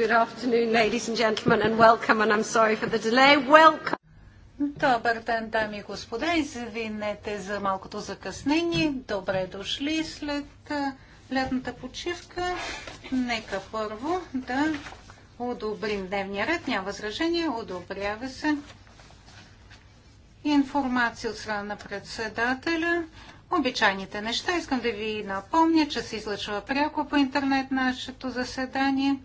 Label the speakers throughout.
Speaker 1: Good afternoon, ladies and gentlemen, and welcome, and I'm sorry for the delay. Welcome. Добър ден, дами и господа. Извинете за малкото закъснение. Добре дошли след лятната почивка. Нека първо да одобрим дневния ред. Няма възражение. Одобрява се. Информация от страна на председателя. Обичайните неща. Искам да ви напомня, че се излъчва пряко по интернет нашето заседание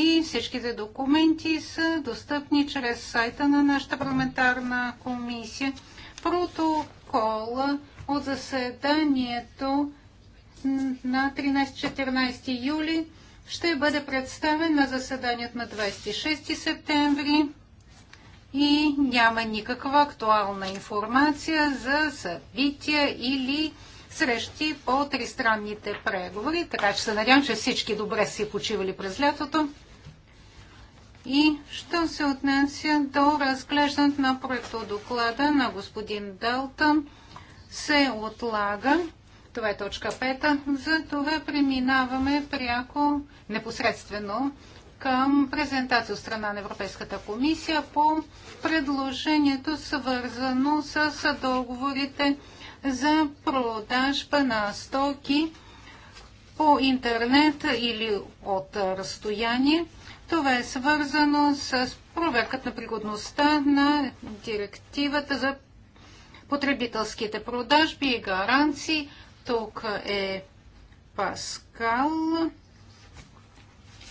Speaker 1: и всичките документи са достъпни чрез сайта на нашата парламентарна комисия. Протокола от заседанието на 13-14 юли ще бъде представен на заседанието на 26 септември и няма никаква актуална информация за събития или срещи по тристранните преговори, така че се надявам, че всички добре си почивали през лятото. И що се отнася до разглеждането на проекто доклада на господин Далтън, се отлага. Това е точка 5. За това преминаваме пряко, непосредствено към презентация от страна на Европейската комисия по предложението свързано с договорите за продажба на стоки по интернет или от разстояние това е свързано с проверката на пригодността на директивата за потребителските продажби и гаранции. Тук е Паскал.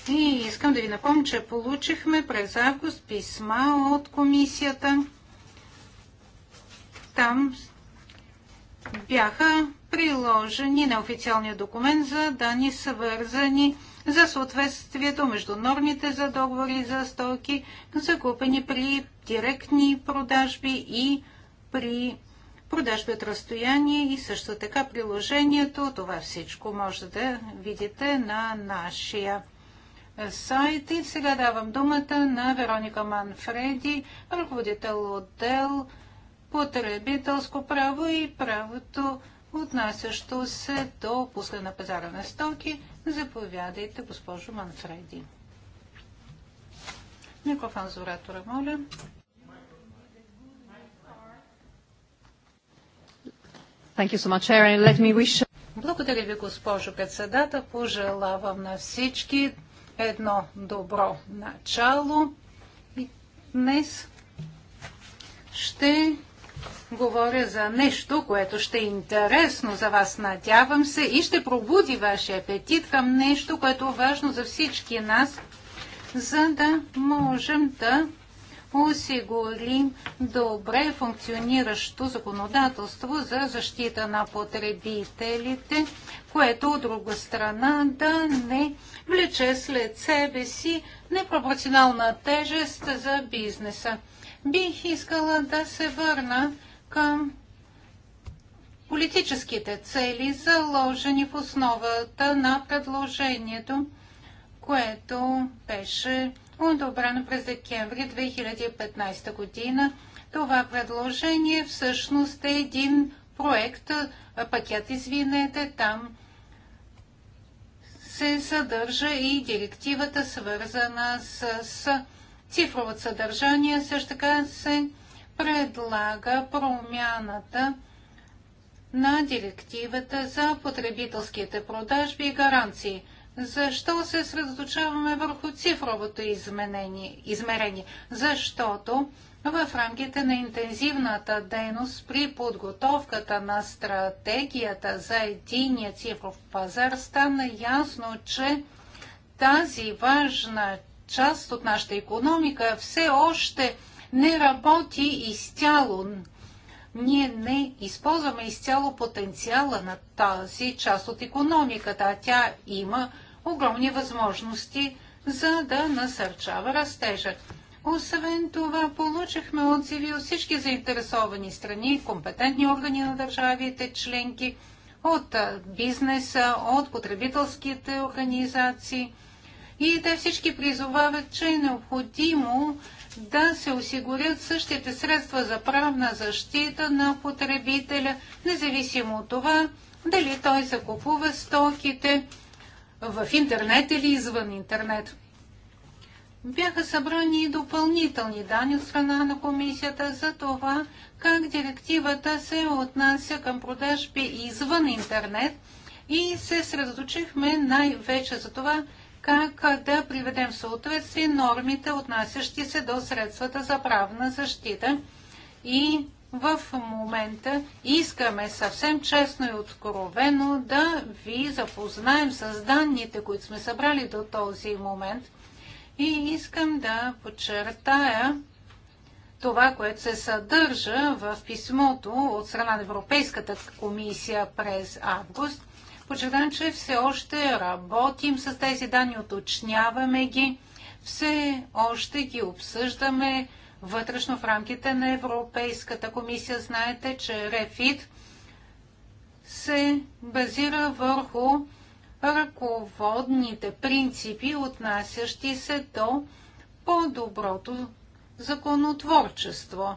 Speaker 1: И искам да ви напомня, че получихме през август писма от комисията. Там бяха приложени неофициалния документ за данни, свързани с за съответствието между нормите за договори за стоки, закупени при директни продажби и при продажби от разстояние и също така приложението. Това всичко може да видите на нашия сайт. И сега давам думата на Вероника Манфреди, ръководител отдел потребителско право и правото, отнасящо се до пускане на пазара на стоки Заповядайте, госпожо Манфреди. Микрофон за оратора, моля. So much, wish... Благодаря ви, госпожо председател. Пожелавам на всички едно добро начало. И днес ще говоря за нещо, което ще е интересно за вас, надявам се, и ще пробуди вашия апетит към нещо, което е важно за всички нас, за да можем да осигурим добре функциониращо законодателство за защита на потребителите, което от друга страна да не влече след себе си непропорционална тежест за бизнеса. Бих искала да се върна към политическите цели, заложени в основата на предложението, което беше одобрено през декември 2015 година. Това предложение всъщност е един проект, пакет, извинете, там се съдържа и директивата, свързана с, с цифровото съдържание. Също така се предлага промяната на директивата за потребителските продажби и гаранции. Защо се средоточаваме върху цифровото измерение? Защото в рамките на интензивната дейност при подготовката на стратегията за единия цифров пазар стана ясно, че тази важна част от нашата економика все още не работи изцяло. Ние не използваме изцяло потенциала на тази част от економиката, а тя има огромни възможности за да насърчава растежа. Освен това, получихме отзиви от всички заинтересовани страни, компетентни органи на държавите, членки, от бизнеса, от потребителските организации – и те всички призовават, че е необходимо да се осигурят същите средства за правна защита на потребителя, независимо от това дали той закупува стоките в интернет или извън интернет. Бяха събрани и допълнителни данни от страна на комисията за това, как директивата се отнася към продажби извън интернет и се средоточихме най-вече за това, как да приведем в съответствие нормите, отнасящи се до средствата за правна защита. И в момента искаме съвсем честно и откровено да ви запознаем с данните, които сме събрали до този момент. И искам да подчертая това, което се съдържа в писмото от страна на Европейската комисия през август, Подчертавам, че все още работим с тези данни, уточняваме ги, все още ги обсъждаме вътрешно в рамките на Европейската комисия. Знаете, че РЕФИТ се базира върху ръководните принципи, отнасящи се до по-доброто законотворчество.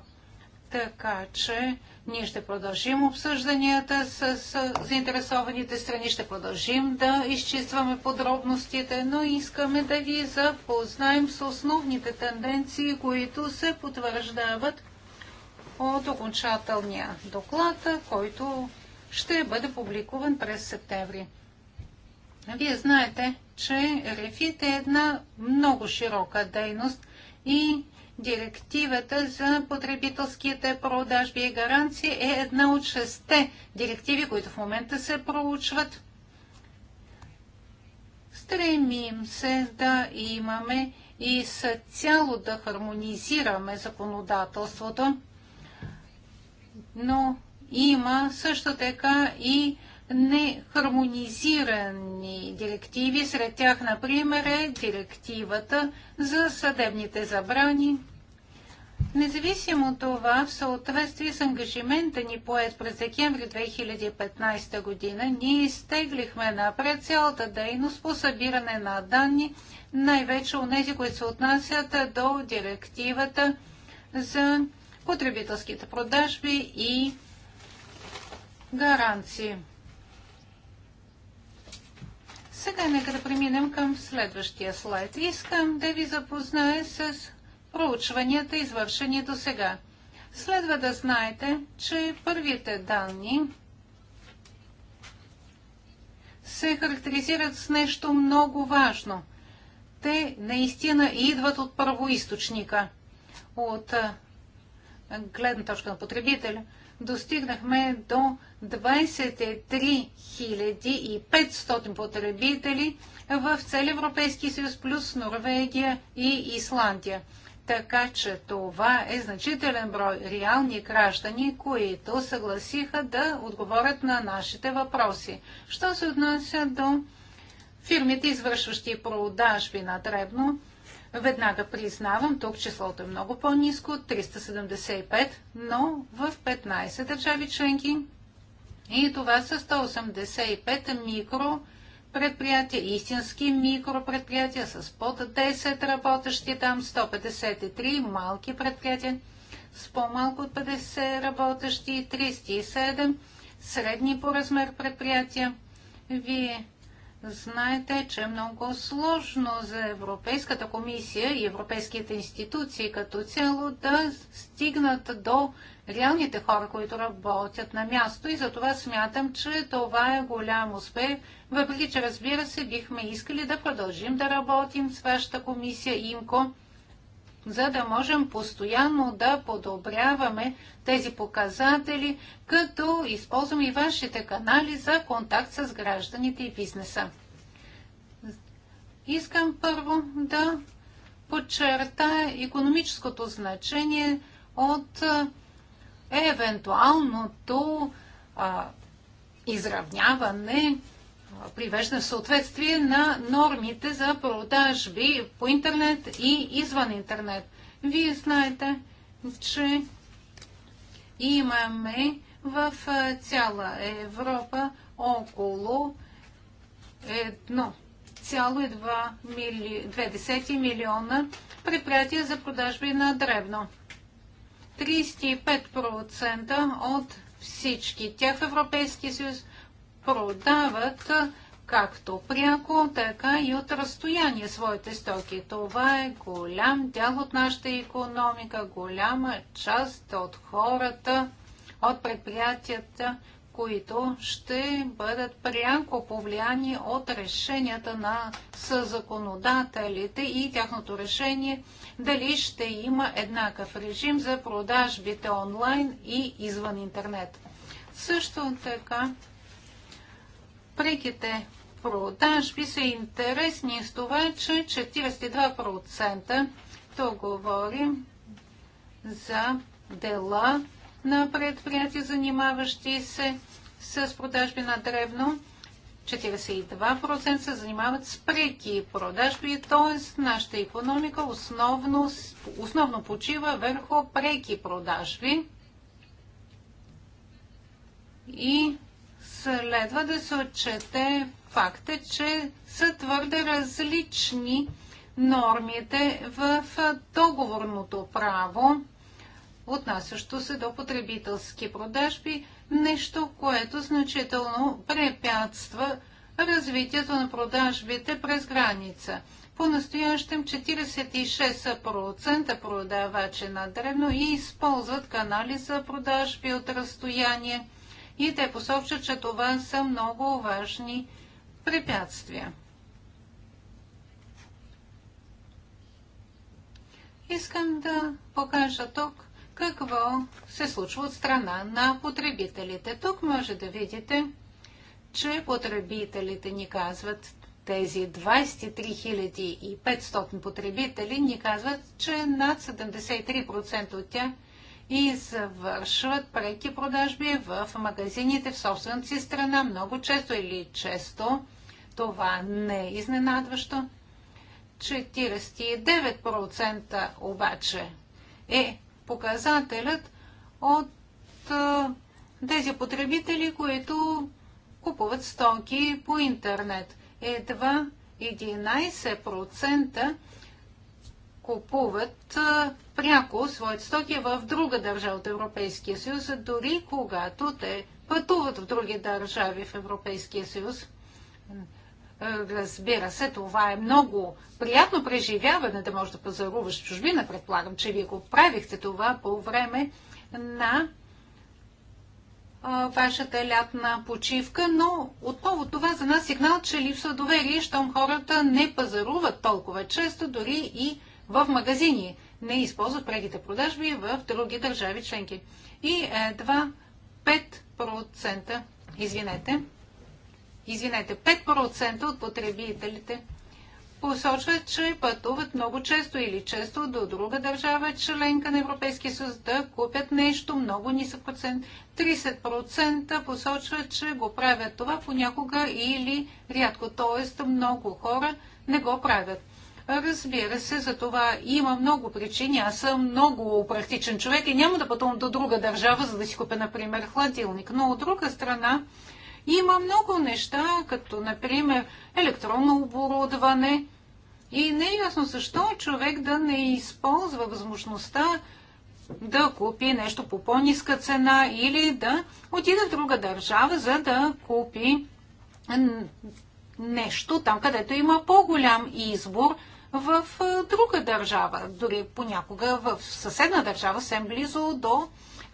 Speaker 1: Така че ние ще продължим обсъжданията с, с заинтересованите страни, ще продължим да изчистваме подробностите, но искаме да ви запознаем с основните тенденции, които се потвърждават от окончателния доклад, който ще бъде публикуван през септември. Вие знаете, че Рефит е една много широка дейност и Директивата за потребителските продажби и гаранции е една от шесте директиви, които в момента се проучват. Стремим се да имаме и с цяло да хармонизираме законодателството, но има също така и нехармонизирани директиви. Сред тях, например, е директивата за съдебните забрани. Независимо от това, в съответствие с ангажимента ни поет през декември 2015 година, ние изтеглихме напред цялата дейност по събиране на данни, най-вече от тези, които се отнасят до директивата за потребителските продажби и гаранции. Сега нека да преминем към следващия слайд. Искам да ви запозная с проучванията, извършени до сега. Следва да знаете, че първите данни се характеризират с нещо много важно. Те наистина идват от първоисточника. От гледна точка на потребителя достигнахме до 23 500 потребители в цели Европейски съюз, плюс Норвегия и Исландия. Така че това е значителен брой реални граждани, които съгласиха да отговорят на нашите въпроси. Що се отнася до фирмите, извършващи продажби на дребно, веднага признавам, тук числото е много по-низко, 375, но в 15 държави членки. И това са 185 микро предприятия, истински микропредприятия с под 10 работещи там, 153 малки предприятия с по-малко от 50 работещи, 307 средни по размер предприятия. Вие знаете, че е много сложно за Европейската комисия и европейските институции като цяло да стигнат до реалните хора, които работят на място и затова смятам, че това е голям успех, въпреки че разбира се бихме искали да продължим да работим с вашата комисия ИМКО, за да можем постоянно да подобряваме тези показатели, като използваме и вашите канали за контакт с гражданите и бизнеса. Искам първо да подчерта економическото значение от е евентуалното а, изравняване привежда в съответствие на нормите за продажби по интернет и извън интернет. Вие знаете, че имаме в цяла Европа около 1,2 мили... милиона предприятия за продажби на древно. 35% от всички тях в Европейския съюз продават както пряко, така и от разстояние своите стоки. Това е голям дял от нашата економика, голяма част от хората, от предприятията които ще бъдат пряко повлияни от решенията на съзаконодателите и тяхното решение дали ще има еднакъв режим за продажбите онлайн и извън интернет. Също така, преките продажби са интересни с това, че 42% то говорим за дела на предприятия, занимаващи се с продажби на Древно, 42% се занимават с преки продажби, т.е. нашата економика основно, основно почива върху преки продажби и следва да се отчете факта, че са твърде различни нормите в договорното право отнасящо се до потребителски продажби, нещо, което значително препятства развитието на продажбите през граница. По-настоящем 46% продавачи на древно и използват канали за продажби от разстояние и те посочат, че това са много важни препятствия. Искам да покажа тук какво се случва от страна на потребителите. Тук може да видите, че потребителите ни казват, тези 23 500 потребители ни казват, че над 73% от тях и завършват преки продажби в магазините в собствената си страна много често или често. Това не е изненадващо. 49% обаче е показателят от тези потребители, които купуват стоки по интернет. Едва 11% купуват пряко своите стоки в друга държава от Европейския съюз, дори когато те пътуват в други държави в Европейския съюз. Е, разбира се, това е много приятно преживяване да можеш да пазаруваш в чужбина. Предполагам, че вие го правихте това по време на е, вашата лятна почивка, но отново това за нас сигнал, че липсва доверие, щом хората не пазаруват толкова често, дори и в магазини. Не използват предите продажби в други държави членки. И едва 5%, извинете, извинете, 5% от потребителите посочват, че пътуват много често или често до друга държава, членка на Европейския съюз, да купят нещо много нисък процент. 30% посочват, че го правят това понякога или рядко, т.е. много хора не го правят. Разбира се, за това има много причини. Аз съм много практичен човек и няма да пътувам до друга държава, за да си купя, например, хладилник. Но от друга страна, има много неща, като например електронно оборудване и не е ясно защо човек да не използва възможността да купи нещо по по-ниска цена или да отиде в друга държава, за да купи нещо там, където има по-голям избор в друга държава, дори понякога в съседна държава, съвсем близо до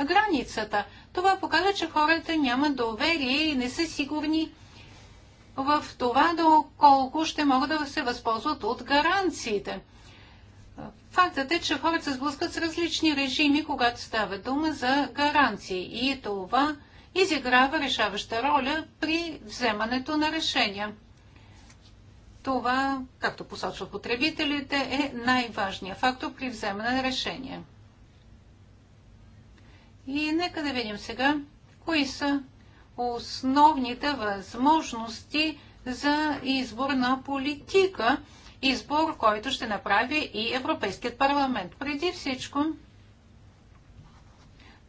Speaker 1: границата. Това показва, че хората нямат доверие и не са сигурни в това, доколко ще могат да се възползват от гаранциите. Фактът е, че хората се сблъскват с различни режими, когато става дума за гаранции. И това изиграва решаваща роля при вземането на решения. Това, както посочва потребителите, е най-важният фактор при вземане на решение. И нека да видим сега, кои са основните възможности за избор на политика, избор, който ще направи и Европейският парламент. Преди всичко,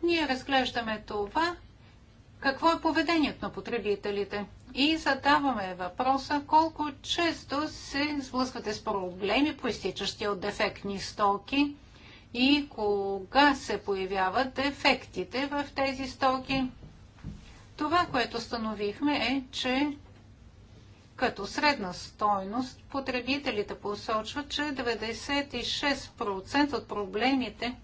Speaker 1: ние разглеждаме това, какво е поведението на потребителите и задаваме въпроса колко често се сблъсквате с проблеми, проистичащи от дефектни стоки – и кога се появяват ефектите в тези стоки. Това, което становихме е, че като средна стойност потребителите посочват, че 96% от проблемите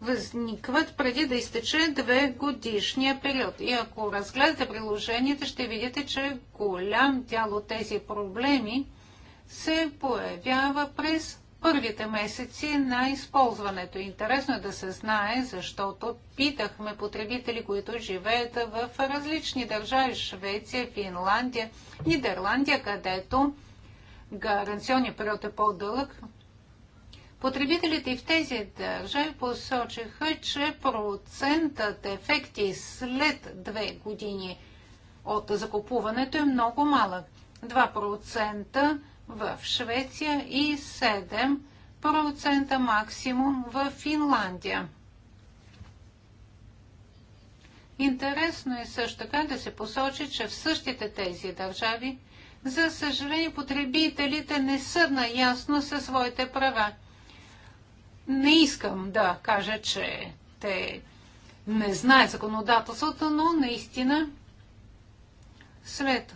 Speaker 1: възникват преди да изтече две годишния период. И ако разгледате приложенията, ще видите, че голям дял от тези проблеми се появява през първите месеци на използването. Интересно е да се знае, защото питахме потребители, които живеят в различни държави Швеция, Финландия, Нидерландия, където гаранционният период е по-дълъг. Потребителите и в тези държави посочиха, че процентът ефекти е след две години от закупуването е много малък. 2% в Швеция и 7% максимум в Финландия. Интересно е също така да се посочи, че в същите тези държави, за съжаление, потребителите не са наясно със своите права. Не искам да кажа, че те не знаят законодателството, но наистина след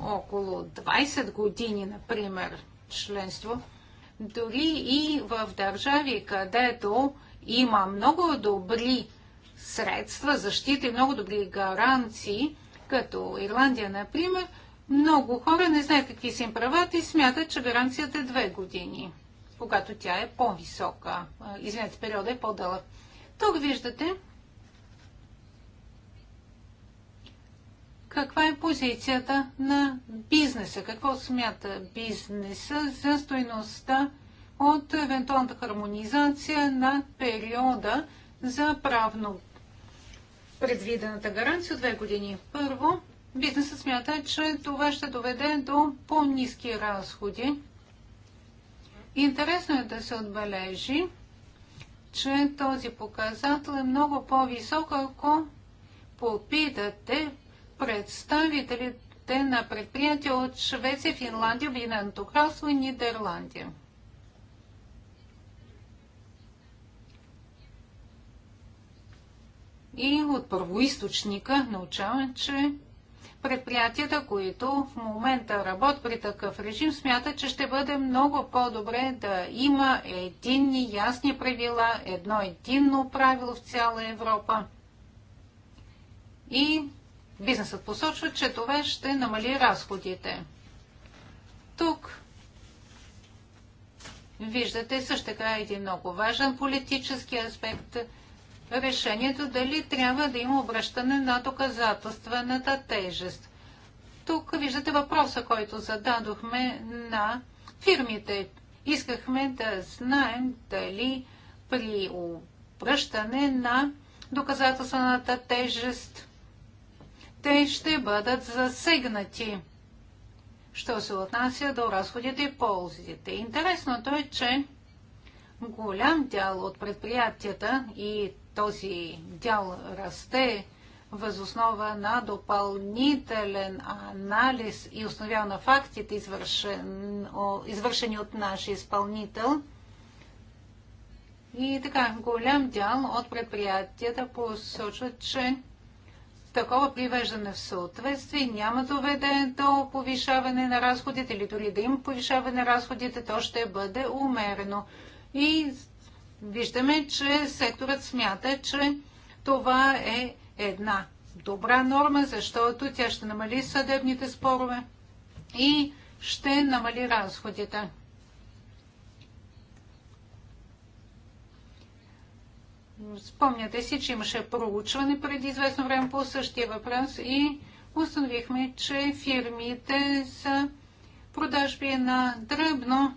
Speaker 1: около 20 години, например, членство, дори и в държави, където има много добри средства, защита и много добри гаранции, като Ирландия, например, много хора не знаят какви са им правата и смятат, че гаранцията е две години, когато тя е по-висока. Извинете, периода е по-дълъг. Тук виждате каква е позицията на бизнеса, какво смята бизнеса за стоеността от евентуалната хармонизация на периода за правно предвидената гаранция от две години. Първо, бизнесът смята, че това ще доведе до по-низки разходи. Интересно е да се отбележи, че този показател е много по-висок, ако попитате представителите на предприятия от Швеция, Финландия, Обединеното кралство и Нидерландия. И от първоисточника научавам, че предприятията, които в момента работят при такъв режим, смятат, че ще бъде много по-добре да има единни, ясни правила, едно единно правило в цяла Европа. И Бизнесът посочва, че това ще намали разходите. Тук виждате също така един много важен политически аспект решението дали трябва да има обръщане на доказателствената тежест. Тук виждате въпроса, който зададохме на фирмите. Искахме да знаем дали при обръщане на доказателствената тежест те ще бъдат засегнати, що се отнася до разходите и ползите. Интересното е, че голям дял от предприятията и този дял расте възоснова на допълнителен анализ и основя на фактите, извършен, извършени от нашия изпълнител. И така, голям дял от предприятията посочват, че такова привеждане в съответствие няма доведе до повишаване на разходите или дори да има повишаване на разходите, то ще бъде умерено. И виждаме, че секторът смята, че това е една добра норма, защото тя ще намали съдебните спорове и ще намали разходите. Спомняте си, че имаше проучване преди известно време по същия въпрос и установихме, че фирмите за продажби на дръбно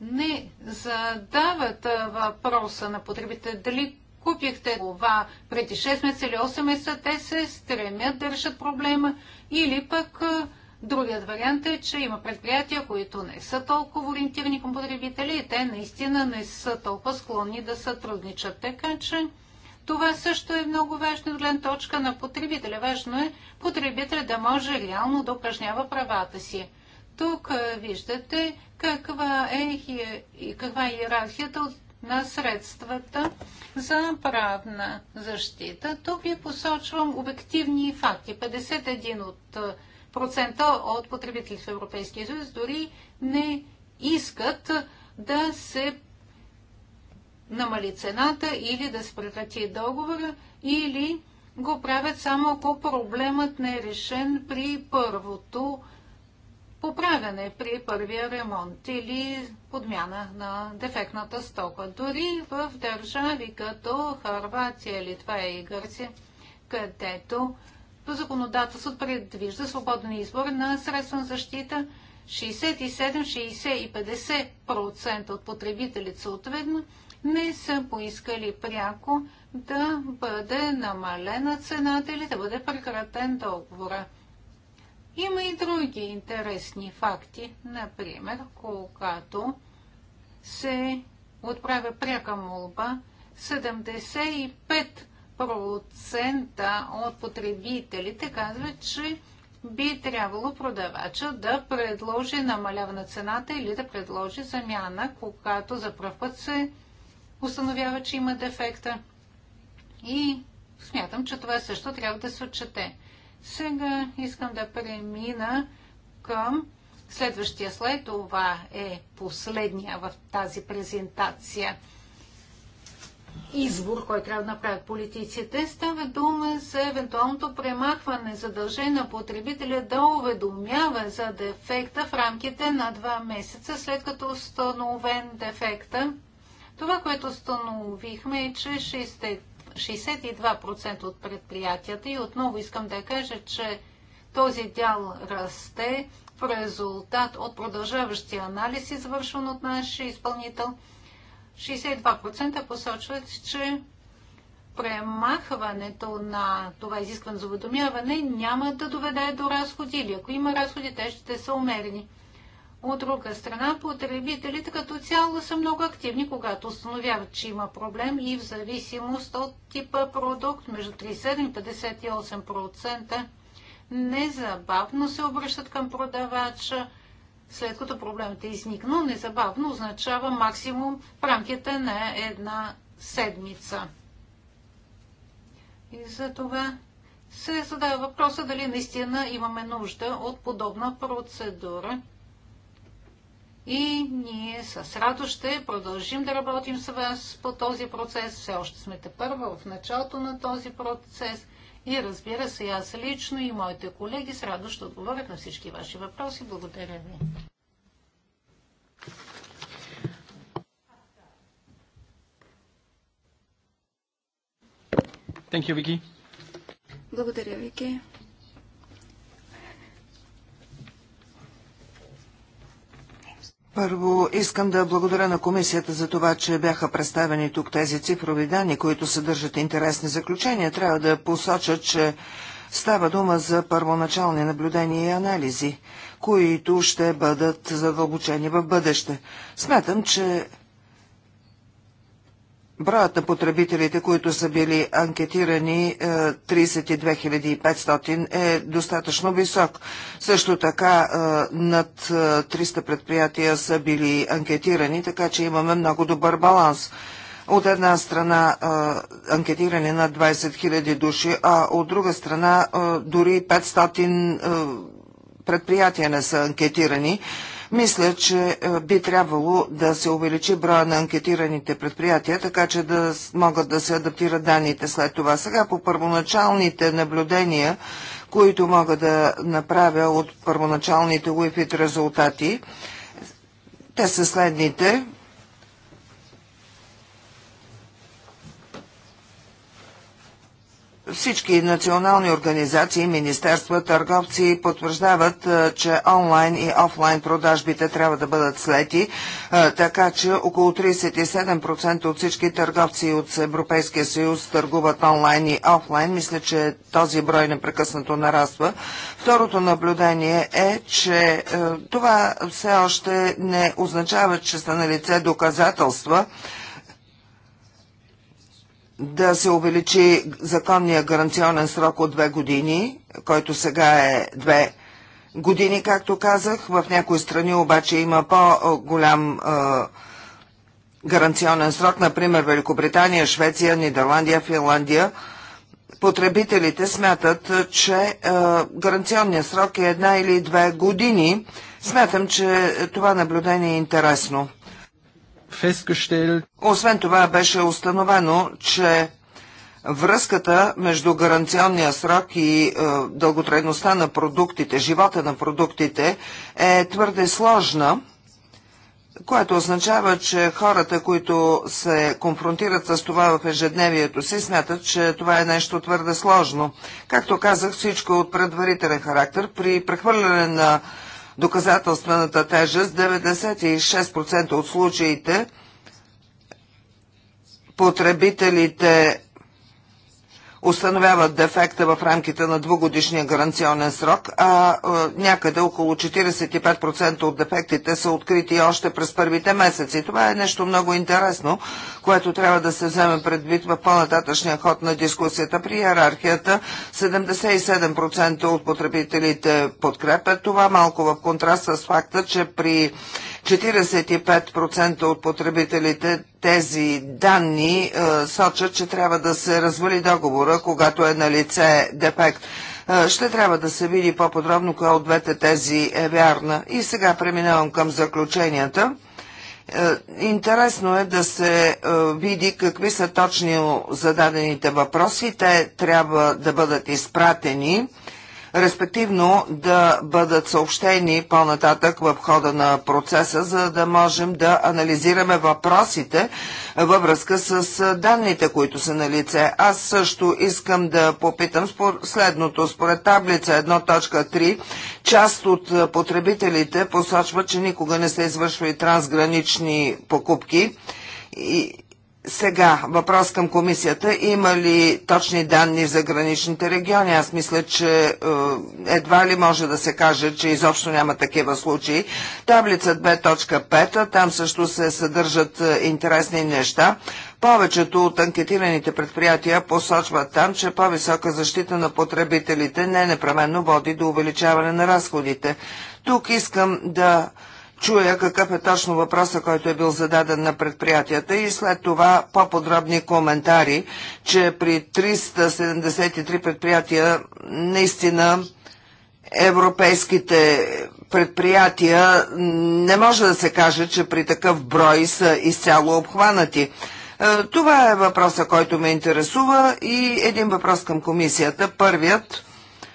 Speaker 1: не задават въпроса на потребите дали купихте това преди 6 месеца или 8 месеца, те се стремят да решат проблема или пък Другият вариант е, че има предприятия, които не са толкова ориентирани към потребители и те наистина не са толкова склонни да сътрудничат. Така че това също е много важно от гледна точка на потребителя. Важно е потребителя да може реално да упражнява правата си. Тук е, виждате каква е, каква е иерархията на средствата за правна защита. Тук ви посочвам обективни факти. 51 от е, процента от потребителите в Европейския съюз дори не искат да се намали цената или да се прекрати договора, или го правят само ако проблемът не е решен при първото поправяне, при първия ремонт или подмяна на дефектната стока. Дори в държави като Харватия, Литва и Гърция, където Законодателство предвижда свободен избор на средства на защита. 67, 60 и 50% от потребителите съответно не са поискали пряко да бъде намалена цената или да бъде прекратен договора. Има и други интересни факти, например, когато се отправя пряка молба, 75 процента от потребителите казват, че би трябвало продавача да предложи намаляване на цената или да предложи замяна, когато за пръв път се установява, че има дефекта. И смятам, че това също трябва да се отчете. Сега искам да премина към следващия слайд. Това е последния в тази презентация – избор, който трябва да направят политиците, става дума за евентуалното премахване задължение на потребителя да уведомява за дефекта в рамките на два месеца, след като е установен дефекта. Това, което установихме е, че 62% от предприятията и отново искам да кажа, че този дял расте в резултат от продължаващия анализ, извършен от нашия изпълнител – 62% посочват, че премахването на това изискване за уведомяване няма да доведе до разходи или ако има разходи, те ще са умерени. От друга страна, потребителите като цяло са много активни, когато установяват, че има проблем и в зависимост от типа продукт, между 37 и 58% незабавно се обръщат към продавача, след като проблемът е изникнал, незабавно означава максимум в рамките на една седмица. И за това се задава въпроса дали наистина имаме нужда от подобна процедура. И ние с радост ще продължим да работим с вас по този процес. Все още сме те първа в началото на този процес – и разбира се, аз лично и моите колеги с радост ще отговорят на всички ваши въпроси. Благодаря ви. Thank you, Vicky. Благодаря,
Speaker 2: Вики.
Speaker 3: Първо искам да благодаря на комисията за това, че бяха представени тук тези цифрови данни, които съдържат интересни заключения. Трябва да посоча, че става дума за първоначални наблюдения и анализи, които ще бъдат задълбочени в бъдеще. Смятам, че Броят на потребителите, които са били анкетирани 32 е, 500 е достатъчно висок. Също така е, над 300 е, предприятия са били анкетирани, така че имаме много добър баланс. От една страна анкетиране на 20 000 души, а от друга страна дори 500 предприятия не са анкетирани. Мисля, че е, би трябвало да се увеличи броя на анкетираните предприятия, така че да могат да се адаптират данните след това. Сега по първоначалните наблюдения, които мога да направя от първоначалните Wi-Fi резултати, те са следните – Всички национални организации, министерства, търговци потвърждават, че онлайн и офлайн продажбите трябва да бъдат слети, така че около 37% от всички търговци от Европейския съюз търгуват онлайн и офлайн. Мисля, че този брой непрекъснато нараства. Второто наблюдение е, че това все още не означава, че са на лице доказателства, да се увеличи законния гаранционен срок от две години, който сега е две години, както казах. В някои страни обаче има по-голям гаранционен срок, например Великобритания, Швеция, Нидерландия, Финландия. Потребителите смятат, че гаранционният срок е една или две години. Смятам, че това наблюдение е интересно. Освен това беше установено, че връзката между гаранционния срок и е, дълготрайността на продуктите, живота на продуктите е твърде сложна, което означава, че хората, които се конфронтират с това в ежедневието си, смятат, че това е нещо твърде сложно. Както казах, всичко е от предварителен характер. При прехвърляне на доказателствената тежест, 96% от случаите потребителите установяват дефекта в рамките на двугодишния гаранционен срок, а някъде около 45% от дефектите са открити още през първите месеци. Това е нещо много интересно, което трябва да се вземе предвид в по-нататъчния ход на дискусията. При иерархията 77% от потребителите подкрепят това, малко в контраст с факта, че при 45% от потребителите тези данни е, сочат, че трябва да се развали договора, когато е на лице дефект. Е, ще трябва да се види по-подробно коя от двете тези е вярна. И сега преминавам към заключенията. Е, интересно е да се е, види какви са точни зададените въпроси. Те трябва да бъдат изпратени респективно да бъдат съобщени по-нататък в хода на процеса, за да можем да анализираме въпросите във връзка с данните, които са на лице. Аз също искам да попитам следното. Според таблица 1.3, част от потребителите посочват, че никога не са извършвали трансгранични покупки и сега, въпрос към комисията. Има ли точни данни за граничните региони? Аз мисля, че е, едва ли може да се каже, че изобщо няма такива случаи. Таблица 2.5, там също се съдържат е, интересни неща. Повечето от анкетираните предприятия посочват там, че по-висока защита на потребителите не непременно води до увеличаване на разходите. Тук искам да чуя какъв е точно въпроса, който е бил зададен на предприятията и след това по-подробни коментари, че при 373 предприятия наистина европейските предприятия не може да се каже, че при такъв брой са изцяло обхванати. Е, това е въпроса, който ме интересува и един въпрос към комисията. Първият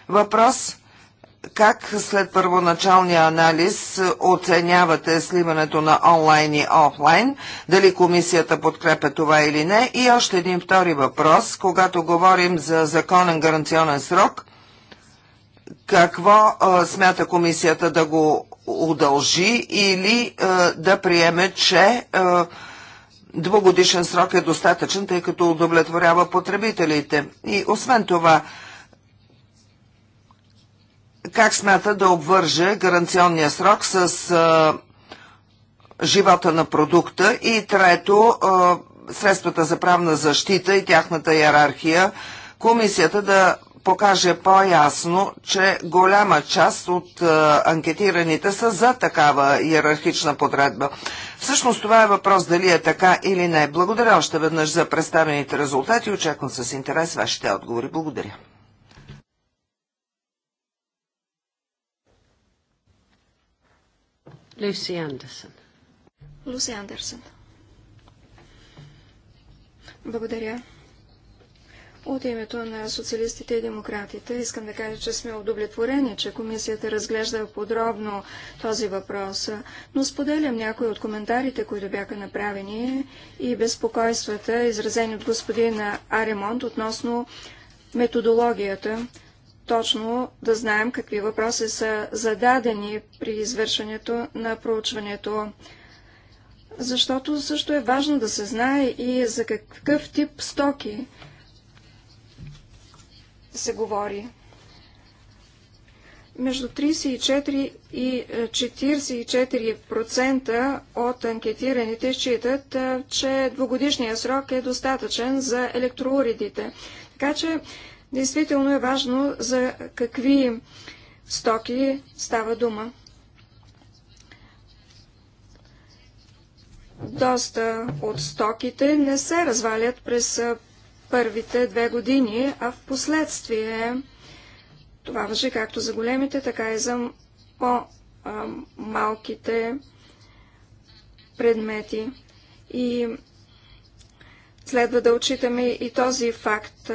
Speaker 3: въпрос – как след първоначалния анализ оценявате сливането на онлайн и офлайн? Дали комисията подкрепя това или не? И още един втори въпрос. Когато говорим за законен гаранционен срок, какво а, смята комисията да го удължи или а, да приеме, че а, двугодишен срок е достатъчен, тъй като удовлетворява потребителите? И освен това, а, как смята да обвърже гаранционния срок с а, живота на продукта и трето а, средствата за правна защита и тяхната иерархия, комисията да покаже по-ясно, че голяма част от а, анкетираните са за такава иерархична подредба. Всъщност това е въпрос дали е така или не. Благодаря още веднъж за представените резултати. Очаквам с интерес вашите отговори. Благодаря.
Speaker 1: Люси Андерсън.
Speaker 2: Луси Андерсън. Благодаря. От името на социалистите и демократите искам да кажа, че сме удовлетворени, че комисията разглежда подробно този въпрос, но споделям някои от коментарите, които бяха направени и безпокойствата, изразени от господина Аремонт относно методологията точно да знаем какви въпроси са зададени при извършването на проучването. Защото също е важно да се знае и за какъв тип стоки се говори. Между 34 и 44% от анкетираните считат, че двугодишният срок е достатъчен за електроуредите. Така че Действително е важно за какви стоки става дума. Доста от стоките не се развалят през първите две години, а в последствие това въжи както за големите, така и за по-малките предмети. И Следва да отчитаме и този факт,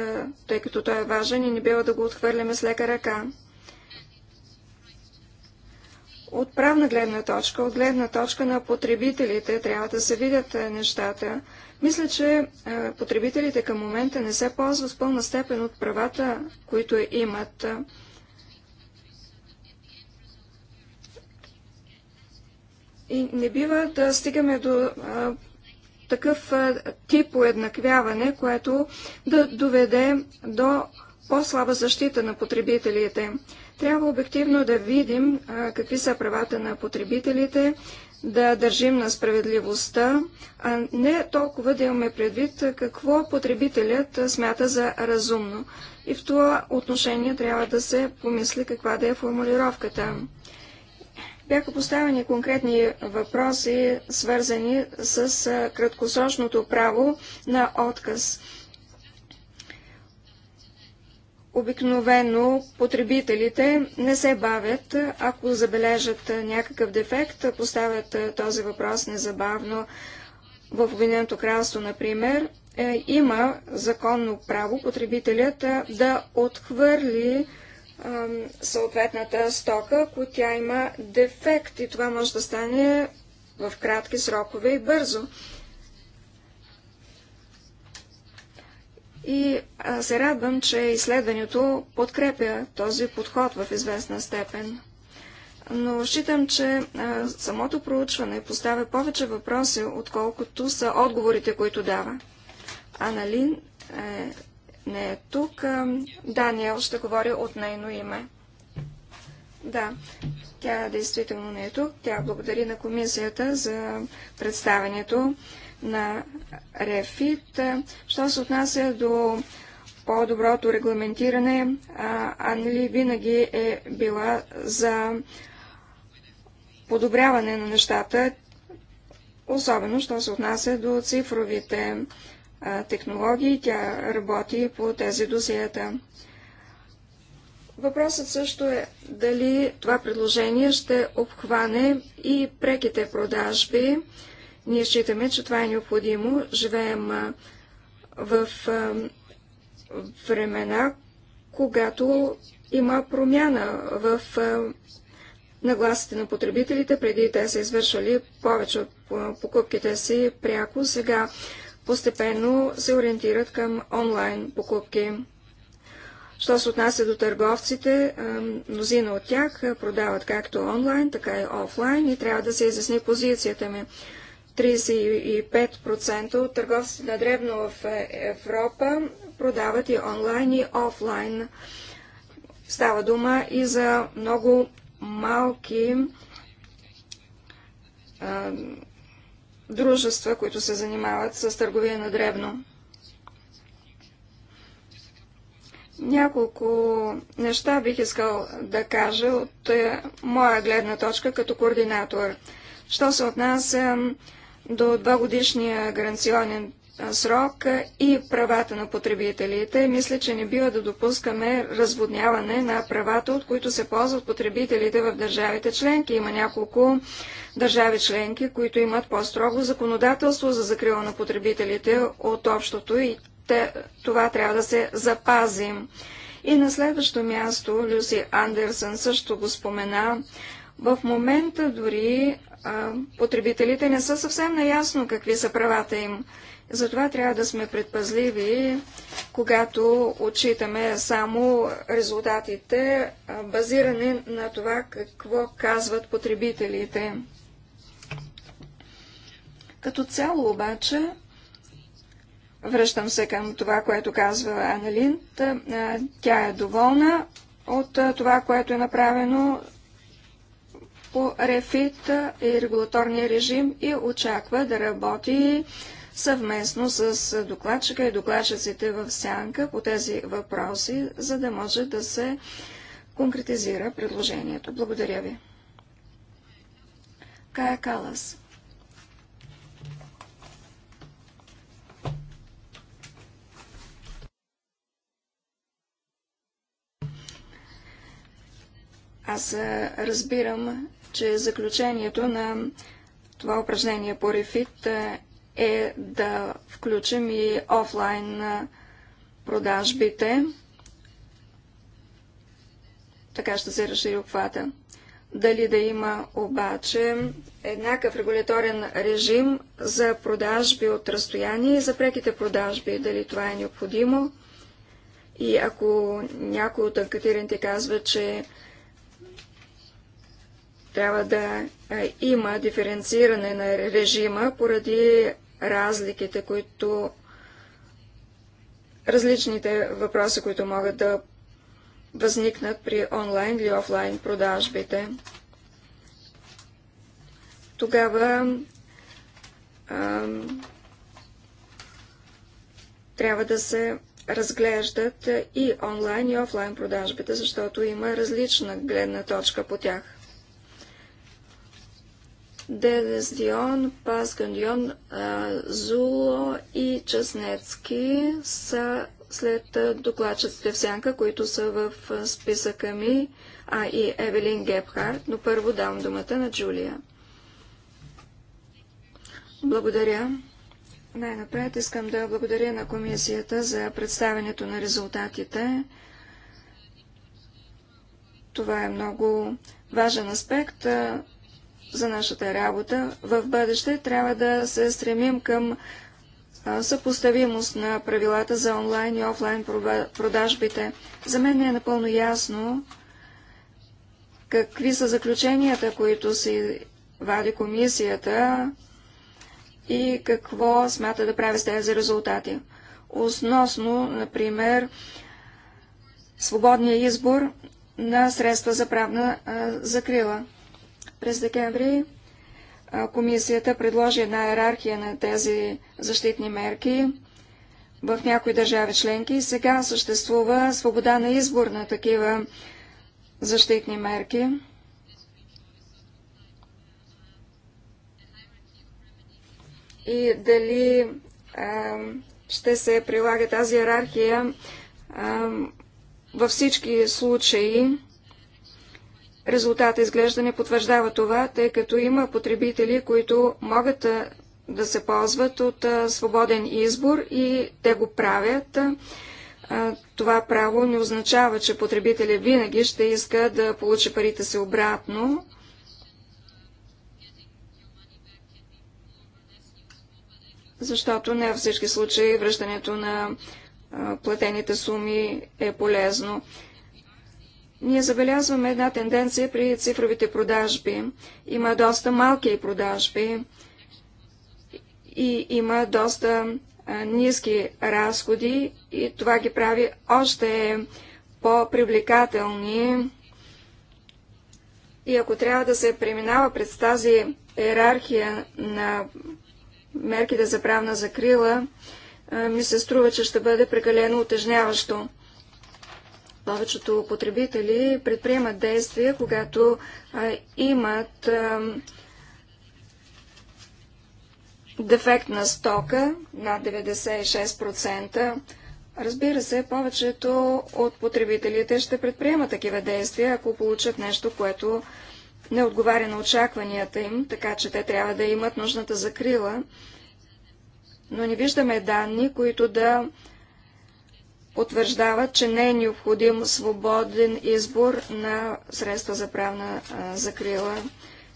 Speaker 2: тъй като той е важен и не бива да го отхвърляме с лека ръка. От правна гледна точка, от гледна точка на потребителите, трябва да се видят нещата. Мисля, че потребителите към момента не се ползват с пълна степен от правата, които имат. И не бива да стигаме до такъв тип уеднаквяване, което да доведе до по-слаба защита на потребителите. Трябва обективно да видим какви са правата на потребителите, да държим на справедливостта, а не толкова да имаме предвид какво потребителят смята за разумно. И в това отношение трябва да се помисли каква да е формулировката. Бяха поставени конкретни въпроси, свързани с краткосрочното право на отказ. Обикновено потребителите не се бавят, ако забележат някакъв дефект, поставят този въпрос незабавно. В Обединеното кралство, например, е, има законно право потребителят да отхвърли съответната стока, ако тя има дефект и това може да стане в кратки срокове и бързо. И а, се радвам, че изследването подкрепя този подход в известна степен. Но считам, че а, самото проучване поставя повече въпроси, отколкото са отговорите, които дава. Аналин е не е тук. Даниел ще говори от нейно име. Да, тя действително не е тук. Тя благодари на комисията за представенето на Рефит. Що се отнася до по-доброто регламентиране, Анли винаги е била за подобряване на нещата, особено що се отнася до цифровите технологии. Тя работи по тези досиета. Въпросът също е дали това предложение ще обхване и преките продажби. Ние считаме, че това е необходимо. Живеем в времена, когато има промяна в нагласите на потребителите. Преди те са извършвали повече от покупките си пряко. Сега постепенно се ориентират към онлайн покупки. Що се отнася до търговците, мнозина от тях продават както онлайн, така и офлайн и трябва да се изясни позицията ми. 35% от търговците на дребно в е, Европа продават и онлайн и офлайн. Става дума и за много малки дружества, които се занимават с търговия на дребно. Няколко неща бих искал да кажа от е, моя гледна точка като координатор. Що се отнася до годишния гаранционен срок и правата на потребителите. Мисля, че не бива да допускаме разводняване на правата, от които се ползват потребителите в държавите членки. Има няколко държави членки, които имат по-строго законодателство за закрила на потребителите от общото и те, това трябва да се запази. И на следващо място Люси Андерсън също го спомена. В момента дори а, потребителите не са съвсем наясно какви са правата им. Затова трябва да сме предпазливи, когато отчитаме само резултатите, базирани на това какво казват потребителите. Като цяло обаче, връщам се към това, което казва Аналинт, тя е доволна от това, което е направено по рефит и регулаторния режим и очаква да работи съвместно с докладчика и докладчиците в сянка по тези въпроси, за да може да се конкретизира предложението. Благодаря ви. Кая Калас. Аз разбирам, че заключението на това упражнение по рефит е да включим и офлайн продажбите. Така ще се разшири обхвата. Дали да има обаче еднакъв регуляторен режим за продажби от разстояние и за преките продажби, дали това е необходимо. И ако някой от анкетираните казва, че трябва да има диференциране на режима поради разликите, които различните въпроси, които могат да възникнат при онлайн или офлайн продажбите. Тогава ам, трябва да се разглеждат и онлайн и офлайн продажбите, защото има различна гледна точка по тях. Дездион, Паскандион, Зуло и Чеснецки са след докладчиците в сянка, които са в списъка ми, а и Евелин Гепхарт, но първо давам думата на Джулия. Благодаря. Най-напред искам да благодаря на комисията за представянето на резултатите. Това е много важен аспект за нашата работа. В бъдеще трябва да се стремим към съпоставимост на правилата за онлайн и офлайн продажбите. За мен не е напълно ясно какви са заключенията, които си вади комисията и какво смята да прави с тези резултати. Основно, например, свободния избор на средства за правна закрила. През декември комисията предложи една иерархия на тези защитни мерки в някои държави членки. Сега съществува свобода на избор на такива защитни мерки. И дали а, ще се прилага тази иерархия а, във всички случаи Резултата изглежда не потвърждава това, тъй като има потребители, които могат да се ползват от свободен избор и те го правят. Това право не означава, че потребителя винаги ще иска да получи парите си обратно. защото не във всички случаи връщането на платените суми е полезно ние забелязваме една тенденция при цифровите продажби. Има доста малки продажби и има доста ниски разходи и това ги прави още по-привлекателни. И ако трябва да се преминава през тази иерархия на мерките за правна закрила, ми се струва, че ще бъде прекалено отежняващо. Повечето потребители предприемат действия, когато а, имат а, дефект на стока над 96%. Разбира се, повечето от потребителите ще предприемат такива действия, ако получат нещо, което не отговаря на очакванията им, така че те трябва да имат нужната закрила. Но не виждаме данни, които да потвърждава, че не е необходим свободен избор на средства за правна а, закрила.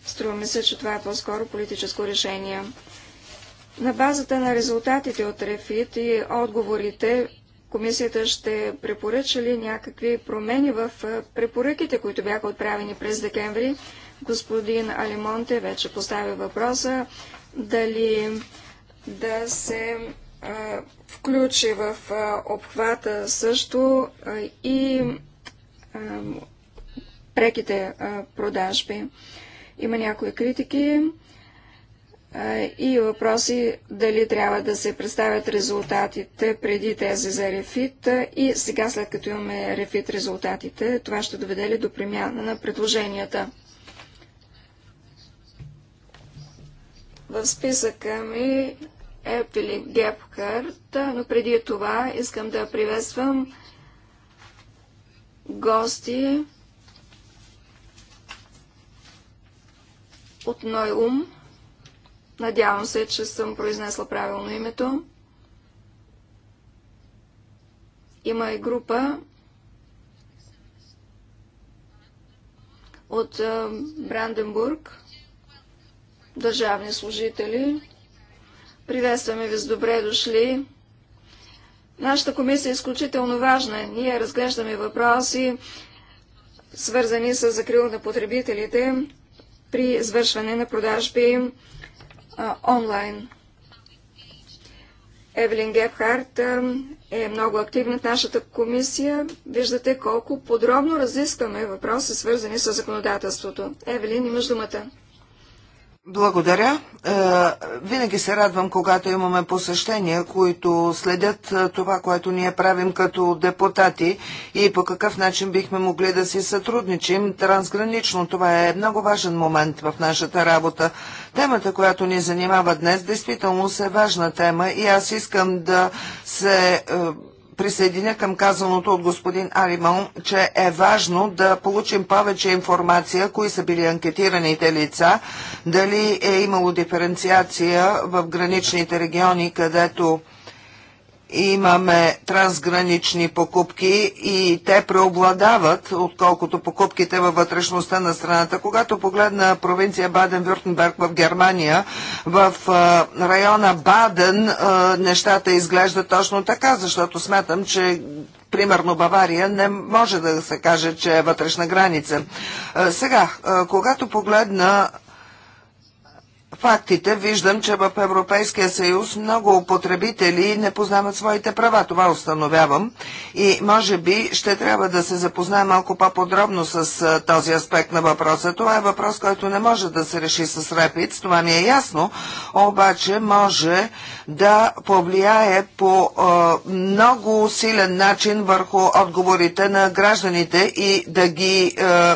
Speaker 2: Струва ми се, че това е по-скоро политическо решение. На базата на резултатите от РЕФИТ и отговорите, комисията ще препоръча ли някакви промени в препоръките, които бяха отправени през декември. Господин Алимонте вече поставя въпроса дали да се включи в обхвата също и преките продажби. Има някои критики и въпроси дали трябва да се представят резултатите преди тези за рефит и сега след като имаме рефит резултатите, това ще доведе ли до премяна на предложенията. В списъка ми Епили Гепхарт, но преди това искам да приветствам гости от Нойум. Надявам се, че съм произнесла правилно името. Има и група от Бранденбург, държавни служители, Приветстваме ви с добре дошли. Нашата комисия е изключително важна. Ние разглеждаме въпроси, свързани с закрила на потребителите при извършване на продажби а, онлайн. Евелин Гепхарт е много активна в нашата комисия. Виждате колко подробно разискваме въпроси, свързани с законодателството. Евелин, имаш думата.
Speaker 3: Благодаря. Е, винаги се радвам, когато имаме посещения, които следят е, това, което ние правим като депутати и по какъв начин бихме могли да си сътрудничим трансгранично. Това е много важен момент в нашата работа. Темата, която ни занимава днес, действително се е важна тема и аз искам да се е, присъединя към казаното от господин Аримон, че е важно да получим повече информация, кои са били анкетираните лица, дали е имало диференциация в граничните региони, където имаме трансгранични покупки и те преобладават, отколкото покупките във вътрешността на страната. Когато погледна провинция Баден-Вюртенберг в Германия, в района Баден нещата изглеждат точно така, защото смятам, че примерно Бавария, не може да се каже, че е вътрешна граница. Сега, когато погледна фактите виждам, че в Европейския съюз много потребители не познават своите права. Това установявам. И може би ще трябва да се запознаем малко по-подробно с този аспект на въпроса. Това е въпрос, който не може да се реши с репиц, това ми е ясно, обаче може да повлияе по е, много силен начин върху отговорите на гражданите и да ги е,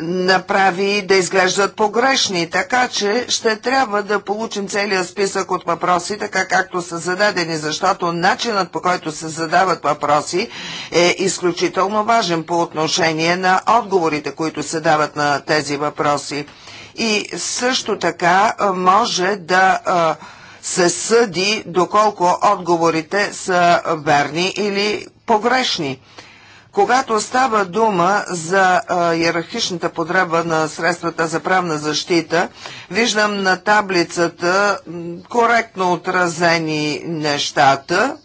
Speaker 3: направи да изглеждат погрешни, така че ще трябва да получим целия списък от въпроси, така както са зададени, защото начинът по който се задават въпроси е изключително важен по отношение на отговорите, които се дават на тези въпроси. И също така може да се съди доколко отговорите са верни или погрешни. Когато става дума за иерархичната подреба на средствата за правна защита, виждам на таблицата коректно отразени нещата.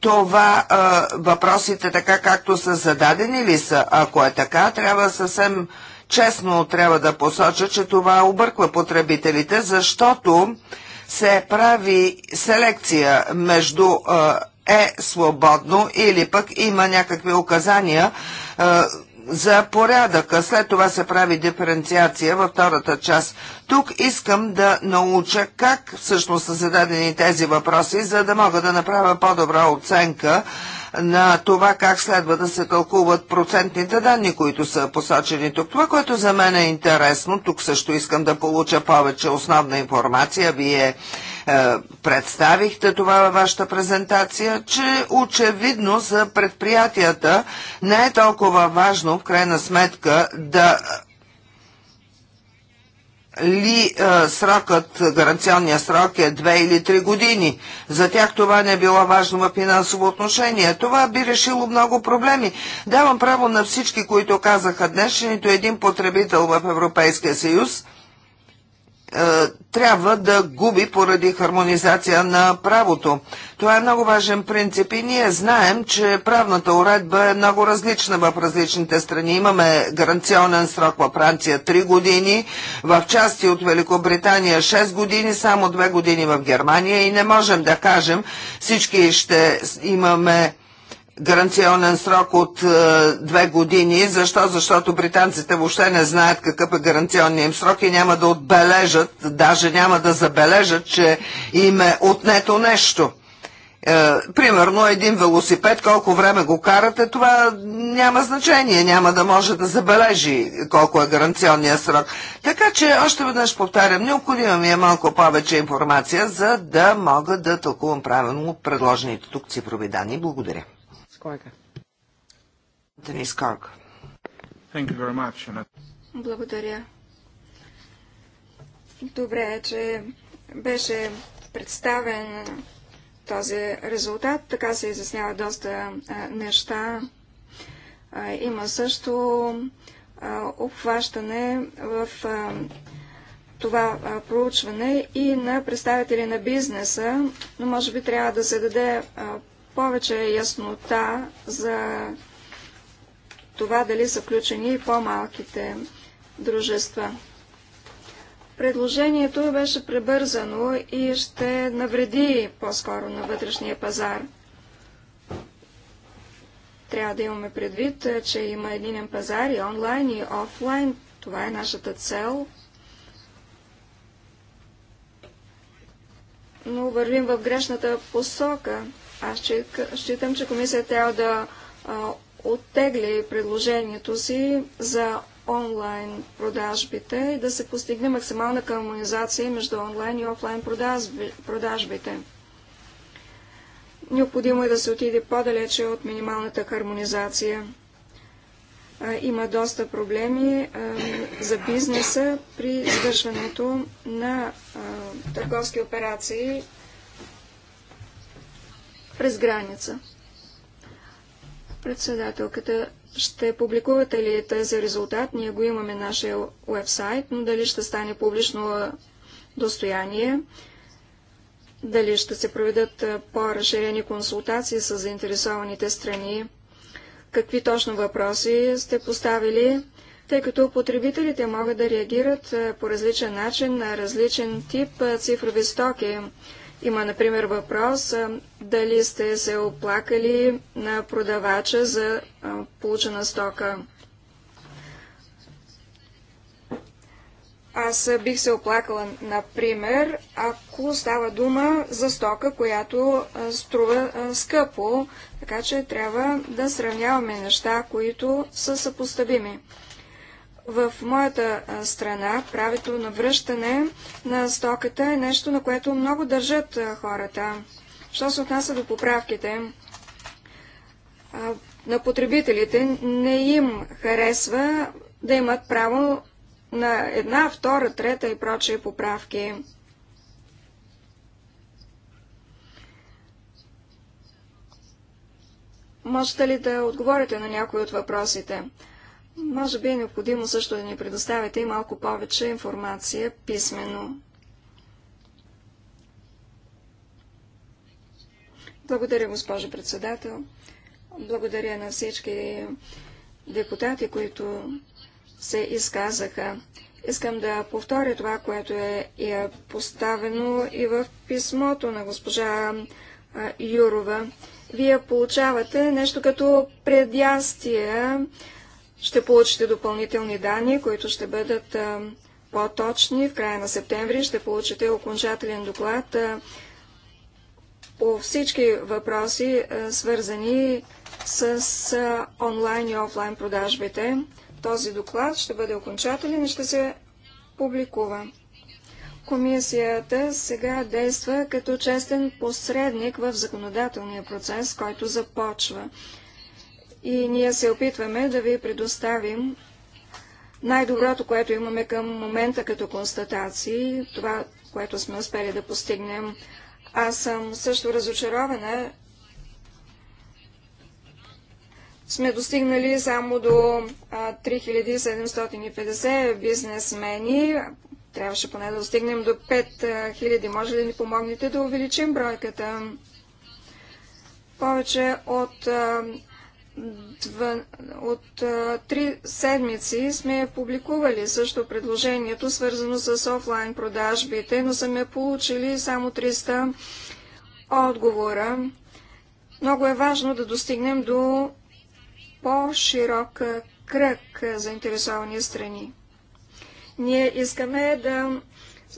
Speaker 3: Това а, въпросите така както са зададени ли са? Ако е така, трябва съвсем честно трябва да посоча, че това обърква потребителите, защото се прави селекция между а, е свободно или пък има някакви указания е, за порядъка. След това се прави диференциация във втората част. Тук искам да науча как всъщност са зададени тези въпроси, за да мога да направя по-добра оценка на това как следва да се тълкуват процентните данни, които са посочени тук. Това, което за мен е интересно, тук също искам да получа повече основна информация. Вие е, представихте това във вашата презентация, че очевидно за предприятията не е толкова важно в крайна сметка да ли е, срокът, гаранционния срок е 2 или 3 години. За тях това не е било важно в финансово отношение. Това би решило много проблеми. Давам право на всички, които казаха днес, че нито един потребител в Европейския съюз – е, трябва да губи поради хармонизация на правото. Това е много важен принцип и ние знаем, че правната уредба е много различна в различните страни. Имаме гаранционен срок във Франция 3 години, в части от Великобритания 6 години, само 2 години в Германия и не можем да кажем всички ще имаме гаранционен срок от е, две години. Защо? Защото британците въобще не знаят какъв е гаранционният им срок и няма да отбележат, даже няма да забележат, че им е отнето нещо. Е, примерно един велосипед, колко време го карате, това няма значение, няма да може да забележи колко е гаранционния срок. Така че, още веднъж повтарям, необходима ми е малко повече информация, за да мога да тълкувам правилно предложените тук цифрови данни. Благодаря. Корга. Денис Корга.
Speaker 2: Благодаря. Добре е, че беше представен този резултат. Така се изяснява доста а, неща. А, има също а, обхващане в а, това а, проучване и на представители на бизнеса, но може би трябва да се даде а, повече яснота за това дали са включени и по-малките дружества. Предложението беше пребързано и ще навреди по-скоро на вътрешния пазар. Трябва да имаме предвид, че има единен пазар и онлайн, и офлайн. Това е нашата цел. Но вървим в грешната посока – аз считам, че комисията трябва да а, оттегли предложението си за онлайн продажбите и да се постигне максимална хармонизация между онлайн и офлайн продажбите. Необходимо е да се отиде по-далече от минималната хармонизация. А, има доста проблеми а, за бизнеса при извършването на а, търговски операции през граница. Председателката, ще публикувате ли тези резултат? Ние го имаме на нашия уебсайт, но дали ще стане публично достояние? Дали ще се проведат по-разширени консултации с заинтересованите страни? Какви точно въпроси сте поставили? тъй като потребителите могат да реагират по различен начин на различен тип цифрови стоки. Има, например, въпрос дали сте се оплакали на продавача за получена стока. Аз бих се оплакала, например, ако става дума за стока, която струва скъпо, така че трябва да сравняваме неща, които са съпоставими. В моята страна правито на връщане на стоката е нещо, на което много държат хората. Що се отнася до поправките, на потребителите не им харесва да имат право на една, втора, трета и прочие поправки. Можете ли да отговорите на някои от въпросите? Може би е необходимо също да ни предоставите и малко повече информация писменно. Благодаря, госпожо председател. Благодаря на всички депутати, които се изказаха. Искам да повторя това, което е, е поставено и в писмото на госпожа Юрова. Вие получавате нещо като предястие ще получите допълнителни данни, които ще бъдат по-точни. В края на септември ще получите окончателен доклад по всички въпроси, свързани с онлайн и офлайн продажбите. Този доклад ще бъде окончателен и ще се публикува. Комисията сега действа като честен посредник в законодателния процес, който започва и ние се опитваме да ви предоставим най-доброто, което имаме към момента като констатации, това, което сме успели да постигнем. Аз съм също разочарована. Сме достигнали само до 3750 бизнесмени. Трябваше поне да достигнем до 5000. Може ли да ни помогнете да увеличим бройката? Повече от от три седмици сме публикували също предложението, свързано с офлайн продажбите, но сме получили само 300 отговора. Много е важно да достигнем до по-широк кръг заинтересовани страни. Ние искаме да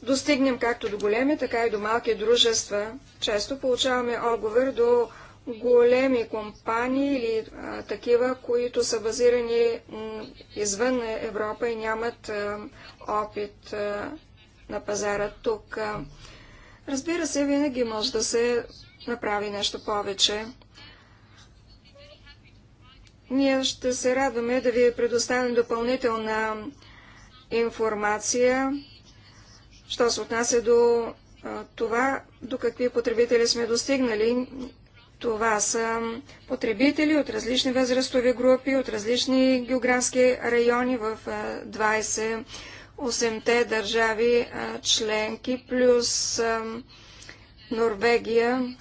Speaker 2: достигнем както до големи, така и до малки дружества. Често получаваме отговор до големи компании или а, такива, които са базирани извън Европа и нямат а, опит а, на пазара тук. Разбира се, винаги може да се направи нещо повече. Ние ще се радваме да ви предоставим допълнителна информация, що се отнася до това, до какви потребители сме достигнали. Това са потребители от различни възрастови групи, от различни географски райони в 28-те държави членки, плюс Норвегия.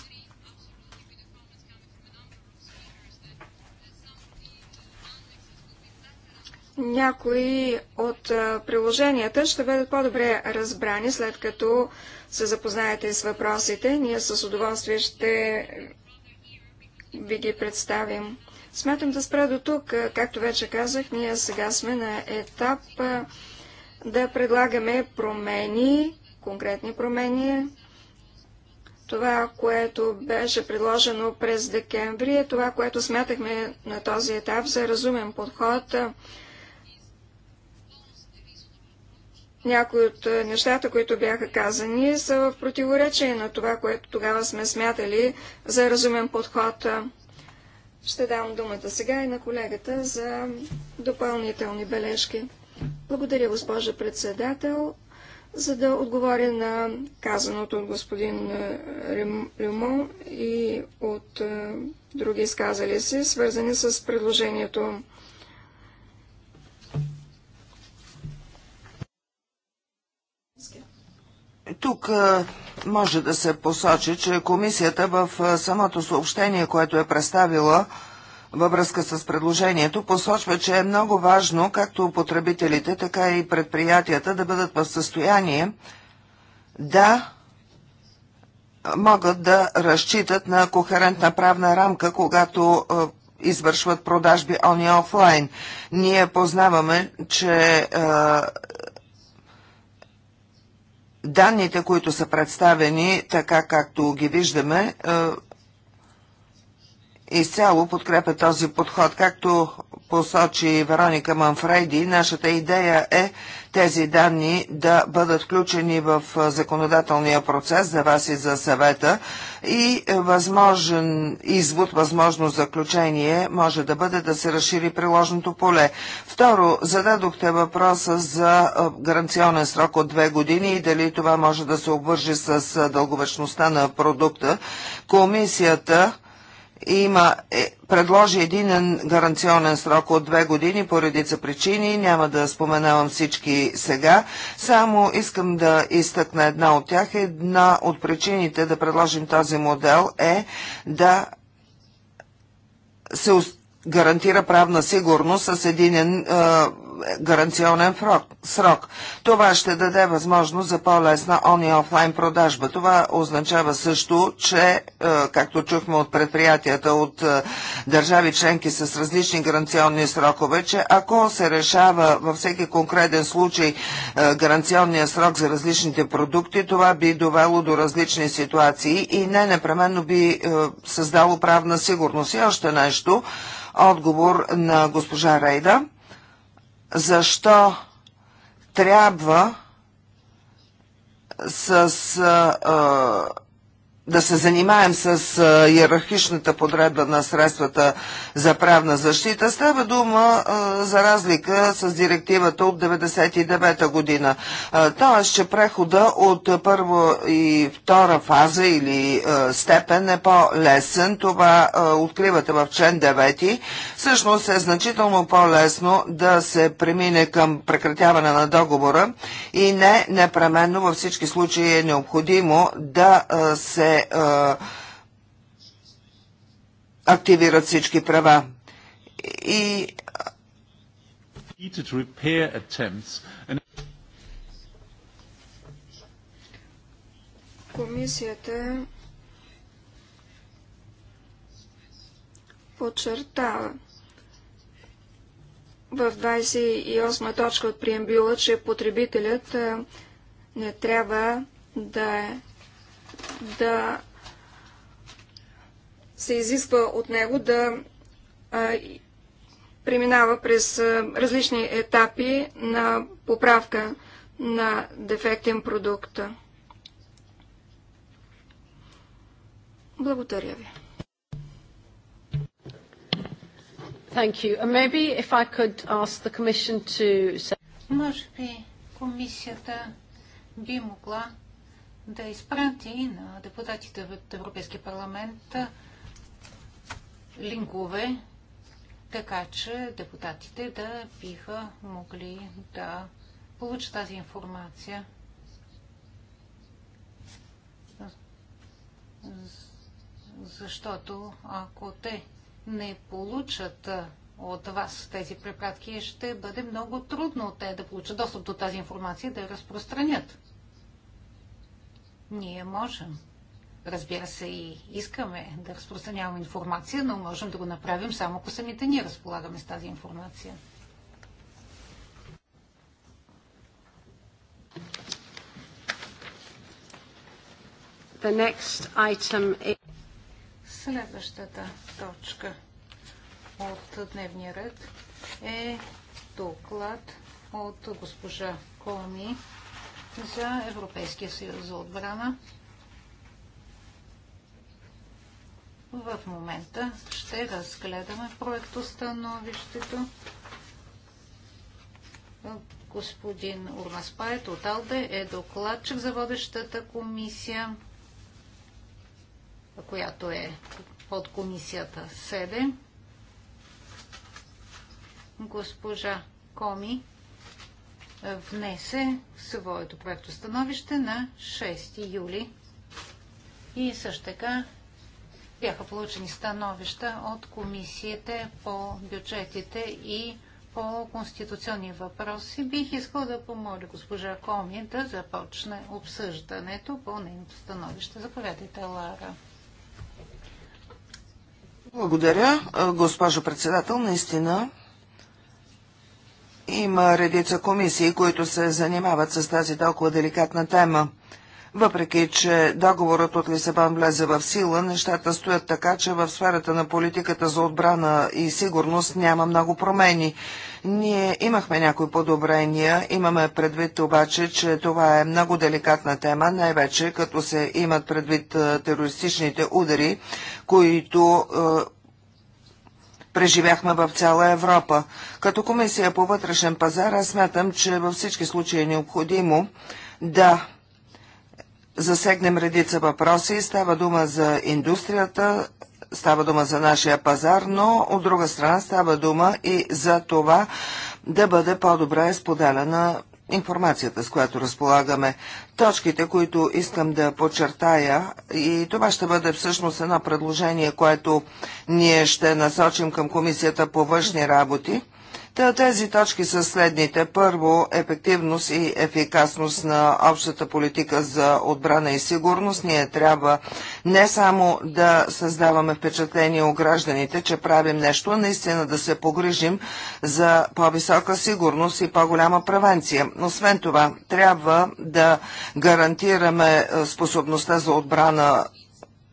Speaker 2: Някои от приложенията ще бъдат по-добре разбрани, след като се запознаете с въпросите. Ние с удоволствие ще ви ги представим. Смятам да спра до тук. Както вече казах, ние сега сме на етап да предлагаме промени, конкретни промени. Това, което беше предложено през декември, е това, което смятахме на този етап за разумен подход. Някои от е, нещата, които бяха казани, са в противоречие на това, което тогава сме смятали за разумен подход. Ще дам думата сега и на колегата за допълнителни бележки. Благодаря, госпожа председател, за да отговоря на казаното от господин е, Рюмо и от е, други изказали се, свързани с предложението
Speaker 3: Тук може да се посочи, че комисията в самото съобщение, което е представила във връзка с предложението, посочва, че е много важно както потребителите, така и предприятията да бъдат в състояние да могат да разчитат на кохерентна правна рамка, когато извършват продажби он и офлайн. Ние познаваме, че данните, които са представени, така както ги виждаме, е, изцяло подкрепят този подход. Както посочи Вероника Манфреди, нашата идея е тези данни да бъдат включени в законодателния процес за вас и за съвета и е, възможен извод, възможно заключение може да бъде да се разшири приложното поле. Второ, зададохте въпроса за гаранционен срок от две години и дали това може да се обвържи с дълговечността на продукта. Комисията има, е, предложи един гаранционен срок от две години по редица причини. Няма да споменавам всички сега. Само искам да изтъкна една от тях. Една от причините да предложим този модел е да се гарантира правна сигурност с един е, гаранционен фрок, срок. Това ще даде възможност за по-лесна он и офлайн продажба. Това означава също, че, е, както чухме от предприятията, от е, държави членки с различни гаранционни срокове, че ако се решава във всеки конкретен случай е, гаранционния срок за различните продукти, това би довело до различни ситуации и не непременно би създало правна сигурност. И още нещо, отговор на госпожа Рейда защо трябва с а, да се занимаем с иерархичната подредба на средствата за правна защита. Става дума за разлика с директивата от 1999 година. Тоест, че прехода от първа и втора фаза или степен е по-лесен. Това откривате в член 9. Всъщност е значително по-лесно да се премине към прекратяване на договора и не непременно във всички случаи е необходимо да се а, активират всички права. И
Speaker 2: Комисията подчертава в 28 точка от приембила, че потребителят не трябва да да се изисква от него да а, преминава през а, различни етапи на поправка на дефектен продукт.
Speaker 1: Благодаря ви. Thank you. And maybe if I could ask the Commission to... Може би комисията би могла да изпрати на депутатите от Европейския парламент линкове, така че депутатите да биха могли да получат тази информация. Защото ако те не получат от вас тези препратки, ще бъде много трудно те да получат достъп до тази информация и да я разпространят. Ние можем. Разбира се, и искаме да разпространяваме информация, но можем да го направим само ако самите ние разполагаме с тази информация. The next item is... Следващата точка от дневния ред е доклад от госпожа Коми за Европейския съюз за отбрана. В момента ще разгледаме проектостановището. Господин Урмаспает от Алде е докладчик за водещата комисия, която е под комисията 7. Госпожа Коми е, внесе своето проекто становище на 6 юли. И също така бяха получени становища от комисията по бюджетите и по конституционни въпроси. Бих искал да помоля госпожа Коми да започне обсъждането по нейното становище. Заповядайте, Лара.
Speaker 3: Благодаря, госпожо председател. Наистина има редица комисии, които се занимават с тази толкова деликатна тема. Въпреки, че договорът от Лисабан влезе в сила, нещата стоят така, че в сферата на политиката за отбрана и сигурност няма много промени. Ние имахме някои подобрения, имаме предвид обаче, че това е много деликатна тема, най-вече като се имат предвид терористичните удари, които преживяхме в цяла Европа. Като комисия по вътрешен пазар, аз смятам, че във всички случаи е необходимо да засегнем редица въпроси. Става дума за индустрията, става дума за нашия пазар, но от друга страна става дума и за това да бъде по-добре споделена информацията, с която разполагаме, точките, които искам да подчертая и това ще бъде всъщност едно предложение, което ние ще насочим към Комисията по външни работи. Та тези точки са следните. Първо, ефективност и ефикасност на общата политика за отбрана и сигурност. Ние трябва не само да създаваме впечатление у гражданите, че правим нещо, а наистина да се погрижим за по-висока сигурност и по-голяма превенция. Освен това, трябва да гарантираме способността за отбрана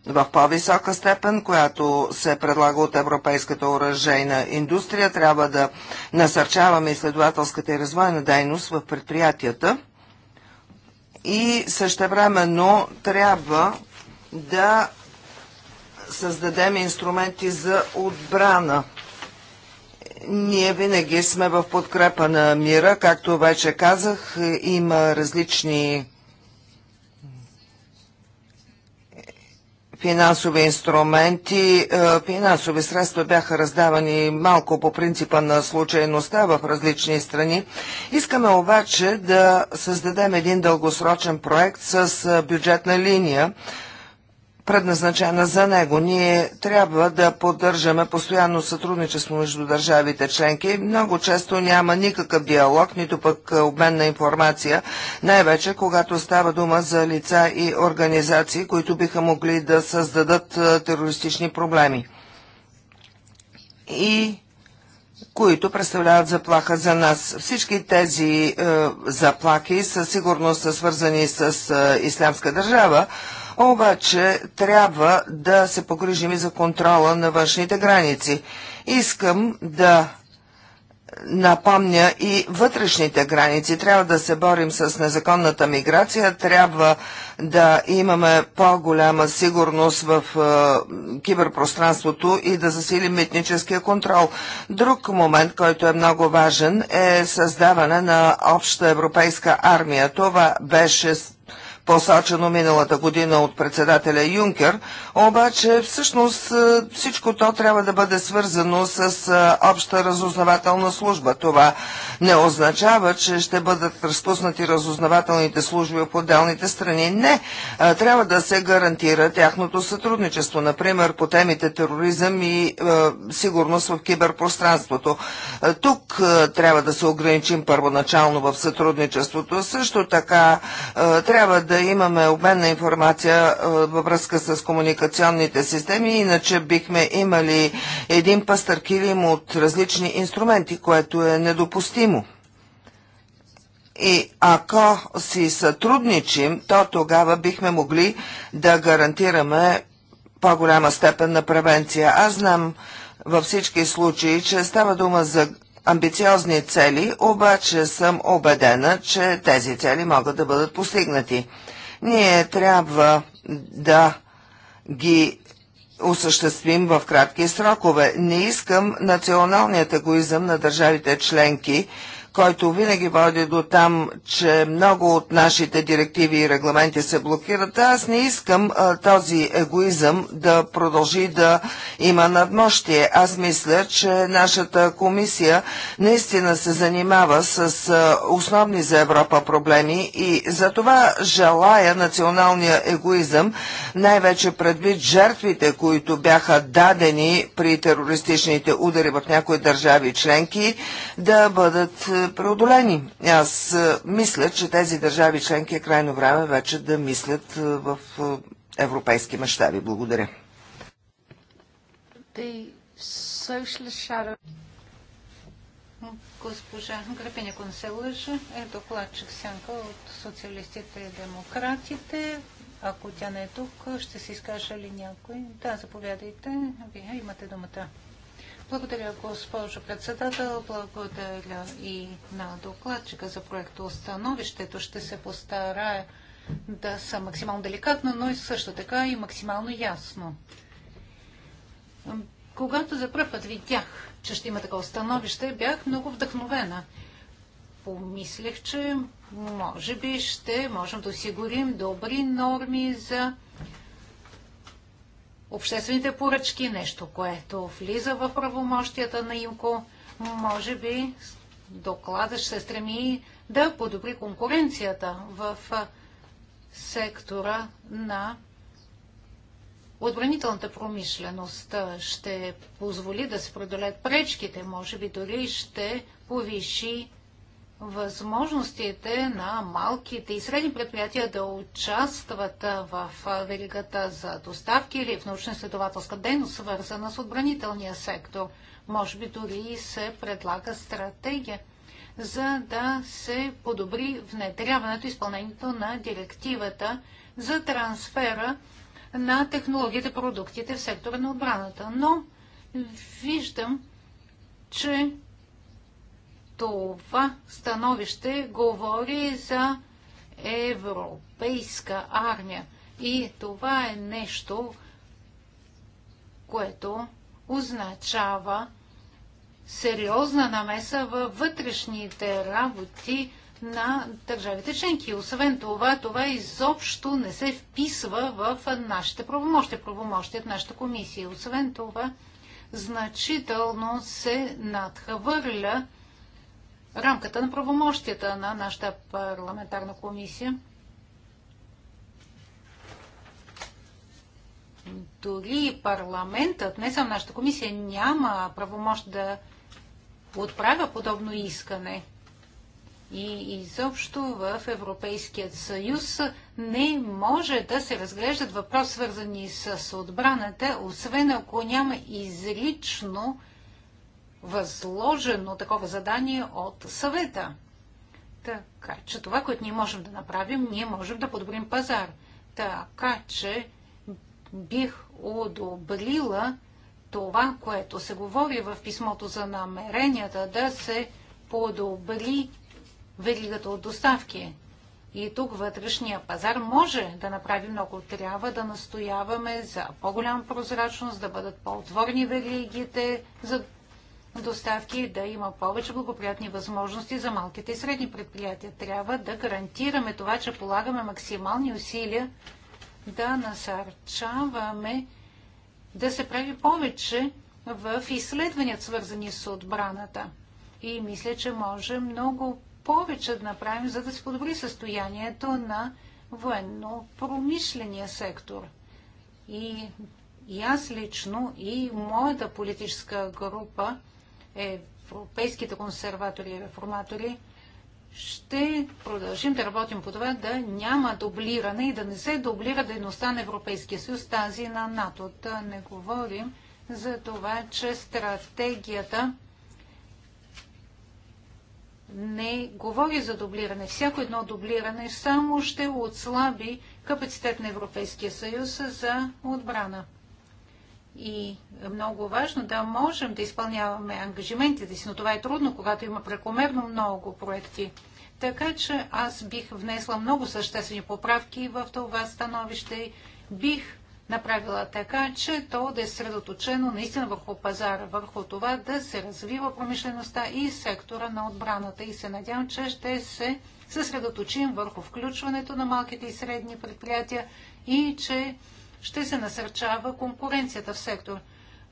Speaker 3: в по-висока степен, която се предлага от европейската оръжейна индустрия. Трябва да насърчаваме изследователската и развойна дейност в предприятията и същевременно трябва да създадем инструменти за отбрана. Ние винаги сме в подкрепа на мира, както вече казах, има различни финансови инструменти. Е, финансови средства бяха раздавани малко по принципа на случайността в различни страни. Искаме обаче да създадем един дългосрочен проект с е, бюджетна линия предназначена за него. Ние трябва да поддържаме постоянно сътрудничество между държавите членки. Много често няма никакъв диалог, нито пък обмен на информация, най-вече когато става дума за лица и организации, които биха могли да създадат терористични проблеми. И които представляват заплаха за нас. Всички тези е, заплаки със сигурност са свързани с е, Ислямска държава, обаче трябва да се погрижим и за контрола на външните граници. Искам да напомня и вътрешните граници. Трябва да се борим с незаконната миграция, трябва да имаме по-голяма сигурност в е, киберпространството и да засилим митническия контрол. Друг момент, който е много важен, е създаване на обща европейска армия. Това беше посочено миналата година от председателя Юнкер, обаче всъщност е, всичко то трябва да бъде свързано с е, обща разузнавателна служба. Това не означава, че ще бъдат разпуснати разузнавателните служби в отделните страни. Не, е, трябва да се гарантира тяхното сътрудничество, например по темите тероризъм и е, сигурност в киберпространството. Тук е, трябва да се ограничим първоначално в сътрудничеството. Също така е, трябва да да имаме обмен на информация е, във връзка с комуникационните системи, иначе бихме имали един пастър килим от различни инструменти, което е недопустимо. И ако си сътрудничим, то тогава бихме могли да гарантираме по-голяма степен на превенция. Аз знам във всички случаи, че става дума за амбициозни цели, обаче съм убедена, че тези цели могат да бъдат постигнати. Ние трябва да ги осъществим в кратки срокове. Не искам националният егоизъм на държавите членки който винаги води до там, че много от нашите директиви и регламенти се блокират. Аз не искам а, този егоизъм да продължи да има надмощие. Аз мисля, че нашата комисия наистина се занимава с а, основни за Европа проблеми и за това желая националния егоизъм, най-вече предвид жертвите, които бяха дадени при терористичните удари в някои държави членки, да бъдат е, преодолени. Аз мисля, че тези държави членки е крайно време вече да мислят в европейски мащаби. Благодаря.
Speaker 1: Госпожа Грапиня Конселъжа е докладчик сянка от социалистите и демократите. Ако тя не е тук, ще се изкаже ли някой? Да, заповядайте. Вие имате думата. Благодаря, госпожо председател. Благодаря и на докладчика за проекта Остановището. Ще се постарая да съм максимално деликатна, но и също така и максимално ясно. Когато за първ път видях, че ще има такова становище, бях много вдъхновена. Помислих, че може би ще можем да осигурим добри норми за обществените поръчки, нещо, което влиза в правомощията на ИМКО, може би докладът ще се стреми да подобри конкуренцията в сектора на отбранителната промишленост. Ще позволи да се преодолеят пречките, може би дори ще повиши възможностите на малките и средни предприятия да участват в веригата за доставки или в научно-изследователска дейност, свързана с отбранителния сектор. Може би дори и се предлага стратегия, за да се подобри внедряването и изпълнението на директивата за трансфера на технологиите, продуктите в сектора на отбраната. Но виждам, че това становище говори за европейска армия. И това е нещо, което означава сериозна намеса във вътрешните работи на държавите членки. Освен това, това изобщо не се вписва в нашите правомощия, правомощият нашата комисия. Освен това, значително се надхвърля рамката на правомощията на нашата парламентарна комисия. Дори парламентът, не само нашата комисия, няма правомощ да отправя подобно искане. И изобщо в Европейският съюз не може да се разглеждат въпроси, свързани с отбраната, освен ако няма изрично възложено такова задание от съвета. Така че това, което ние можем да направим, ние можем да подобрим пазар. Така че бих одобрила това, което се говори в писмото за намеренията да се подобри веригата от доставки. И тук вътрешния пазар може да направи много. Трябва да настояваме за по-голяма прозрачност, да бъдат по-отворни веригите за доставки, да има повече благоприятни възможности за малките и средни предприятия. Трябва да гарантираме това, че полагаме максимални усилия да насърчаваме да се прави повече в изследвания, свързани с отбраната. И мисля, че може много повече да направим, за да се подобри състоянието на военно-промишления сектор. И, и аз лично, и моята политическа група европейските консерватори и реформатори, ще продължим да работим по това да няма дублиране и да не се дублира дейността на Европейския съюз, тази на НАТО. Да не говорим за това, че стратегията не говори за дублиране. Всяко едно дублиране само ще отслаби капацитет на Европейския съюз за отбрана. И е много важно да можем да изпълняваме ангажиментите си, но това е трудно, когато има прекомерно много проекти. Така че аз бих внесла много съществени поправки в това становище. и Бих направила така, че то да е средоточено наистина върху пазара, върху това да се развива промишлеността и сектора на отбраната. И се надявам, че ще се съсредоточим върху включването на малките и средни предприятия и че ще се насърчава конкуренцията в сектор.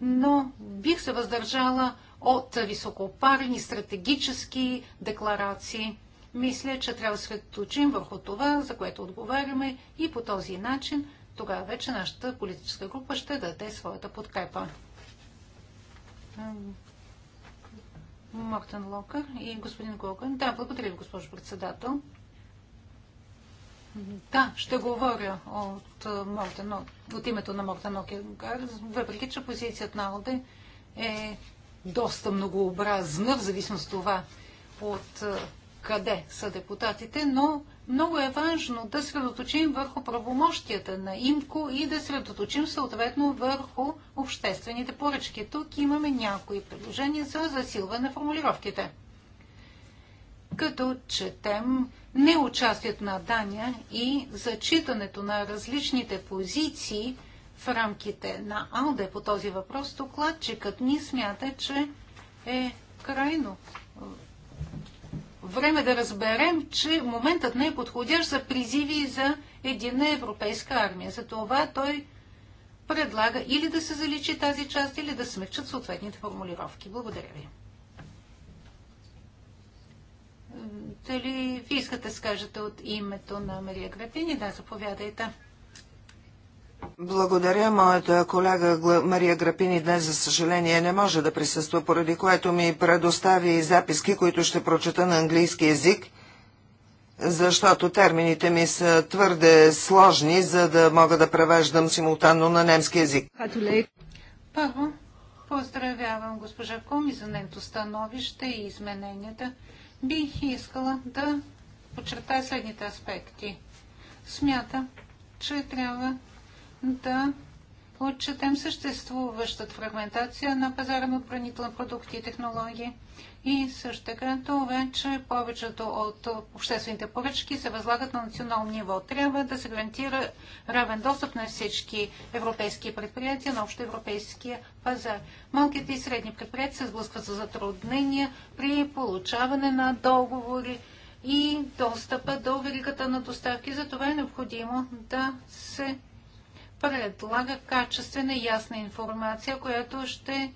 Speaker 1: Но бих се въздържала от високопарни стратегически декларации. Мисля, че трябва да се точим върху това, за което отговаряме и по този начин тогава вече нашата политическа група ще даде своята подкрепа. Мортен Локър и господин Гоган. Да, благодаря ви, госпожо председател. Да, ще говоря от, е, от името на Морта Нокенгар, въпреки че позицията на Алде е доста многообразна, в зависимост от това от е, къде са депутатите, но много е важно да средоточим върху правомощията на ИМКО и да средоточим съответно върху обществените поръчки. Тук имаме някои предложения за засилване на формулировките. Като четем неучастието на Дания и зачитането на различните позиции в рамките на АЛДЕ по този въпрос, докладчикът ни смята, че е крайно време да разберем, че моментът не е подходящ за призиви за единна европейска армия. За това той предлага или да се заличи тази част, или да смекчат съответните формулировки. Благодаря ви. Дали ви искате да скажете от името на Мария Грапини? Да, заповядайте.
Speaker 3: Благодаря. Моята колега Мария Грапини днес, за съжаление, не може да присъства, поради което ми предостави записки, които ще прочета на английски язик, защото термините ми са твърде сложни, за да мога да превеждам симултанно на немски язик.
Speaker 1: Първо, поздравявам госпожа Коми за нейното становище и измененията бих искала да подчертая следните аспекти. Смята, че трябва да отчетем съществуващата фрагментация на пазара на продукти и технологии, и също така то вече повечето от обществените поръчки се възлагат на национално ниво. Трябва да се гарантира равен достъп на всички европейски предприятия на общоевропейския пазар. Малките и средни предприятия се сблъскват за затруднения при получаване на договори и достъпа до великата на доставки. Затова е необходимо да се предлага качествена и ясна информация, която ще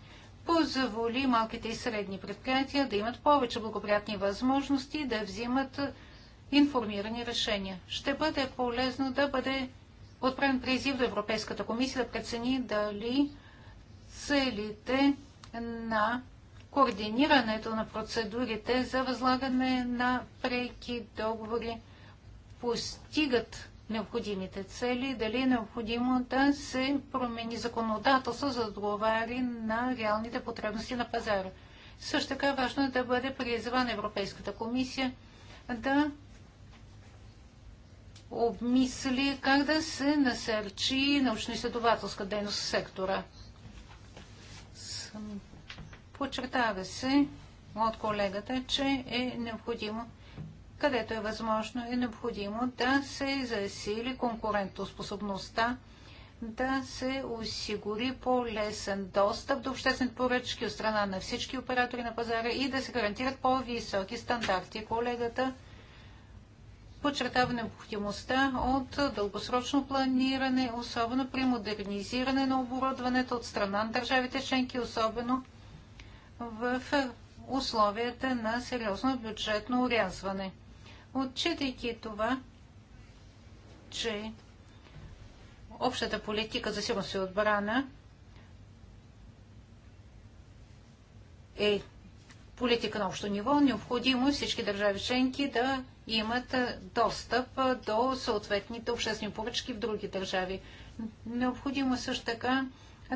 Speaker 1: позволи малките и средни предприятия да имат повече благоприятни възможности да взимат информирани решения. Ще бъде полезно да бъде отправен призив до Европейската комисия да прецени дали целите на координирането на процедурите за възлагане на преки договори постигат необходимите цели, дали е необходимо да се промени законодателство, за да отговаря на реалните потребности на пазара. Също така важно е да бъде призвана Европейската комисия да обмисли как да се насърчи научно-изследователска дейност в сектора. Подчертава се от колегата, че е необходимо където е възможно и необходимо да се засили конкурентоспособността, да се осигури по-лесен достъп до обществени поръчки от страна на всички оператори на пазара и да се гарантират по-високи стандарти. Колегата подчертава необходимостта от дългосрочно планиране, особено при модернизиране на оборудването от страна на държавите членки, особено в условията на сериозно бюджетно урязване. Отчитайки това, че общата политика за сигурност и отбрана е политика на общо ниво, необходимо е всички държави членки да имат достъп до съответните обществени поръчки в други държави. Необходимо е също така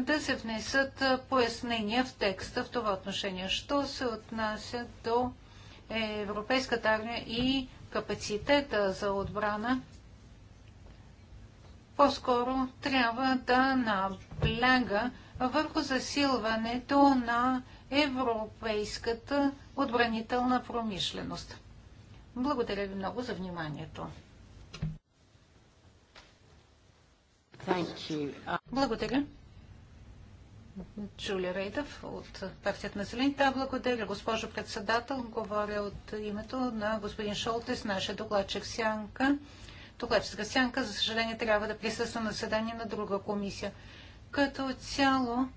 Speaker 1: да се внесат пояснения в текста в това отношение. Що се отнася до Европейската армия и капацитета за отбрана, по-скоро трябва да набляга върху засилването на европейската отбранителна промишленост. Благодаря ви много за вниманието. Благодаря. Джули Рейдов от партията на Зелените. Благодаря, госпожо председател. Говоря от името на господин Шолтес, нашия докладчик Сянка. Докладчика Сянка, за съжаление, трябва да присъства на заседание на друга комисия. Като цяло,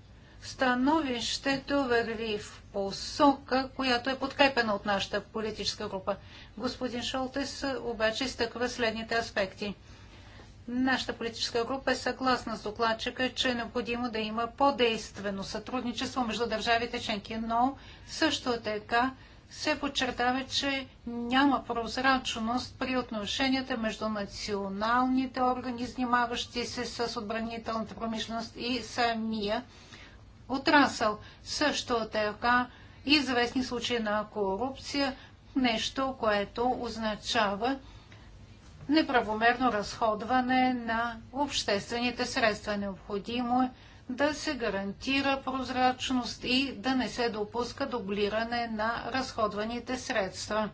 Speaker 1: становището върви в посока, която е подкрепена от нашата политическа група. Господин Шолтес обаче изтъква следните аспекти – Нашата политическа група е съгласна с докладчика, че е необходимо да има по-действено сътрудничество между държавите членки, но също така се подчертава, че няма прозрачност при отношенията между националните органи, занимаващи се с отбранителната промишленост и самия отрасъл. Също така известни случаи на корупция, нещо, което означава, неправомерно разходване на обществените средства. Необходимо е да се гарантира прозрачност и да не се допуска дублиране на разходваните средства.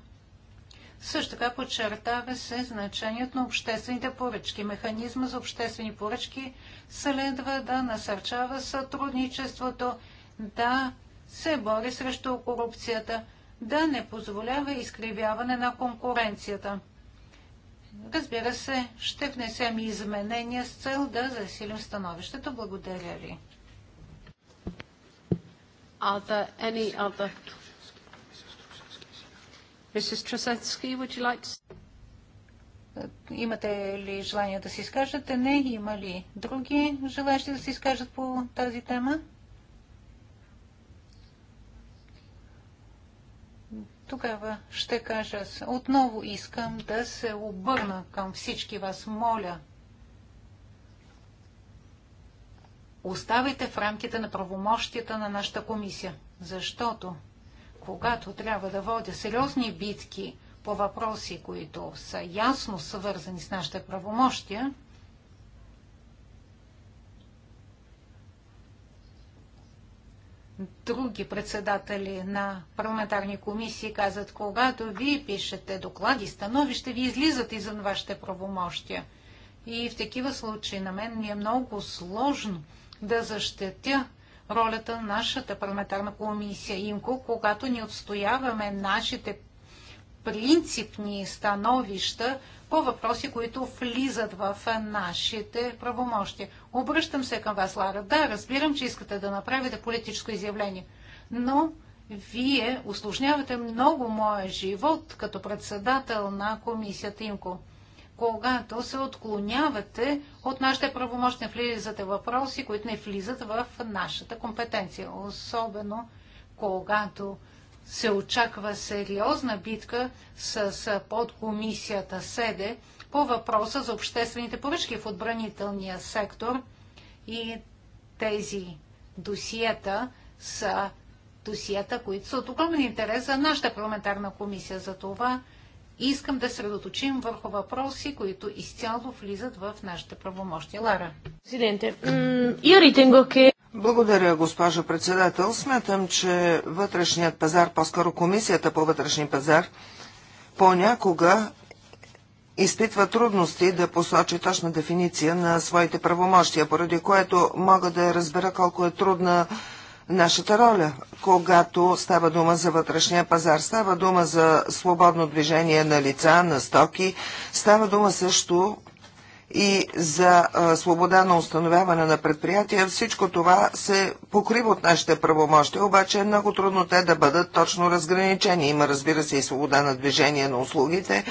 Speaker 1: Също така подчертава се значението на обществените поръчки. Механизма за обществени поръчки следва да насърчава сътрудничеството, да се бори срещу корупцията, да не позволява изкривяване на конкуренцията. Разбира се, ще внесем и изменения с цел да засилим становището. Благодаря ви. Are there any other... Mrs. Trusetsky, would you like to... Имате ли желание да се изкажете? Не. Има ли други желащи да се изкажат по тази тема? тогава ще кажа, отново искам да се обърна към всички вас, моля. Оставайте в рамките на правомощията на нашата комисия, защото когато трябва да водя сериозни битки по въпроси, които са ясно свързани с нашите правомощия, други председатели на парламентарни комисии казват, когато вие пишете доклади, становище, ви излизат извън вашите правомощия. И в такива случаи на мен ми е много сложно да защитя ролята на нашата парламентарна комисия ИМКО, когато ни отстояваме нашите принципни становища по въпроси, които влизат в нашите правомощи. Обръщам се към вас, Лара. Да, разбирам, че искате да направите политическо изявление, но вие осложнявате много моя живот като председател на комисията Имко. Когато се отклонявате от нашите правомощни, влизате въпроси, които не влизат в нашата компетенция. Особено когато се очаква сериозна битка с, подкомисията СЕДЕ по въпроса за обществените поръчки в отбранителния сектор и тези досиета са досиета, които са от огромен интерес за нашата парламентарна комисия. За това искам да средоточим върху въпроси, които изцяло влизат в нашите правомощия. Лара.
Speaker 3: Благодаря, госпожо председател. Смятам, че вътрешният пазар, по-скоро комисията по вътрешни пазар, понякога изпитва трудности да посочи точна дефиниция на своите правомощия, поради което мога да разбера колко е трудна нашата роля, когато става дума за вътрешния пазар, става дума за свободно движение на лица, на стоки, става дума също и за свобода на установяване на предприятия, всичко това се покрива от нашите правомощия, обаче е много трудно те да бъдат точно разграничени. Има, разбира се, и свобода на движение на услугите.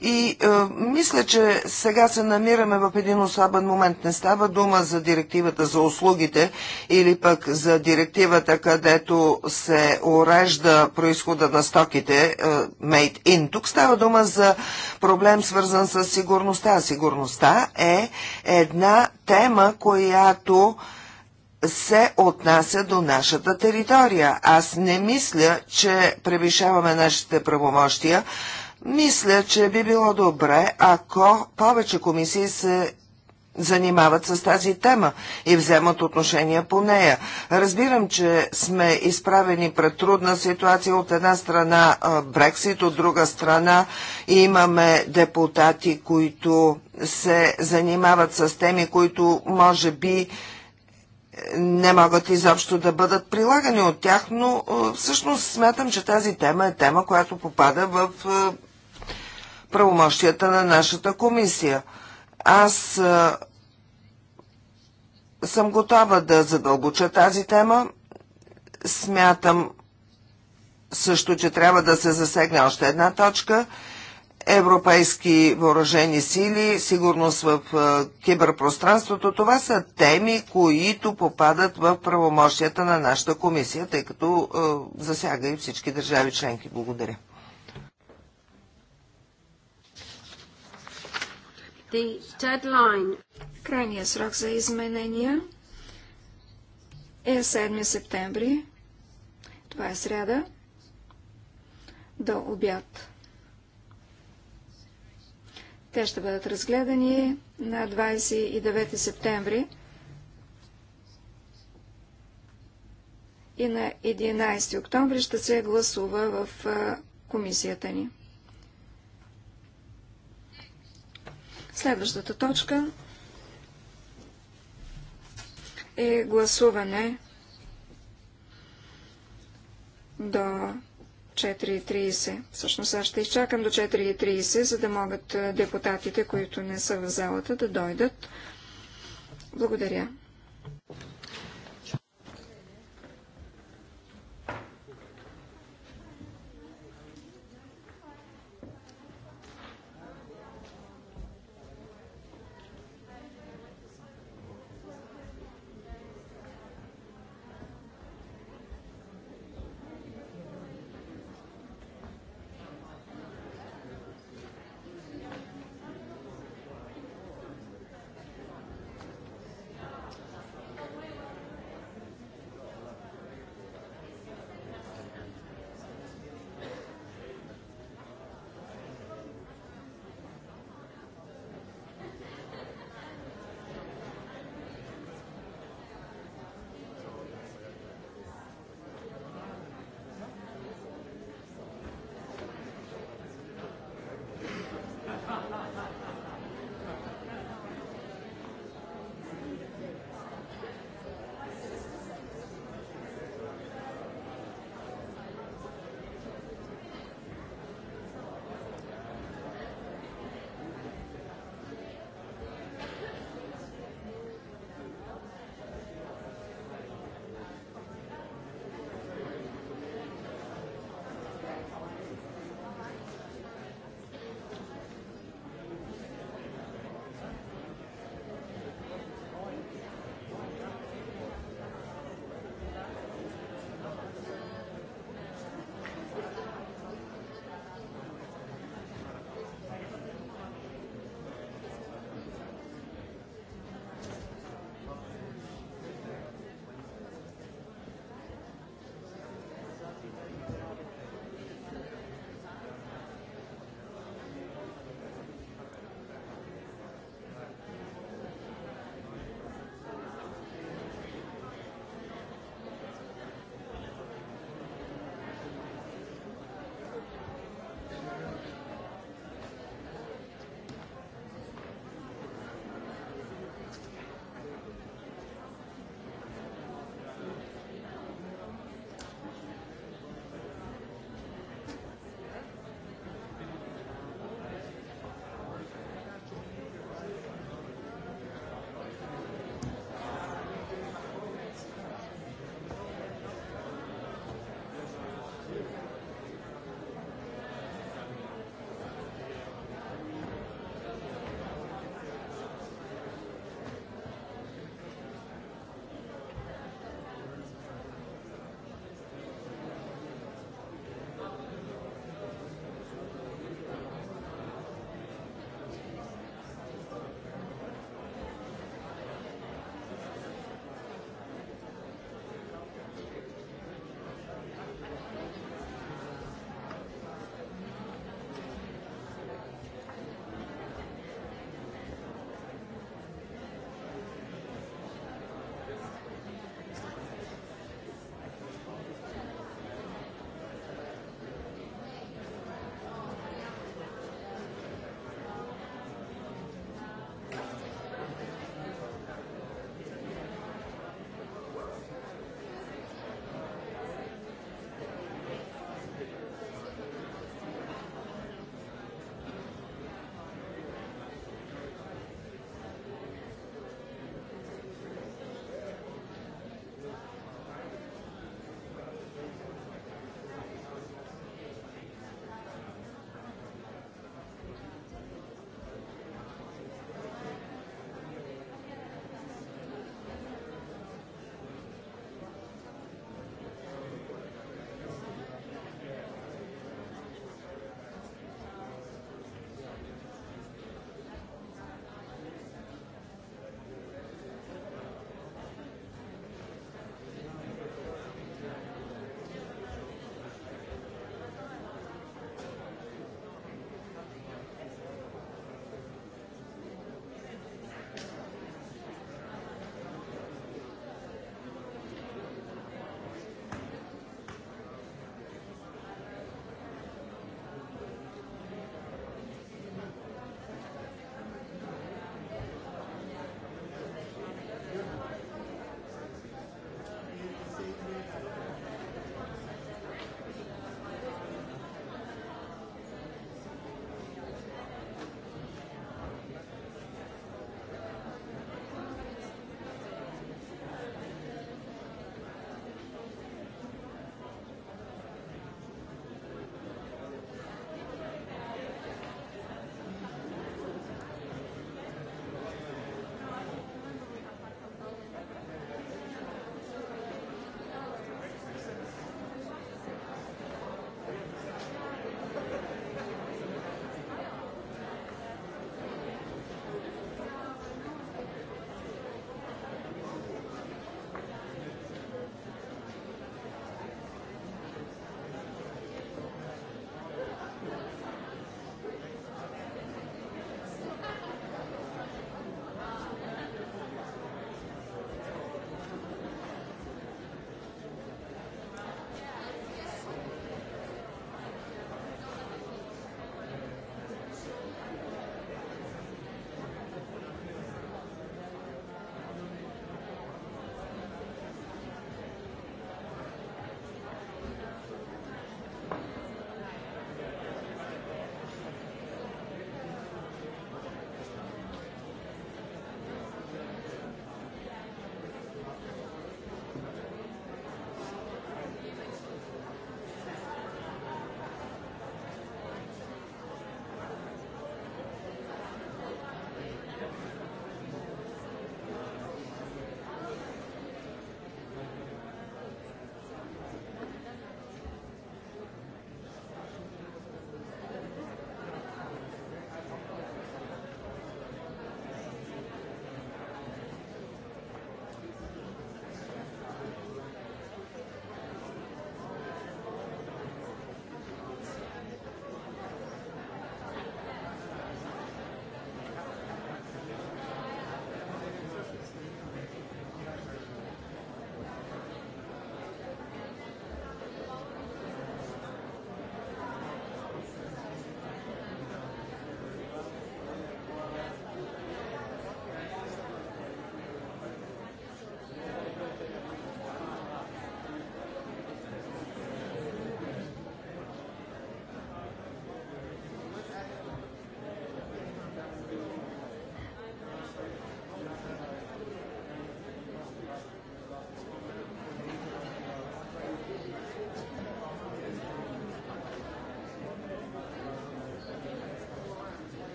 Speaker 3: И е, мисля, че сега се намираме в един особен момент. Не става дума за директивата за услугите или пък за директивата, където се урежда происхода на стоките е, Made in. Тук става дума за проблем, свързан с сигурността. Сигурността е една тема, която се отнася до нашата територия. Аз не мисля, че превишаваме нашите правомощия. Мисля, че би било добре, ако повече комисии се занимават с тази тема и вземат отношения по нея. Разбирам, че сме изправени пред трудна ситуация. От една страна Брексит, от друга страна имаме депутати, които се занимават с теми, които може би е, не могат изобщо да бъдат прилагани от тях, но е, всъщност смятам, че тази тема е тема, която попада в е, правомощията на нашата комисия. Аз а, съм готова да задълбоча тази тема. Смятам също, че трябва да се засегне още една точка европейски въоръжени сили, сигурност в киберпространството. Това са теми, които попадат в правомощията на нашата комисия, тъй като е, засяга и всички държави членки. Благодаря.
Speaker 2: The deadline. Крайния срок за изменения е 7 септември. Това е сряда. До обяд. Те ще бъдат разгледани на 29 септември и на 11 октомври ще се гласува в комисията ни. Следващата точка е гласуване до 4.30. Всъщност аз ще изчакам до 4.30, за да могат депутатите, които не са в залата, да дойдат. Благодаря.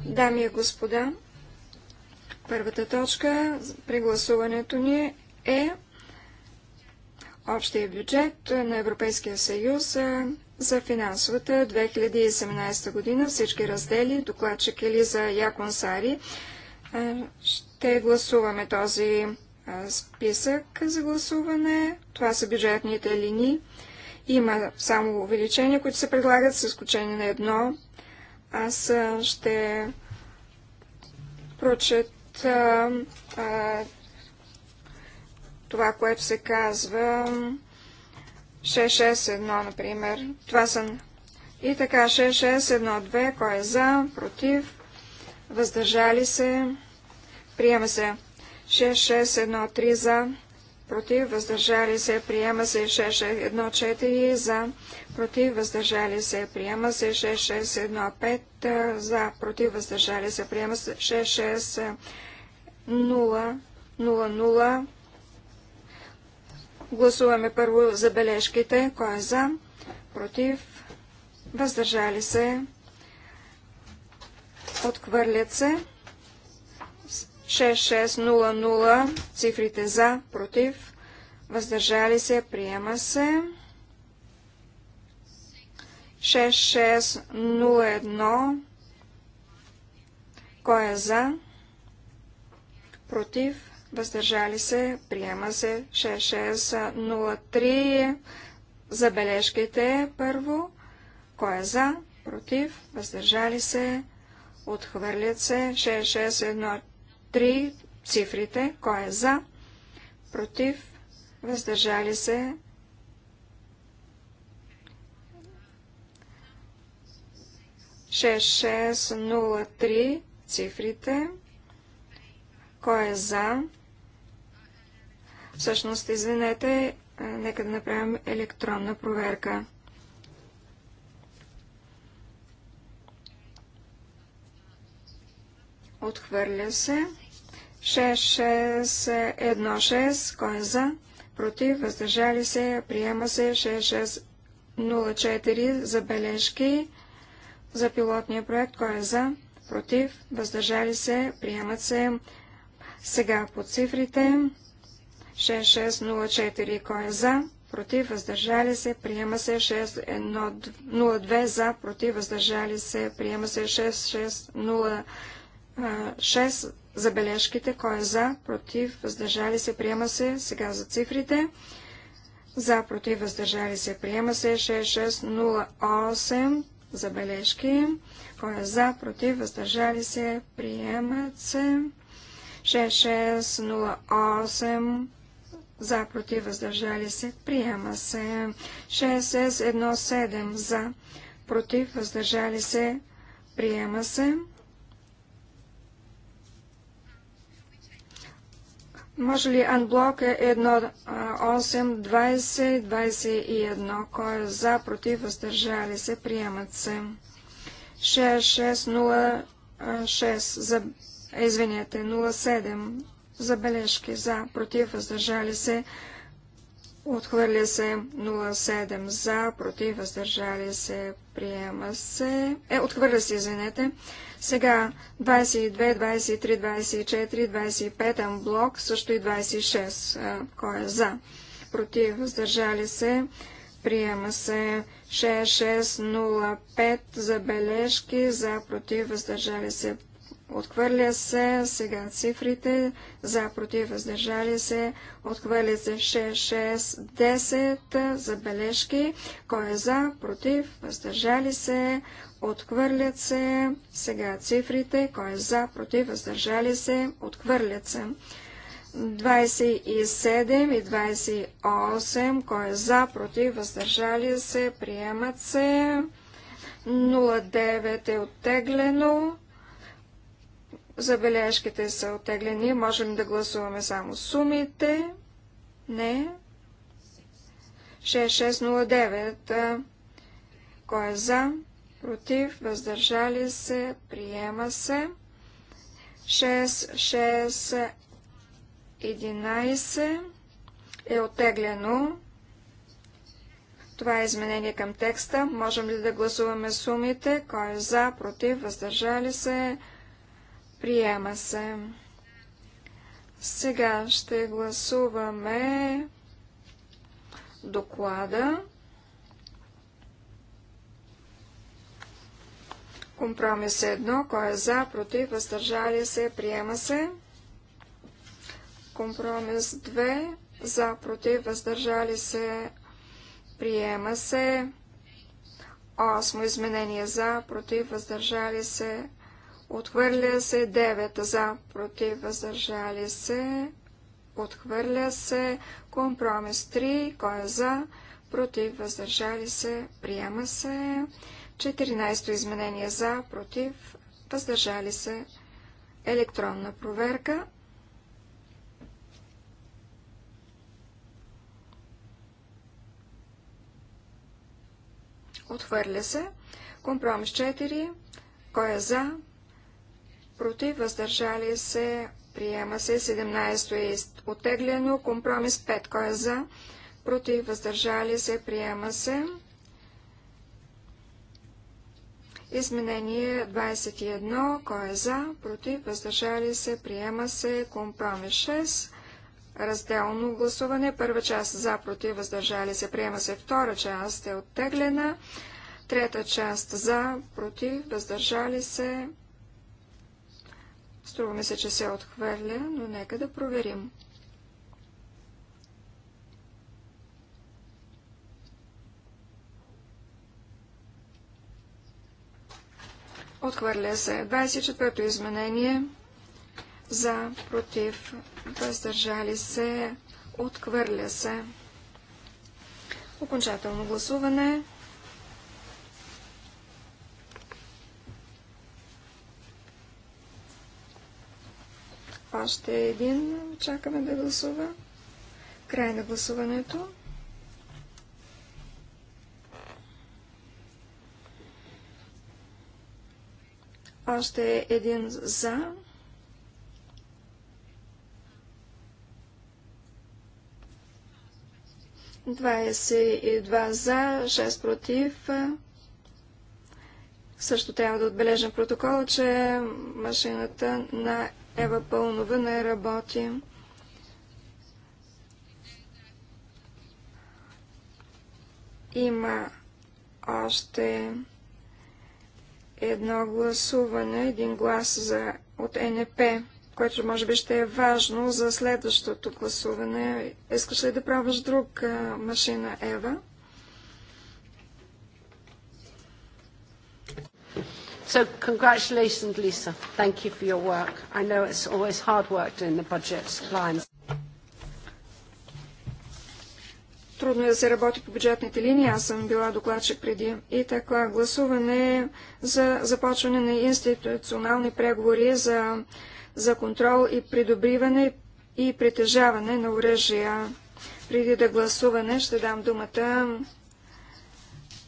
Speaker 2: Дами и господа, първата точка при гласуването ни е общия бюджет на Европейския съюз за финансовата 2017 година. Всички раздели, докладчик Елиза Яконсари. Ще гласуваме този списък за гласуване. Това са бюджетните линии. Има само увеличения, които се предлагат, с изключение на едно аз ще прочета това, което се казва 661, например. Това съм. и така 6612, кой е за, против, въздържали се, приема се 6613 за, против, въздържали се, приема се 6614 за, против, въздържали се, приема се 6615 за, против, въздържали се, приема се 6600 Гласуваме първо забележките. Кой е за? Против? Въздържали се? Отхвърлят се? 6600, цифрите за, против, въздържали се, приема се. 6601, кой е за, против, въздържали се, приема се. 6603, забележките първо, кой е за, против, въздържали се, отхвърлят се. 6614, 3, цифрите, кой е за, против, въздържали се. Шест, шест, нула, три, цифрите, кой е за. Всъщност, извинете, е, нека да направим електронна проверка. Отхвърля се. 6616, кой е за, против, въздържали се, приема се 6604 за бележки за пилотния проект, кой е за, против, въздържали се, приемат се сега по цифрите 6604, кой е за, против, въздържали се, приема се 6102 за, против, въздържали се, приема се 6606 забележките, кой е за, против, въздържали се, приема се, сега за цифрите, за, против, въздържали се, приема се, 6608, забележки, кой е за, против, въздържали се, приемат се, 6608, за, против, въздържали се, приема се, 6617, за, против, въздържали се, приема се, Може ли анблок 1, 8, 20, 21? Кой е за, против, въздържали се, приемат се. 6, 6, 0, 6, за, извинете, 0, 7, забележки за, против, въздържали се, приемат се Отхвърля се 07 за, против, въздържали се, приема се. Е, отхвърля се, извинете. Сега 22, 23, 24, 25 блок, също и 26. Кой е за? Против, въздържали се, приема се 6605 забележки, за, против, въздържали се, Отхвърля се сега цифрите за против въздържали се. Отхвърля се 6, 6, 10 забележки. Кой е за, против, въздържали се. Отхвърлят се сега цифрите. Кой е за, против, въздържали се. Отхвърлят се. 27 и 28. Кой е за, против, въздържали се. Приемат се. 09 е оттеглено. Забележките са оттеглени. Можем да гласуваме само сумите. Не. 6609. Кой е за? Против? Въздържали се? Приема се. 6611 е отеглено. Това е изменение към текста. Можем ли да гласуваме сумите? Кой е за? Против? Въздържали се? Приема се. Приема се. Сега ще гласуваме доклада. Компромис е едно. Кой е за, против, въздържали се, приема се. Компромис 2. За, против, въздържали се, приема се. Осмо изменение за, против, въздържали се, приема се. Отхвърля се 9 за, против, въздържали се. Отхвърля се компромис 3, кой е за, против, въздържали се, приема се. 14 изменение за, против, въздържали се. Електронна проверка. Отхвърля се. Компромис 4. Кой е за? против, въздържали се, приема се. 17 е оттеглено, компромис 5, кой е за, против, въздържали се, приема се. Изменение 21, кой е за, против, въздържали се, приема се, компромис 6, разделно гласуване, първа част за, против, въздържали се, приема се, втора част е оттеглена, трета част за, против, въздържали се, Струва ми се, че се отхвърля, но нека да проверим. Отхвърля се. 24-то изменение. За, против, въздържали се. Отхвърля се. Окончателно гласуване. Още един. Чакаме да гласува. Край на гласуването. Още един за. Двадесет и два за, шест против. Също трябва да отбележим протокол, че машината на Ева Пълнова не работи. Има още едно гласуване, един глас за, от НП, което може би ще е важно за следващото гласуване. Искаш ли да правиш друг а, машина, Ева?
Speaker 1: So congratulations, Lisa. Thank you for your work. I know it's always hard work doing the budget lines. Трудно е да се работи по бюджетните
Speaker 2: линии. Аз съм била докладчик преди. И така, гласуване за започване на институционални преговори за, за контрол и придобриване и притежаване на оръжия. Преди да гласуване ще дам думата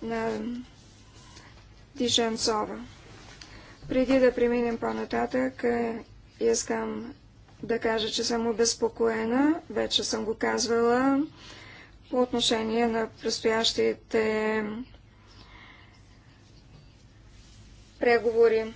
Speaker 2: на Диженцова. Преди да преминем по-нататък, е, искам да кажа, че съм обезпокоена, вече съм го казвала, по отношение на предстоящите преговори.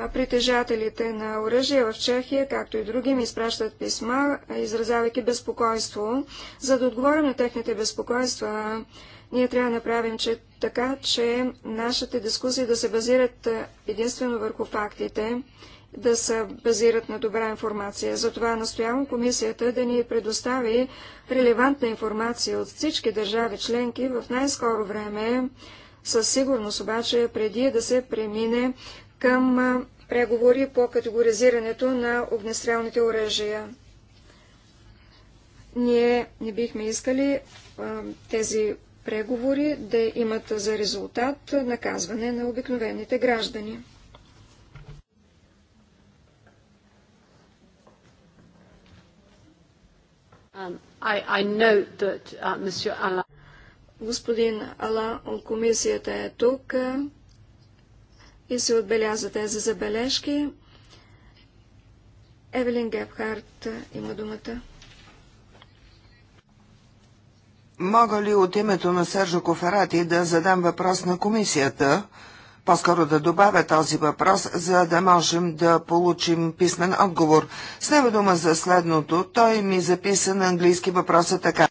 Speaker 2: А притежателите на оръжие в Чехия, както и други, ми изпращат писма, изразявайки безпокойство. За да отговоря на техните безпокойства, ние трябва да направим че, така, че нашите дискусии да се базират единствено върху фактите, да се базират на добра информация. Затова настоявам комисията да ни предостави релевантна информация от всички държави членки в най-скоро време, със сигурност обаче преди да се премине към преговори по категоризирането на огнестрелните оръжия. Ние не бихме искали а, тези преговори да имат за резултат наказване на обикновените граждани.
Speaker 1: Um, uh,
Speaker 2: Господин Ала от комисията е тук и се отбеляза тези забележки. Евелин Гепхарт има думата.
Speaker 3: Мога ли от името на Сержо Коферати да задам въпрос на комисията? По-скоро да добавя този въпрос, за да можем да получим писмен отговор. Става дума за следното. Той ми записа на английски въпроса така.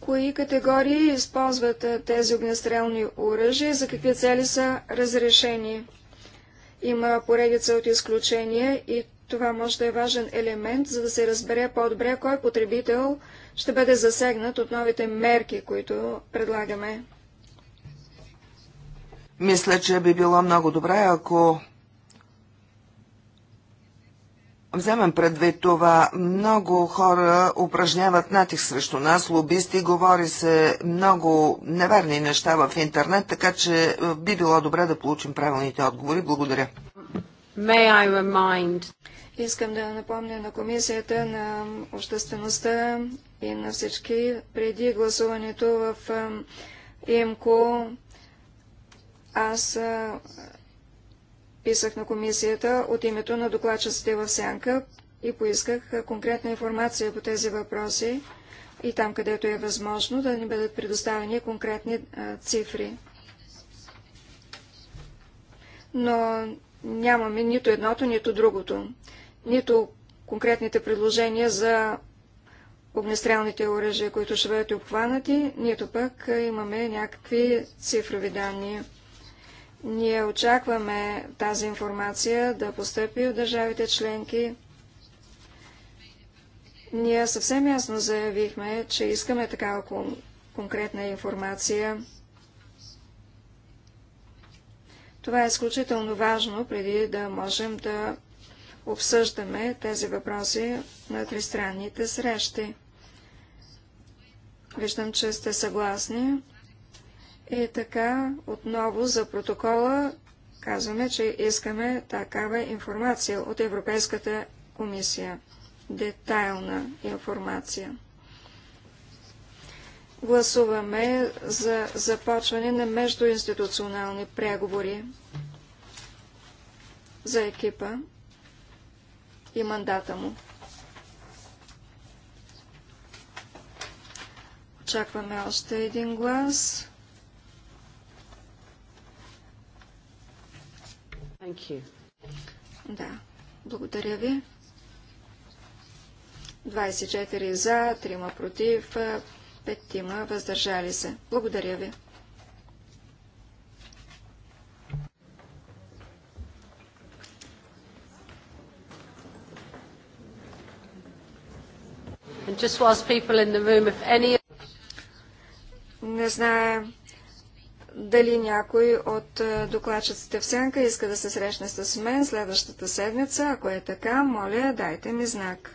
Speaker 2: Кои категории използват тези огнестрелни оръжия и за какви цели са разрешени? Има поредица от изключения и това може да е важен елемент, за да се разбере по-добре кой потребител ще бъде засегнат от новите мерки, които предлагаме.
Speaker 3: Мисля, че би било много добре, ако Вземем предвид това, много хора упражняват натиск срещу нас, лобисти, говори се много неверни неща в интернет, така че би било добре да получим правилните отговори. Благодаря.
Speaker 2: Искам да напомня на комисията, на обществеността и на всички преди гласуването в ИМКО. Аз писах на комисията от името на докладчиците в Сянка и поисках конкретна информация по тези въпроси и там, където е възможно, да ни бъдат предоставени конкретни цифри. Но нямаме нито едното, нито другото нито конкретните предложения за огнестрелните оръжия, които ще бъдат обхванати, нито пък имаме някакви цифрови данни. Ние очакваме тази информация да постъпи от държавите членки. Ние съвсем ясно заявихме, че искаме такава конкретна информация. Това е изключително важно, преди да можем да обсъждаме тези въпроси на тристранните срещи. Виждам, че сте съгласни. И така, отново за протокола казваме, че искаме такава информация от Европейската комисия. Детайлна информация. Гласуваме за започване на междуинституционални преговори за екипа и мандата му. Очакваме още един глас. Thank you. Да, благодаря ви. 24 за, 3 против, 5 въздържали се. Благодаря ви. Не знае дали някой от е, докладчиците в сянка иска да се срещне с мен следващата седмица. Ако е така, моля, дайте ми знак.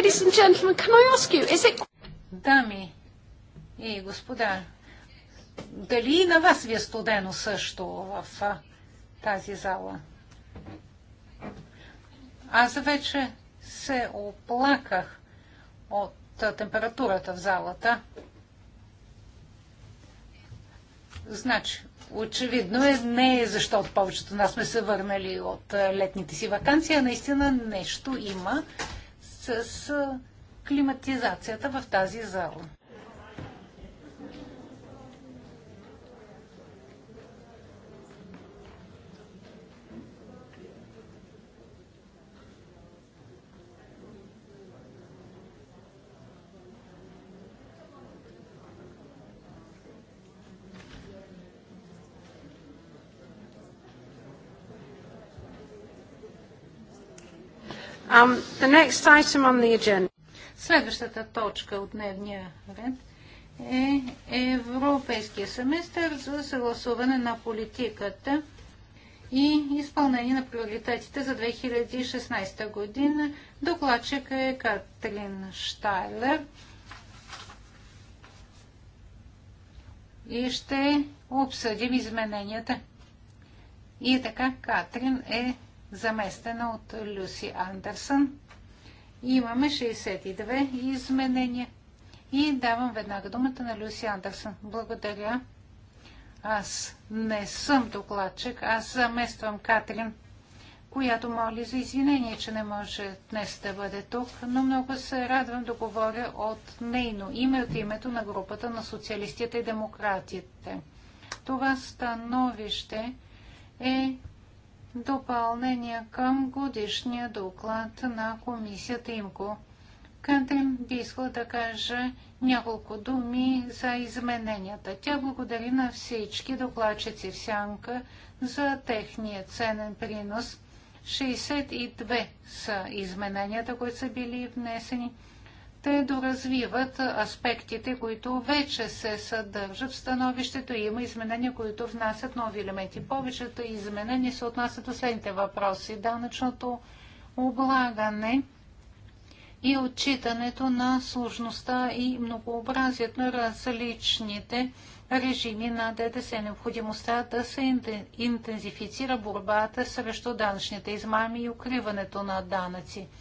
Speaker 1: ladies and gentlemen, can I ask you, is it... Дами и господа, дали и на вас ви е студено също в тази зала? Аз вече се оплаках от температурата в залата. Значи, очевидно е не е защото повечето нас сме се върнали от летните си вакансии, а наистина нещо има, с климатизацията в тази зала. Um, the next item on the agenda. Следващата точка от дневния ред е Европейския семестър за съгласуване на политиката и изпълнение на приоритетите за 2016 година. Докладчик е Катрин Штайлер. И ще обсъдим измененията. И така, Катрин е заместена от Люси Андерсън. Имаме 62 изменения. И давам веднага думата на Люси Андерсън. Благодаря. Аз не съм докладчик, аз замествам Катрин, която моли за извинение, че не може днес да бъде тук, но много се радвам да говоря от нейно име, от името на групата на социалистите и демократите. Това становище е допълнение към годишния доклад на комисията ИМКО. Кантин би искал да каже няколко думи за измененията. Тя благодари на всички докладчици в Сянка за техния ценен принос. 62 са измененията, които са били внесени те доразвиват аспектите, които вече се съдържат в становището и има изменения, които внасят нови елементи. Повечето изменения се отнасят до следните въпроси. Данъчното облагане и отчитането на сложността и многообразието на различните режими на ДДС, необходимостта да се интензифицира борбата срещу данъчните измами и укриването на данъци –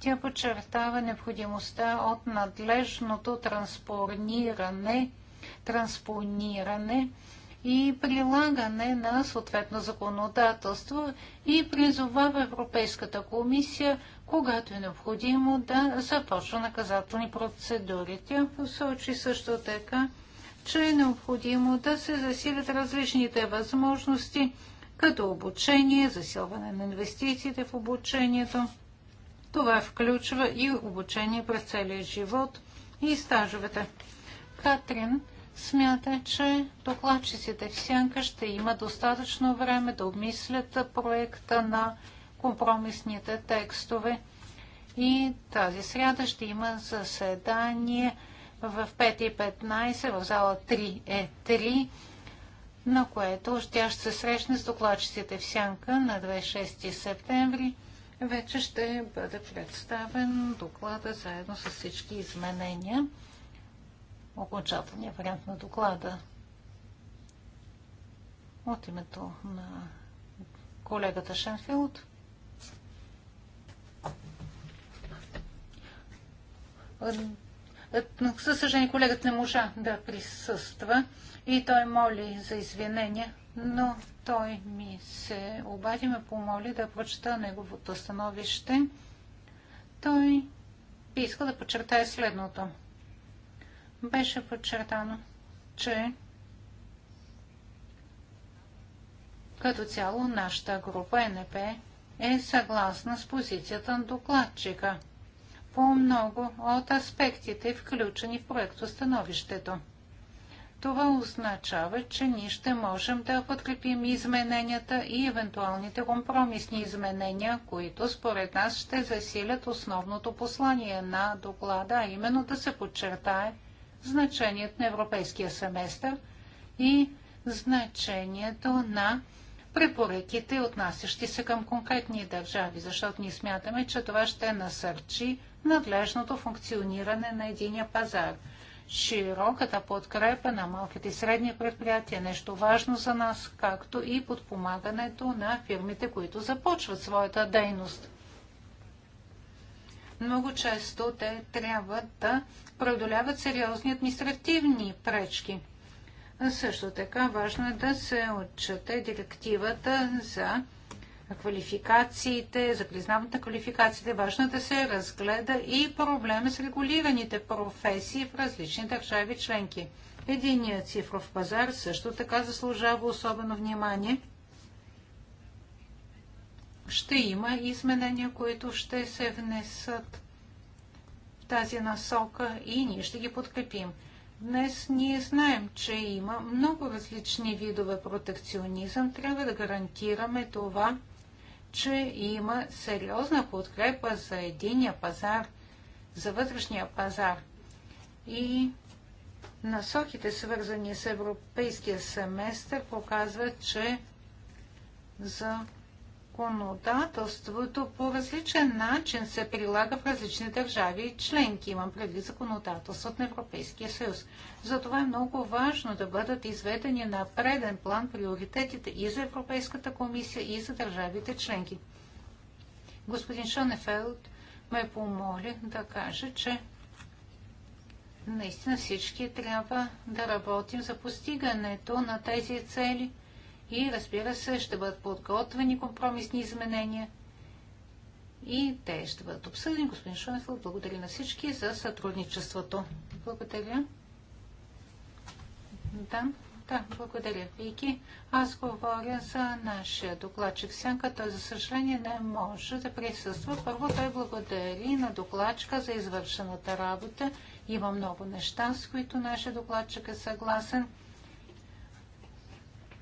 Speaker 1: тя подчертава необходимостта от надлежното транспониране, транспониране и прилагане на съответно законодателство и призовава Европейската комисия, когато е необходимо да започва наказателни процедури. Тя посочи също така, че е необходимо да се засилят различните възможности, като обучение, засилване на инвестициите в обучението това включва и обучение през целия живот и стажовете. Катрин смята, че докладчиците в Сянка ще има достатъчно време да обмислят проекта на компромисните текстове. И тази сряда ще има заседание в 5.15 в зала 3Е3, на което тя ще се срещне с докладчиците в Сянка на 26 септември вече ще бъде представен доклада заедно с всички изменения. Окончателният вариант на доклада от името на колегата Шенфилд. Със съжаление, колегата не можа да присъства и той моли за извинения, но той ми се обади, ме помоли да прочета неговото становище. Той иска да подчертая следното. Беше подчертано, че като цяло нашата група НП е съгласна с позицията на докладчика по много от аспектите, включени в проекто становището. Това означава, че ние ще можем да подкрепим измененията и евентуалните компромисни изменения, които според нас ще засилят основното послание на доклада, а именно да се подчертае значението на европейския семестър и значението на препоръките, отнасящи се към конкретни държави, защото ние смятаме, че това ще насърчи надлежното функциониране на единия пазар – широката подкрепа на малките и средни предприятия. Нещо важно за нас, както и подпомагането на фирмите, които започват своята дейност. Много често те трябва да преодоляват сериозни административни пречки. Също така важно е да се отчете директивата за квалификациите, за признаването на квалификациите, важно е да се разгледа и проблема с регулираните професии в различни държави членки. Единият цифров пазар също така заслужава особено внимание. Ще има изменения, които ще се внесат в тази насока и ние ще ги подкрепим. Днес ние знаем, че има много различни видове протекционизъм. Трябва да гарантираме това, че има сериозна подкрепа за единия пазар, за вътрешния пазар. И насоките, свързани с европейския семестър, показват, че за законодателството по различен начин се прилага в различни държави и членки. Имам предвид законодателството на Европейския съюз. Затова е много важно да бъдат изведени на преден план приоритетите и за Европейската комисия, и за държавите членки. Господин Шонефелд ме помоли да каже, че наистина всички трябва да работим за постигането на тези цели – и разбира се ще бъдат подготвени компромисни изменения и те ще бъдат обсъдени. Господин Шонефил, благодаря на всички за сътрудничеството. Благодаря. Да, да, благодаря, Вики. Аз говоря за нашия докладчик Сянка. Той, за съжаление, не може да присъства. Първо той благодари на докладчика за извършената работа. Има много неща, с които нашия докладчик е съгласен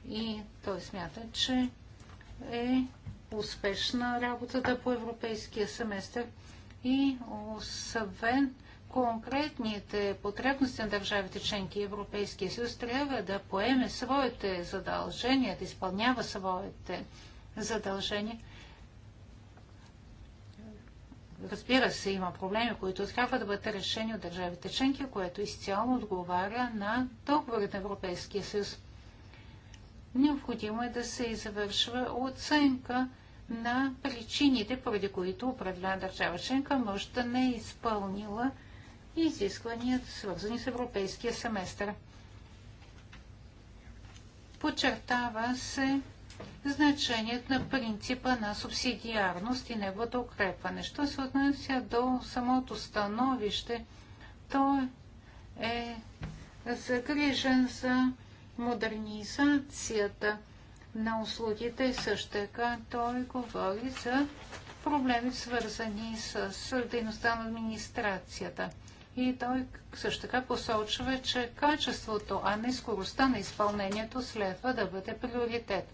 Speaker 1: и той смята, че е успешна работата по европейския семестър и освен конкретните потребности на държавите членки и Европейския съюз трябва да поеме своите задължения, да изпълнява своите задължения. Разбира се, има проблеми, които трябва да бъдат решени от държавите членки, което изцяло отговаря на договорите на Европейския съюз необходимо е да се извършва оценка на причините, поради които определена държава членка може да не е изпълнила изискванията, свързани с европейския семестър. Подчертава се значението на принципа на субсидиарност и неговото укрепване. Що се отнася до самото становище, то е загрижен за модернизацията на услугите. и е Също така той говори за проблеми, свързани с дейността на администрацията. И той също така посочва, че качеството, а не скоростта на изпълнението следва да бъде приоритет.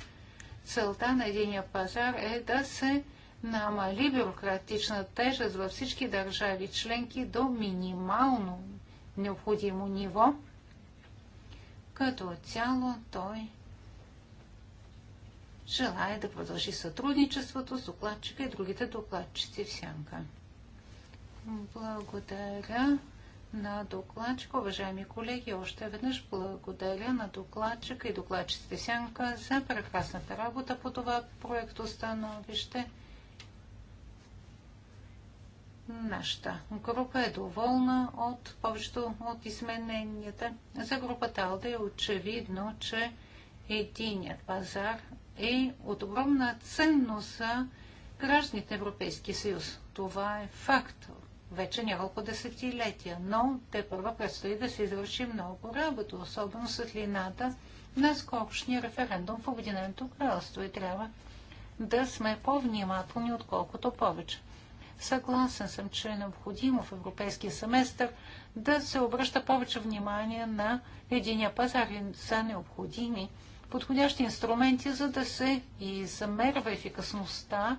Speaker 1: Целта на единия пазар е да се намали бюрократична тежест във всички държави членки до минимално необходимо ниво – като цяло той желая да продължи сътрудничеството с докладчика и другите докладчици в сянка. Благодаря на докладчика. Уважаеми колеги, още веднъж благодаря на докладчика и докладчиците Сянка за прекрасната работа по това проекто становище. Нашата група е доволна от повечето от измененията. За групата Алда е очевидно, че единият пазар е от огромна ценност за гражданите Европейски съюз. Това е факт вече няколко десетилетия, но те първо предстои да се извърши много работа, особено светлината на скорошния референдум в Обединеното кралство и трябва да сме по-внимателни, отколкото повече. Съгласен съм, че е необходимо в европейския семестър да се обръща повече внимание на единия пазар и са необходими подходящи инструменти, за да се измерва ефикасността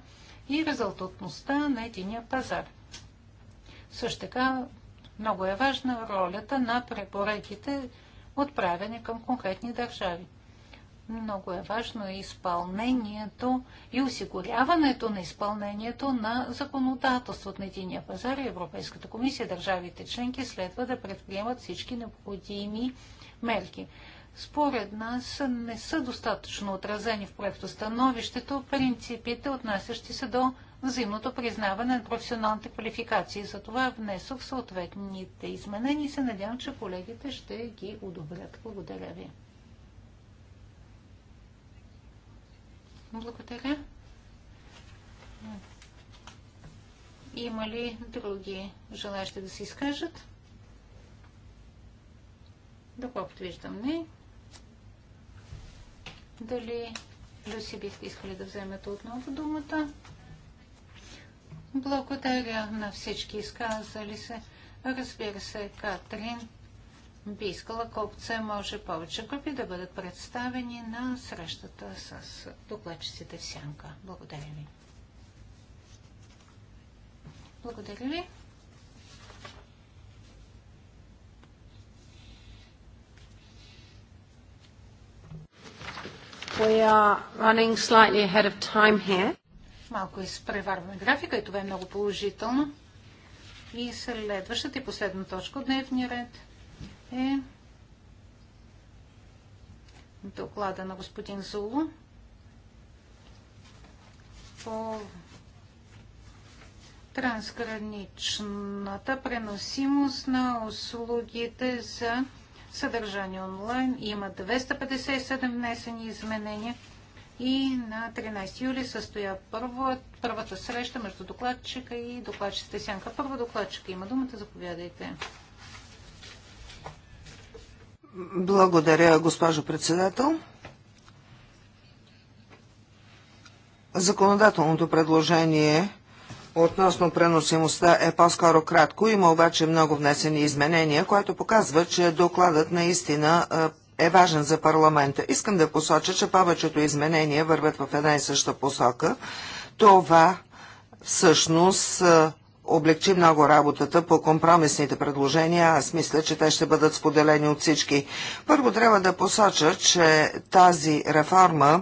Speaker 1: и резултатността на единия пазар. Също така много е важна ролята на препоръките, отправени към конкретни държави много е важно изпълнението и осигуряването на изпълнението на законодателството на единия пазар и Европейската комисия. Държавите членки следва да предприемат всички необходими мерки. Според нас не са достатъчно отразени в становището принципите, отнасящи се до взаимното признаване на професионалните квалификации. Затова внесох съответните изменения и се надявам, че колегите ще ги одобрят. Благодаря ви. Благодаря. Има ли други желащи да се изкажат? Доколкото виждам не. Дали Люси бихте искали да вземете отново думата? Благодаря на всички изказали се. Разбира се, Катрин би искала колкото се може повече групи да бъдат представени на срещата с докладчиците в Сянка. Благодаря ви. Благодаря ви. We are running slightly ahead of time here. Малко изпреварваме графика и това е много положително. И следващата и последна точка от дневния ред – е доклада на господин Зулу по трансграничната преносимост на услугите за съдържание онлайн. Има 257 внесени изменения и на 13 юли състоя първо, първата среща между докладчика и докладчицата Сянка. Първо докладчика има думата, заповядайте.
Speaker 3: Благодаря, госпожо председател. Законодателното предложение относно преносимостта е по-скоро кратко. Има обаче много внесени изменения, което показва, че докладът наистина е, е важен за парламента. Искам да посоча, че повечето изменения вървят в една и съща посока. Това всъщност е, облегчи много работата по компромисните предложения. Аз мисля, че те ще бъдат споделени от всички. Първо трябва да посоча, че тази реформа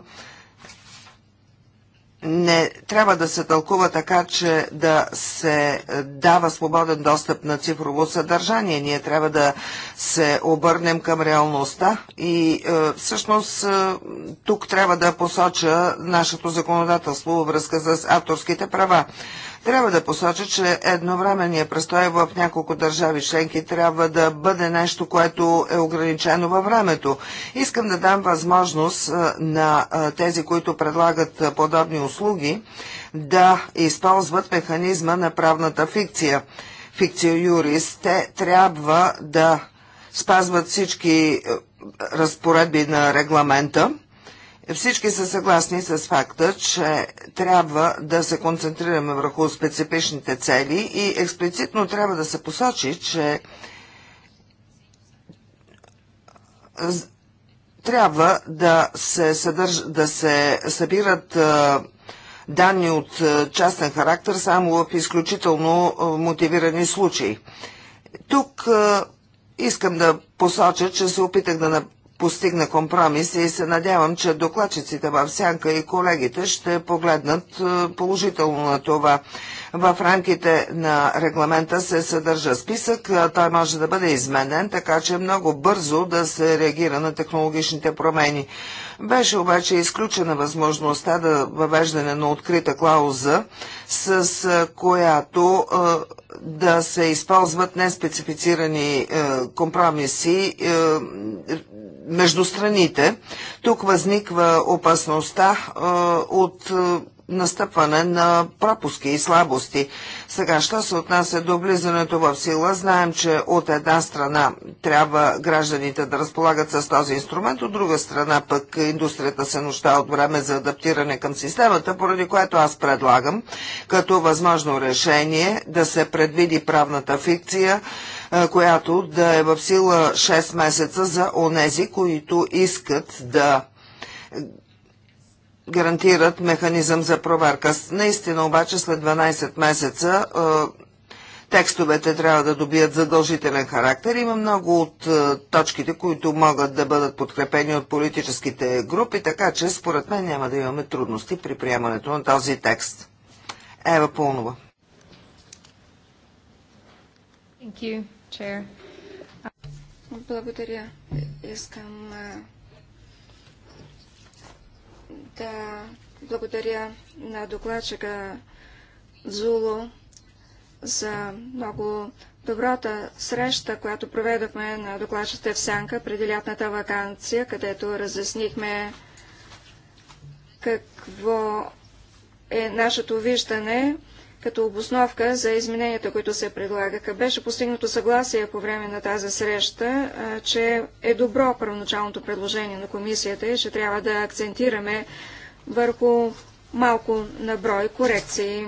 Speaker 3: не трябва да се тълкува така, че да се дава свободен достъп на цифрово съдържание. Ние трябва да се обърнем към реалността и е, всъщност е, тук трябва да посоча нашето законодателство във връзка с авторските права. Трябва да посоча, че едновременния престой в няколко държави членки трябва да бъде нещо, което е ограничено във времето. Искам да дам възможност на тези, които предлагат подобни услуги, да използват механизма на правната фикция. Фикция юрист, те трябва да спазват всички разпоредби на регламента всички са съгласни с факта, че трябва да се концентрираме върху специфичните цели и експлицитно трябва да се посочи, че трябва да се, съдърж... да се събират данни от частен характер само в изключително мотивирани случаи. Тук искам да посоча, че се опитах да постигна компромис и се надявам, че докладчиците в Сянка и колегите ще погледнат е, положително на това. В рамките на регламента се съдържа списък, е, той може да бъде изменен, така че много бързо да се реагира на технологичните промени. Беше обаче изключена възможността да въвеждане на открита клауза, с е, която да се използват неспецифицирани компромиси между страните. Тук възниква опасността от настъпване на пропуски и слабости. Сега, що се отнася до влизането в сила, знаем, че от една страна трябва гражданите да разполагат с този инструмент, от друга страна пък индустрията се нужда от време за адаптиране към системата, поради което аз предлагам като възможно решение да се предвиди правната фикция която да е в сила 6 месеца за онези, които искат да гарантират механизъм за проверка. Наистина обаче след 12 месеца текстовете трябва да добият задължителен характер. Има много от точките, които могат да бъдат подкрепени от политическите групи, така че според мен няма да имаме трудности при приемането на този текст. Ева Пълнова.
Speaker 2: Thank you. Chair. Благодаря. Искам да благодаря на докладчика Зуло за много добрата среща, която проведохме на докладчите в Сянка преди лятната вакансия, където разяснихме какво е нашето виждане като обосновка за измененията, които се предлагаха. Беше постигнато съгласие по време на тази среща, че е добро първоначалното предложение на комисията и че трябва да акцентираме върху малко наброй корекции.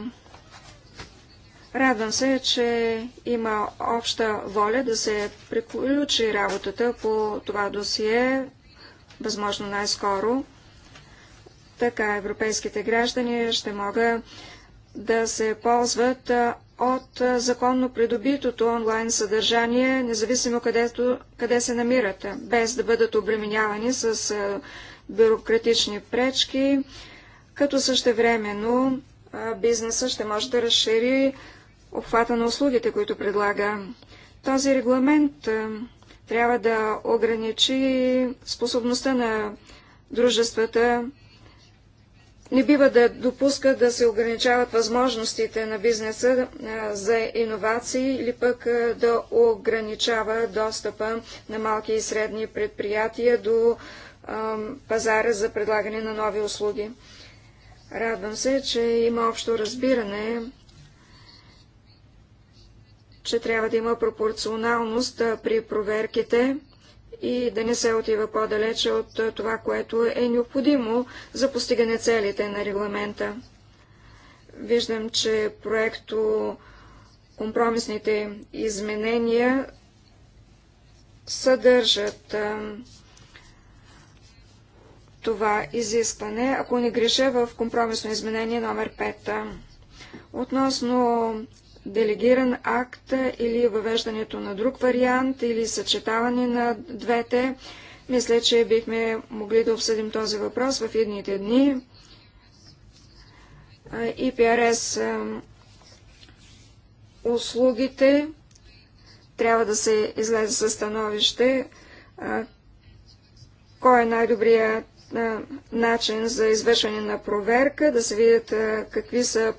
Speaker 2: Радвам се, че има обща воля да се приключи работата по това досие, възможно най-скоро. Така европейските граждани ще могат да се ползват от законно придобитото онлайн съдържание, независимо където, къде се намират, без да бъдат обременявани с бюрократични пречки, като същевременно бизнеса ще може да разшири обхвата на услугите, които предлага. Този регламент трябва да ограничи способността на дружествата не бива да допуска да се ограничават възможностите на бизнеса за иновации или пък да ограничава достъпа на малки и средни предприятия до пазара за предлагане на нови услуги. Радвам се, че има общо разбиране, че трябва да има пропорционалност при проверките и да не се отива по-далече от е, това, което е необходимо за постигане целите на регламента. Виждам, че проекто компромисните изменения съдържат а, е, това изискване, ако не греша в компромисно изменение номер 5. Относно делегиран акт или въвеждането на друг вариант или съчетаване на двете. Мисля, че бихме могли да обсъдим този въпрос в едните дни. ИПРС услугите трябва да се излезе със становище кой е най-добрият начин за извършване на проверка, да се видят какви са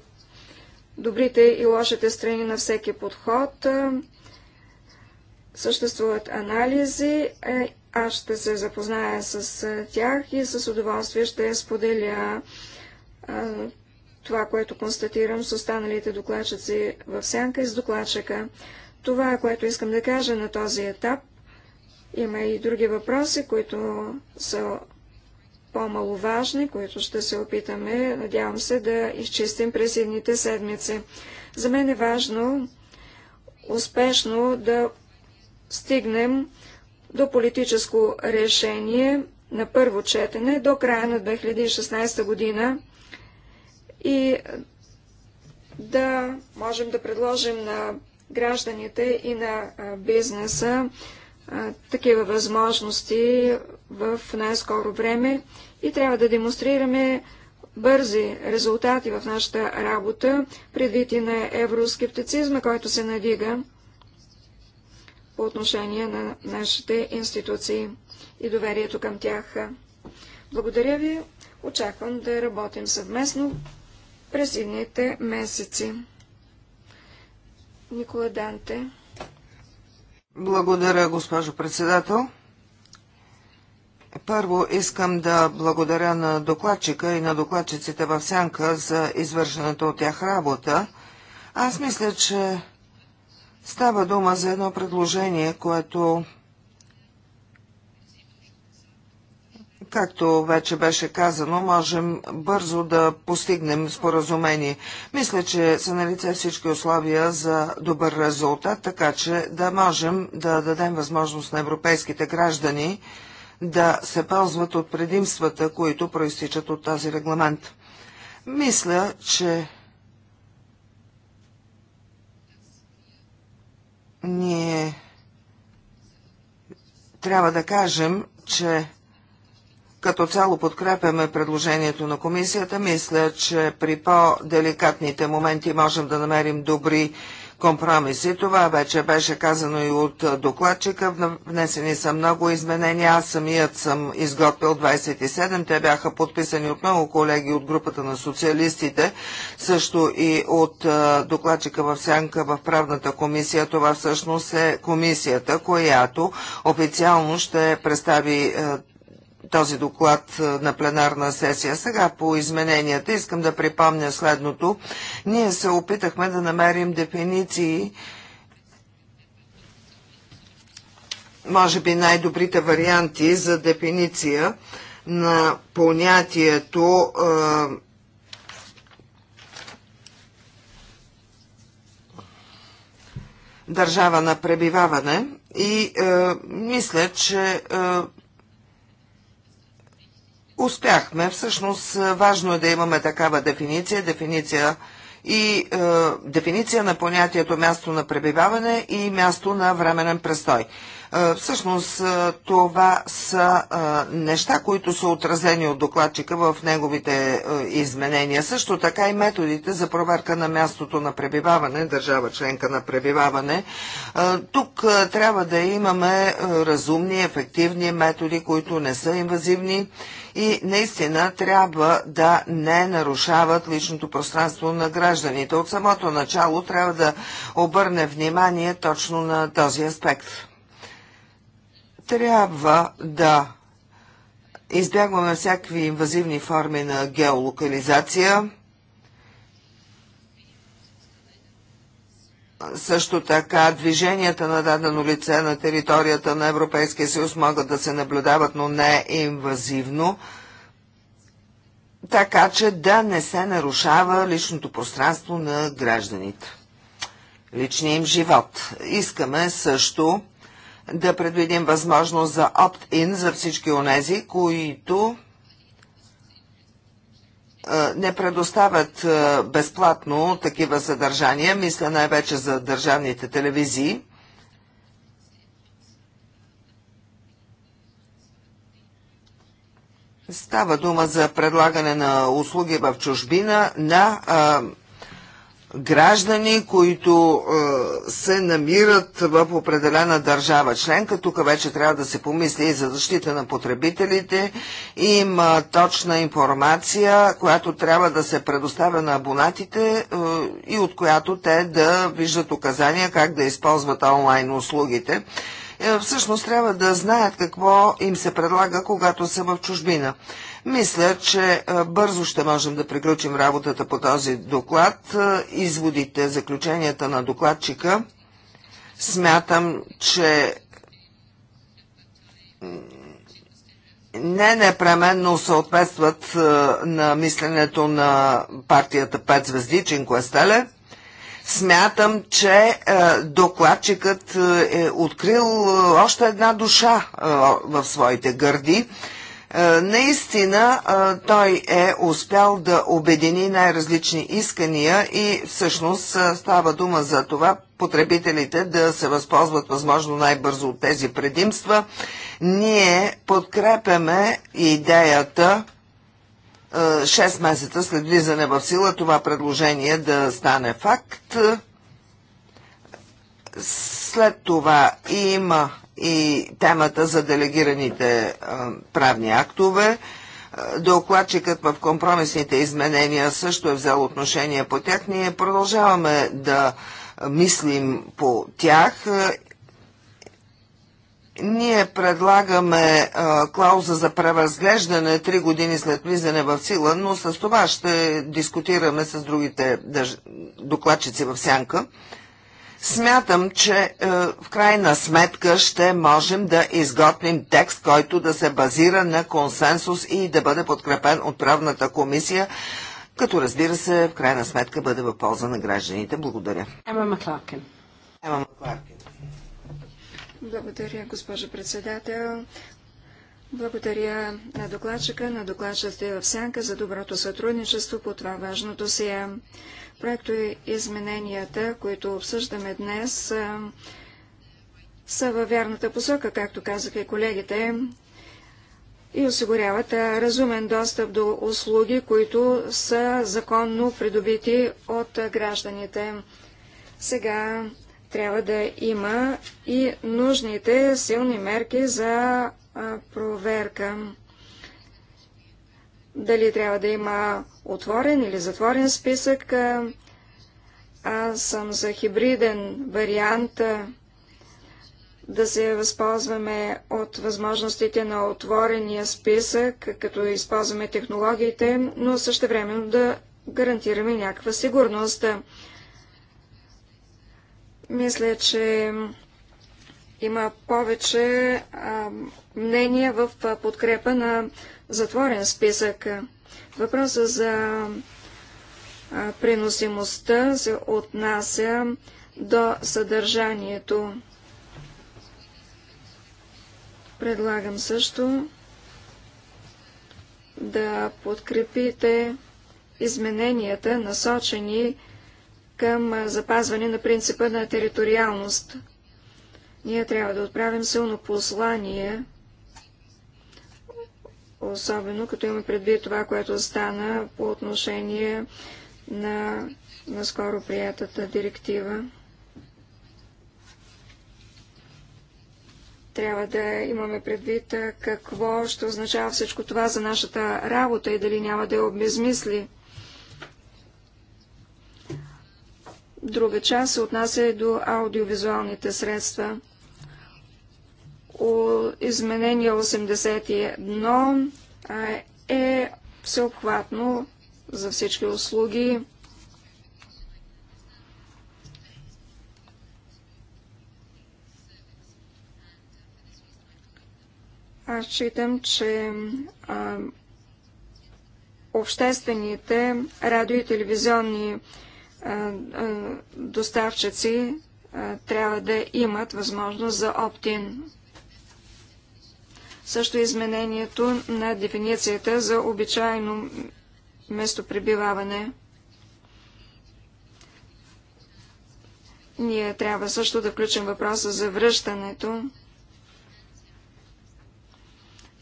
Speaker 2: добрите и лошите страни на всеки подход. Е, съществуват анализи. Е, аз ще се запозная с е, тях и с удоволствие ще споделя това, което констатирам с останалите докладчици в сянка и с докладчика. Това което искам да кажа на този етап. Има и други въпроси, които са по-маловажни, които ще се опитаме, надявам се, да изчистим през едните седмици. За мен е важно успешно да стигнем до политическо решение на първо четене до края на 2016 година и да можем да предложим на гражданите и на бизнеса такива възможности в най-скоро време и трябва да демонстрираме бързи резултати в нашата работа, предвид и на евроскептицизма, който се надига по отношение на нашите институции и доверието към тях. Благодаря ви. Очаквам да работим съвместно през едните месеци. Никола Данте.
Speaker 3: Благодаря, госпожо председател. Първо искам да благодаря на докладчика и на докладчиците в Сянка за извършената от тях работа. Аз мисля, че става дума за едно предложение, което, както вече беше казано, можем бързо да постигнем споразумение. Мисля, че са на лице всички условия за добър резултат, така че да можем да дадем възможност на европейските граждани – да се ползват от предимствата, които проистичат от този регламент. Мисля, че ние трябва да кажем, че като цяло подкрепяме предложението на комисията. Мисля, че при по-деликатните моменти можем да намерим добри компромиси. Това вече беше казано и от докладчика. Внесени са много изменения. Аз самият съм изготвил 27. Те бяха подписани от много колеги от групата на социалистите, също и от докладчика в Сянка в правната комисия. Това всъщност е комисията, която официално ще представи този доклад е, на пленарна сесия. Сега по измененията искам да припомня следното. Ние се опитахме да намерим дефиниции може би най-добрите варианти за дефиниция на понятието е, държава на пребиваване и е, мисля, че е, успяхме. Всъщност е, важно е да имаме такава дефиниция, дефиниция и е, дефиниция на понятието място на пребиваване и място на временен престой. Е, всъщност е, това са е, неща, които са отразени от докладчика в неговите изменения. Също така и методите за проверка на мястото на пребиваване, държава членка на пребиваване. Тук трябва да имаме разумни, ефективни методи, които не са инвазивни и наистина трябва да не нарушават личното пространство на гражданите. От самото начало трябва да обърне внимание точно на този аспект. Трябва да избягваме всякакви инвазивни форми на геолокализация. Също така движенията на дадено лице на територията на Европейския съюз могат да се наблюдават, но не инвазивно, така че да не се нарушава личното пространство на гражданите, личния им живот. Искаме също да предвидим възможност за опт-ин за всички онези, които не предоставят безплатно такива съдържания, мисля най-вече за държавните телевизии. Става дума за предлагане на услуги в чужбина на граждани, които е, се намират в определена държава членка. Тук вече трябва да се помисли и за защита на потребителите. Има точна информация, която трябва да се предоставя на абонатите е, и от която те да виждат указания как да използват онлайн услугите. Е, всъщност трябва да знаят какво им се предлага, когато са в чужбина. Мисля, че бързо ще можем да приключим работата по този доклад. Изводите, заключенията на докладчика смятам, че не непременно съответстват на мисленето на партията Пет звезди Чинкуестеле. Смятам, че докладчикът е, е открил още една душа в своите гърди е, наистина е, той е успял да обедини най-различни искания и всъщност е, става дума за това потребителите да се възползват възможно най-бързо от тези предимства. Ние подкрепяме идеята 6 месеца след влизане в сила това предложение да стане факт. След това има и темата за делегираните е, правни актове. Е, докладчикът в компромисните изменения също е взел отношение по тях. Ние продължаваме да мислим по тях. Е, ние предлагаме а, клауза за превъзглеждане три години след влизане в сила, но с това ще дискутираме с другите докладчици в сянка. Смятам, че е, в крайна сметка ще можем да изготвим текст, който да се базира на консенсус и да бъде подкрепен от правната комисия, като разбира се, в крайна сметка бъде в полза на гражданите. Благодаря.
Speaker 1: Ема Маклакен.
Speaker 3: Ема Маклакен.
Speaker 2: Благодаря, госпожо председател. Благодаря на докладчика, на докладчата в Сянка за доброто сътрудничество по това важното си. Проекто и измененията, които обсъждаме днес, са във вярната посока, както казаха и колегите, и осигуряват разумен достъп до услуги, които са законно придобити от гражданите. Сега трябва да има и нужните силни мерки за проверка дали трябва да има отворен или затворен списък. Аз съм за хибриден вариант да се възползваме от възможностите на отворения списък, като използваме технологиите, но също време да гарантираме някаква сигурност. Мисля, че има повече а, мнения в подкрепа на затворен списък. Въпроса за преносимостта се отнася до съдържанието. Предлагам също да подкрепите измененията, насочени към запазване на принципа на териториалност. Ние трябва да отправим силно послание особено като имаме предвид това, което стана по отношение на наскоро приятата директива. Трябва да имаме предвид какво ще означава всичко това за нашата работа и дали няма да я обезмисли. Друга част се отнася и до аудиовизуалните средства изменение 81 е всеобхватно за всички услуги. Аз считам, че а, обществените радио и телевизионни а, а, доставчици а, трябва да имат възможност за оптин. Също изменението на дефиницията за обичайно местопребиваване. Ние трябва също да включим въпроса за връщането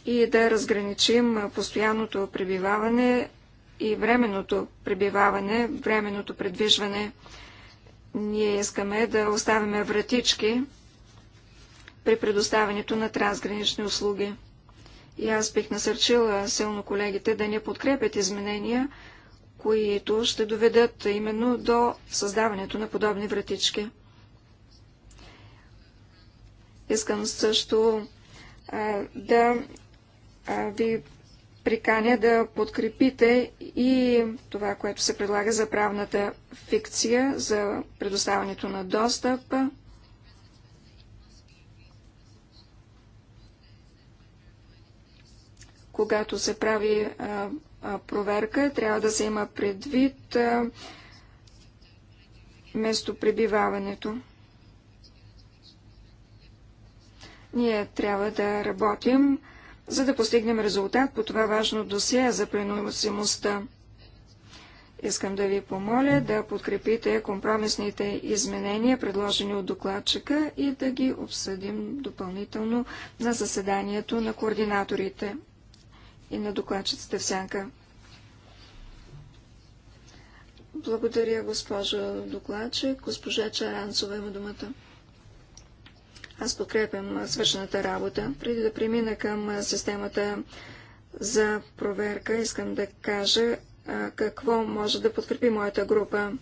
Speaker 2: и да разграничим постоянното пребиваване и временното пребиваване, временното предвижване. Ние искаме да оставяме вратички при предоставянето на трансгранични услуги. И аз бих насърчила силно колегите да не подкрепят изменения, които ще доведат именно до създаването на подобни вратички. Искам също а, да а, ви приканя да подкрепите и това, което се предлага за правната фикция, за предоставянето на достъп. когато се прави а, а, проверка, трябва да се има предвид а, местопребиваването. Ние трябва да работим, за да постигнем резултат по това важно досие за преносимостта. Искам да ви помоля да подкрепите компромисните изменения, предложени от докладчика и да ги обсъдим допълнително на заседанието на координаторите и на докладчицата в сянка. Благодаря, госпожо докладчик. Госпожа Чаранцова има думата. Аз подкрепям свършената работа. Преди да премина към системата за проверка, искам да кажа какво може да подкрепи моята група,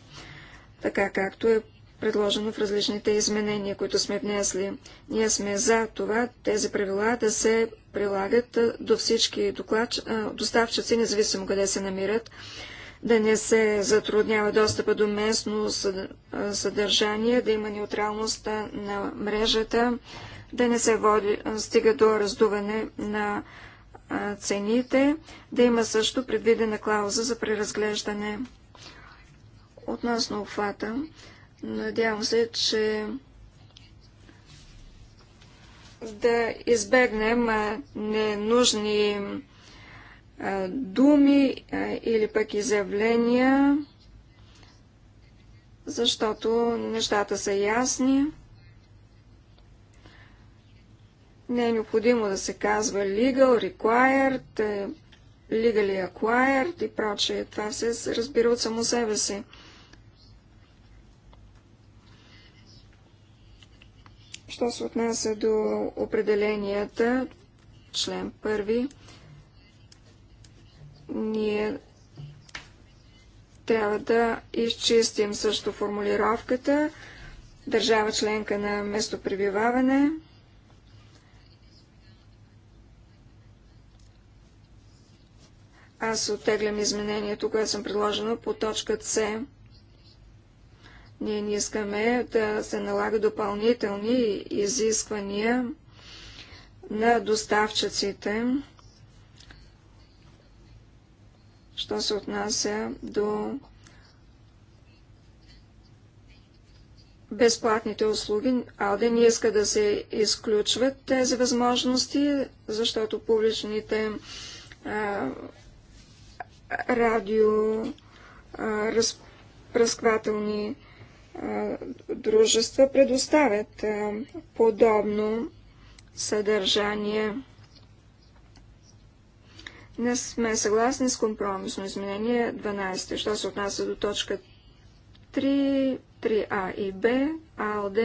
Speaker 2: така както е предложено в различните изменения, които сме внесли. Ние сме за това тези правила да се прилагат до всички доклад, доставчици, независимо къде се намират, да не се затруднява достъпа до местно съдържание, да има неутралност на мрежата, да не се води, стига до раздуване на цените, да има също предвидена клауза за преразглеждане. Относно обхвата, надявам се, че да избегнем ненужни думи или пък изявления, защото нещата са ясни. Не е необходимо да се казва legal, required, е, legally acquired и прочее. Това се разбира от само себе си. Що се отнася до определенията, член първи, ние трябва да изчистим също формулировката държава членка на местопребиваване. Аз оттеглям изменението, което съм предложено по точка С. Ние не искаме да се налага допълнителни изисквания на доставчиците, що се отнася до безплатните услуги. Алде не иска да се изключват тези възможности, защото публичните а, радио а, разпръсквателни дружества предоставят подобно съдържание. Не сме съгласни с компромисно изменение 12. Що се отнася до точка 3, 3А и Б, АЛД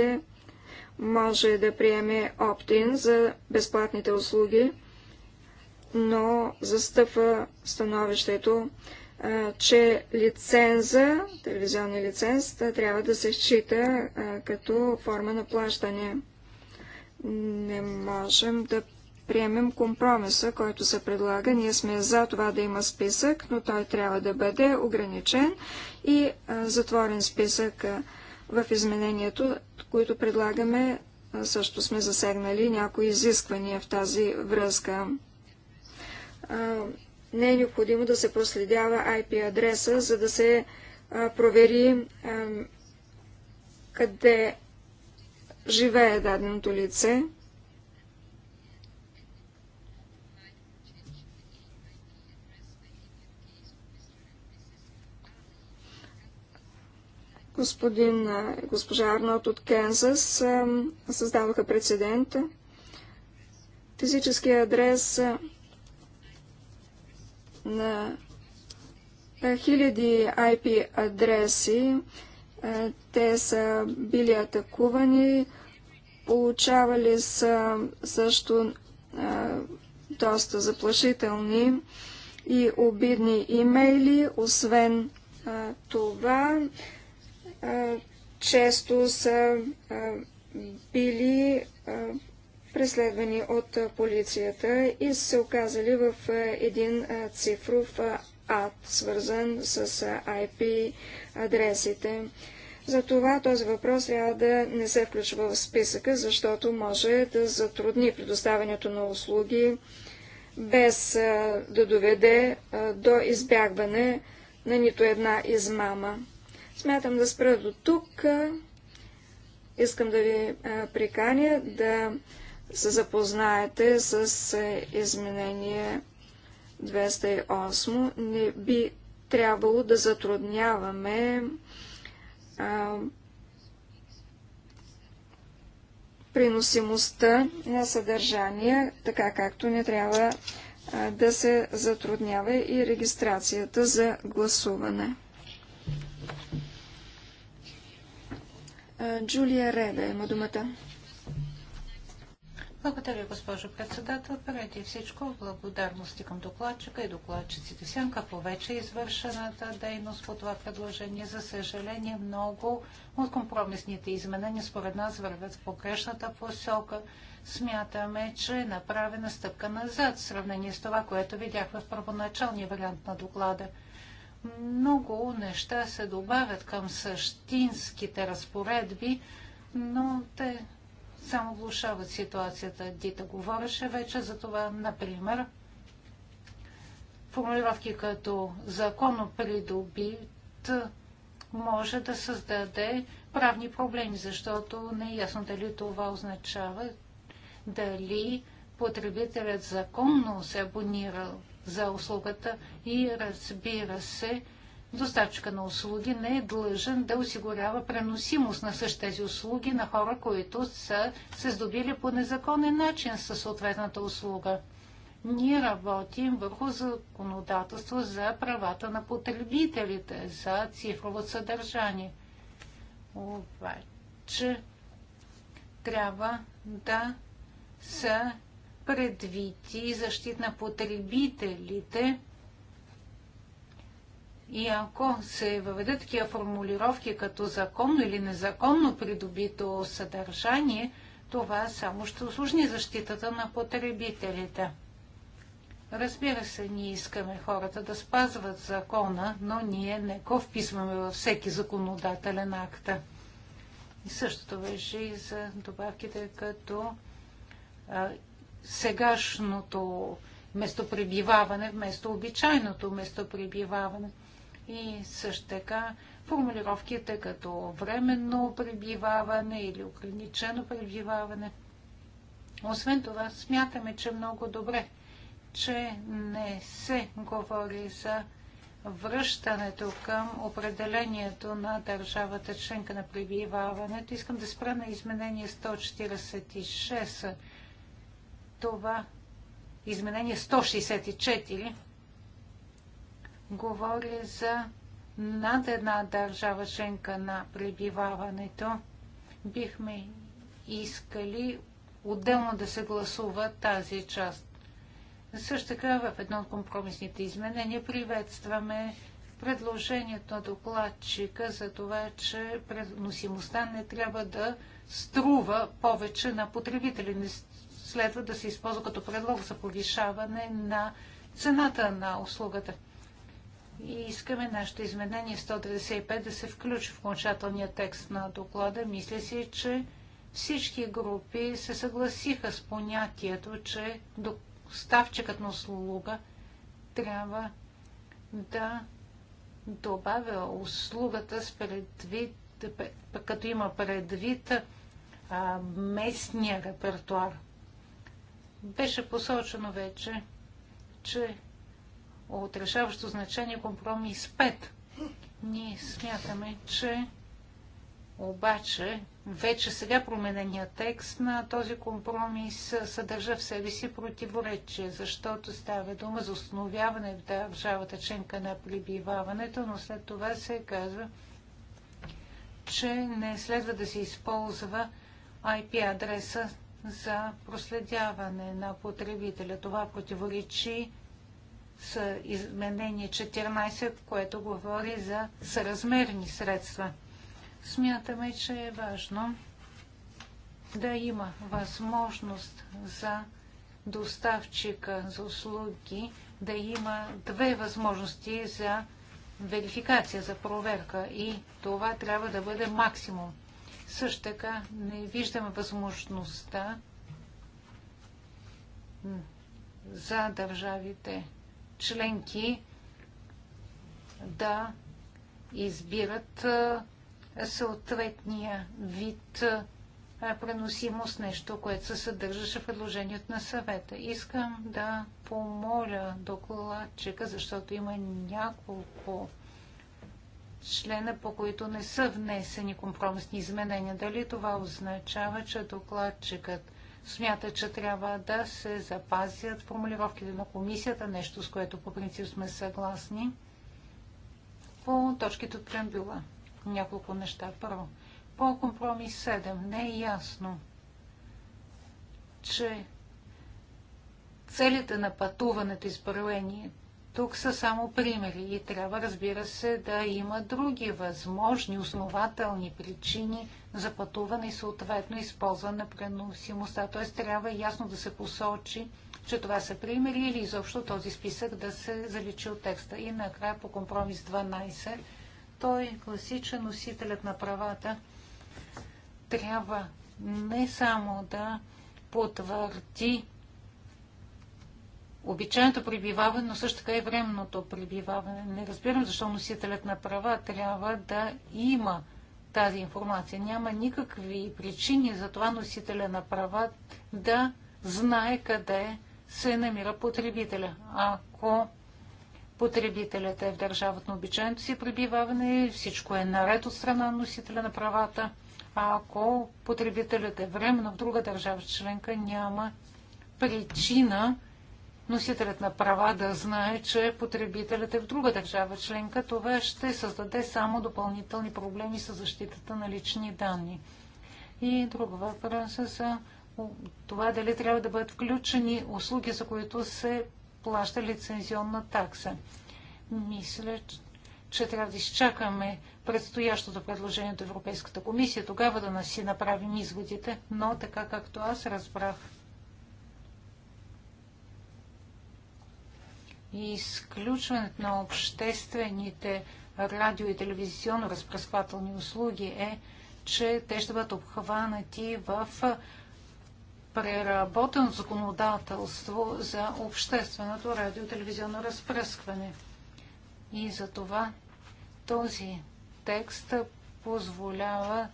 Speaker 2: може да приеме оптин за безплатните услуги, но застъпва становището че лиценза, телевизионния лиценз, трябва да се счита като форма на плащане. Не можем да приемем компромиса, който се предлага. Ние сме за това да има списък, но той трябва да бъде ограничен и затворен списък в изменението, които предлагаме. Също сме засегнали някои изисквания в тази връзка не е необходимо да се проследява IP адреса, за да се провери къде живее даденото лице. господин госпожа Арнот от Кензас създаваха прецедента. Физическия адрес на хиляди IP адреси. Е, те са били атакувани, получавали са също е, доста заплашителни и обидни имейли. Освен е, това, често са били преследвани от полицията и са се оказали в един цифров ад, свързан с IP адресите. Затова този въпрос трябва да не се включва в списъка, защото може да затрудни предоставянето на услуги, без да доведе до избягване на нито една измама. Смятам да спра до тук. Искам да ви приканя да се запознаете с е, изменение 208. Не би трябвало да затрудняваме а, приносимостта на съдържание, така както не трябва а, да се затруднява и регистрацията за гласуване. Джулия Реда има думата.
Speaker 1: Благодаря, госпожо председател. Преди всичко благодарности към докладчика и докладчиците Сянка по вече извършената дейност по това предложение. За съжаление, много от компромисните изменения според нас вървят в погрешната посока. Смятаме, че е направена стъпка назад в сравнение с това, което видяхме в първоначалния вариант на доклада. Много неща се добавят към същинските разпоредби, но те само влушават ситуацията. Дита говореше вече за това, например, формулировки като законно придобит може да създаде правни проблеми, защото не е ясно дали това означава дали потребителят законно се абонира за услугата и разбира се, доставчика на услуги не е длъжен да осигурява преносимост на същите тези услуги на хора, които са се здобили по незаконен начин със съответната услуга. Ние работим върху законодателство за правата на потребителите, за цифрово съдържание. Обаче трябва да са предвити защит на потребителите – и ако се въведат такива формулировки като законно или незаконно придобито съдържание, това само ще осложни защитата на потребителите. Разбира се, ние искаме хората да спазват закона, но ние не го вписваме във всеки законодателен акт. И същото беше и за добавките като а, сегашното местопребиваване вместо обичайното местопребиваване и също така формулировките като временно пребиваване или ограничено пребиваване. Освен това, смятаме, че много добре, че не се говори за връщането към определението на държавата членка на пребиваването. Искам да спра на изменение 146. Това изменение 164 говори за над една държава членка на пребиваването. Бихме искали отделно да се гласува тази част. Също така в едно от компромисните изменения приветстваме предложението на докладчика за това, че преносимостта не трябва да струва повече на потребители. Не следва да се използва като предлог за повишаване на цената на услугата и искаме нашето изменение 195 да се включи в окончателния текст на доклада. Мисля си, че всички групи се съгласиха с понятието, че доставчикът на услуга трябва да добавя услугата с предвид, като има предвид а, местния репертуар. Беше посочено вече, че от решаващо значение компромис 5. Ние смятаме, че обаче вече сега променения текст на този компромис съдържа в себе си противоречие, защото става дума за установяване в държавата членка на прибиваването, но след това се казва, че не следва да се използва IP адреса за проследяване на потребителя. Това противоречи с изменение 14, което говори за съразмерни средства. Смятаме, че е важно да има възможност за доставчика за услуги да има две възможности за верификация, за проверка и това трябва да бъде максимум. Също така не виждаме възможността за държавите членки да избират съответния вид преносимост, нещо, което се съдържаше в предложението на съвета. Искам да помоля докладчика, защото има няколко члена, по които не са внесени компромисни изменения. Дали това означава, че докладчикът смята, че трябва да се запазят формулировките на комисията, нещо с което по принцип сме съгласни. По точките от преамбюла няколко неща. Първо, по компромис 7 не е ясно, че целите на пътуването и изброени тук са само примери и трябва, разбира се, да има други възможни основателни причини за пътуване и съответно използване на преносимостта. Т.е. трябва ясно да се посочи, че това са примери или изобщо този списък да се заличи от текста. И накрая по компромис 12, той е класичен носителят на правата трябва не само да потвърди обичайното прибиваване, но също така и временното прибиваване. Не разбирам защо носителят на права трябва да има тази информация. Няма никакви причини за това носителя на права да знае къде се намира потребителя. Ако потребителят е в държавата на обичайното си пребиваване, всичко е наред от страна на носителя на правата. А ако потребителят е временно в друга държава членка, няма причина носителят на права да знае, че потребителят е в друга държава членка, това ще създаде само допълнителни проблеми с защитата на лични данни. И друг въпрос е за това дали трябва да бъдат включени услуги, за които се плаща лицензионна такса. Мисля, че трябва да изчакаме предстоящото предложение от Европейската комисия, тогава да си направим изводите, но така както аз разбрах и изключването на обществените радио и телевизионно разпръсквателни услуги е, че те ще бъдат обхванати в преработено законодателство за общественото радио и телевизионно разпръскване. И за това този текст позволява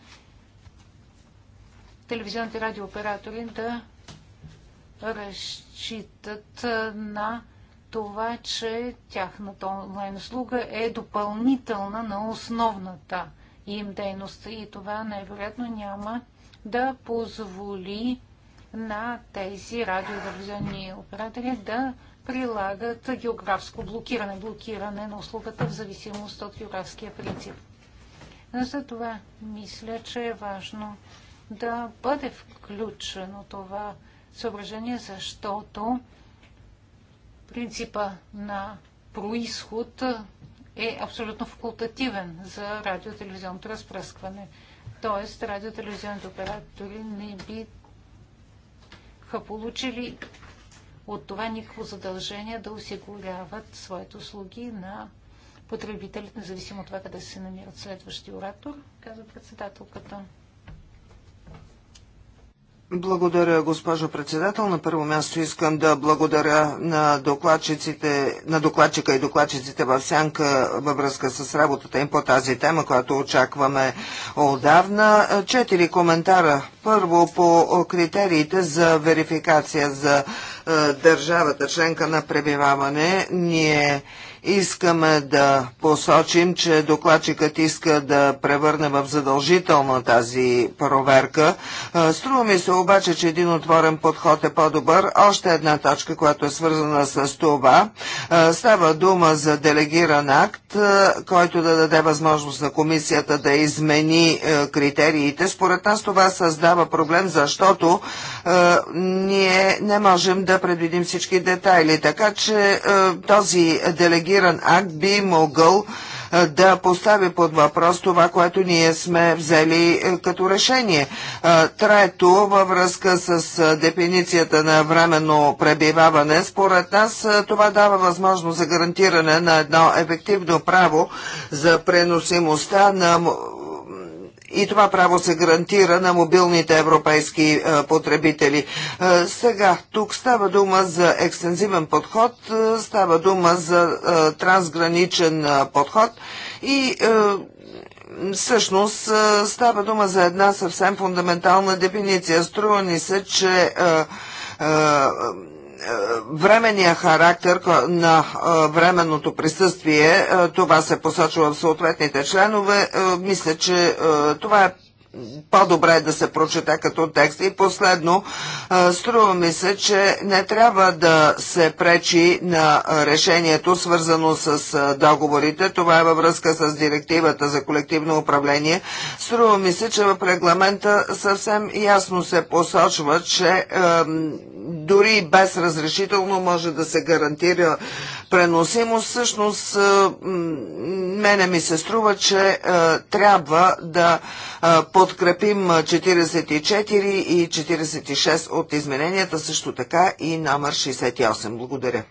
Speaker 1: телевизионните радиооператори да разчитат на това, че тяхната онлайн услуга е допълнителна на основната им дейност. И това най-вероятно няма да позволи на тези радиотелевизионни оператори да прилагат географско блокиране, блокиране на услугата в зависимост от географския принцип. Затова мисля, че е важно да бъде включено това съображение, защото Принципа на происход е абсолютно факултативен за радиотелевизионното разпръскване. Тоест, радиотелевизионните оператори не биха получили от това никакво задължение да осигуряват своите услуги на потребителите, независимо от това къде се намират следващи оратор, казва председателката.
Speaker 3: Благодаря, госпожо председател. На първо място искам да благодаря на докладчиците, на докладчика и докладчиците в Сянка във връзка с работата им по тази тема, която очакваме отдавна. Четири коментара. Първо по критериите за верификация за е, държавата, членка на пребиваване. Ние Искаме да посочим, че докладчикът иска да превърне в задължително тази проверка. Струва ми се обаче, че един отворен подход е по-добър. Още една точка, която е свързана с това. Става дума за делегиран акт, който да даде възможност на комисията да измени критериите. Според нас това създава проблем, защото ние не можем да предвидим всички детайли. Така че този делегиран делегиран акт би могъл да постави под въпрос това, което ние сме взели като решение. Трето, във връзка с дефиницията на временно пребиваване, според нас това дава възможност за гарантиране на едно ефективно право за преносимостта на и това право се гарантира на мобилните европейски е, потребители. Е, сега, тук става дума за екстензивен подход, е, става дума за трансграничен подход и всъщност става дума за една съвсем фундаментална дефиниция. Струва ни се, че е, временния характер на е, временното присъствие, е, това се посочва в съответните членове, мисля, че това е по-добре да се прочете като текст. И последно, струва ми се, че не трябва да се пречи на решението, свързано с договорите. Това е във връзка с директивата за колективно управление. Струва ми се, че в регламента съвсем ясно се посочва, че дори и без разрешително може да се гарантира преносимост. Всъщност, мене ми се струва, че трябва да подкрепим 44 и 46 от измененията, също така и номер 68. Благодаря.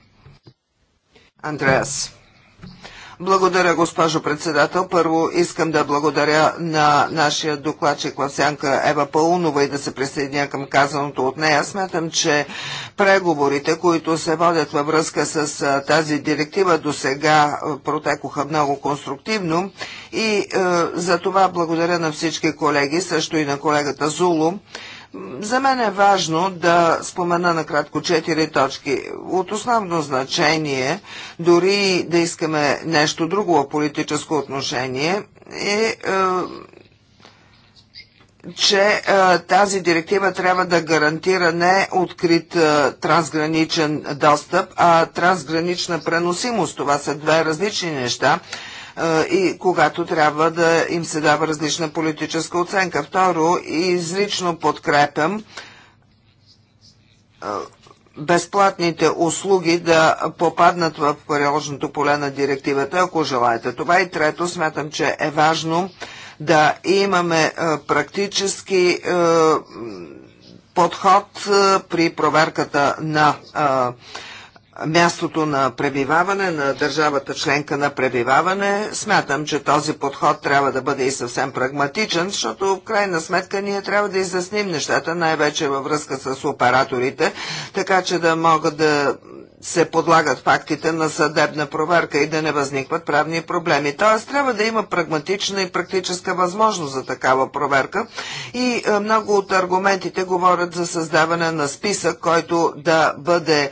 Speaker 3: Андреас. Благодаря, госпожо председател. Първо искам да благодаря на нашия докладчик Ласянка Ева Паунова и да се присъединя към казаното от нея. Смятам, че преговорите, които се водят във връзка с тази директива до сега протекоха много конструктивно и е, за това благодаря на всички колеги, също и на колегата Зулу. За мен е важно да спомена накратко четири точки. От основно значение, дори да искаме нещо друго в политическо отношение, е, е че е, тази директива трябва да гарантира не открит е, трансграничен достъп, а трансгранична преносимост. Това са две различни неща и когато трябва да им се дава различна политическа оценка. Второ, излично подкрепям безплатните услуги да попаднат в приложното поле на директивата, ако желаете това. И трето, смятам, че е важно да имаме практически подход при проверката на мястото на пребиваване, на държавата членка на пребиваване. Смятам, че този подход трябва да бъде и съвсем прагматичен, защото в крайна сметка ние трябва да изясним нещата, най-вече във връзка с операторите, така че да могат да се подлагат фактите на съдебна проверка и да не възникват правни проблеми. Т.е. трябва да има прагматична и практическа възможност за такава проверка и е, много от аргументите говорят за създаване на списък, който да бъде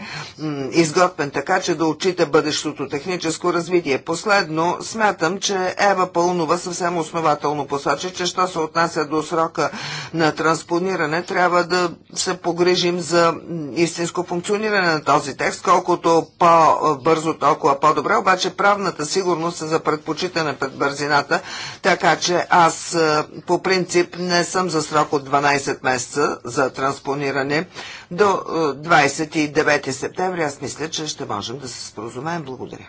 Speaker 3: изготвен така, че да отчита бъдещото техническо развитие. Последно, смятам, че Ева Пълнова съвсем основателно посочи, че що се отнася до срока на транспониране, трябва да се погрижим за истинско функциониране на този текст, колкото по-бързо, толкова по-добре, обаче правната сигурност е за предпочитане пред бързината, така че аз е, по принцип не съм за срок от 12 месеца за транспониране. До 29 е, септември аз мисля, че ще можем да се споразумеем. Благодаря.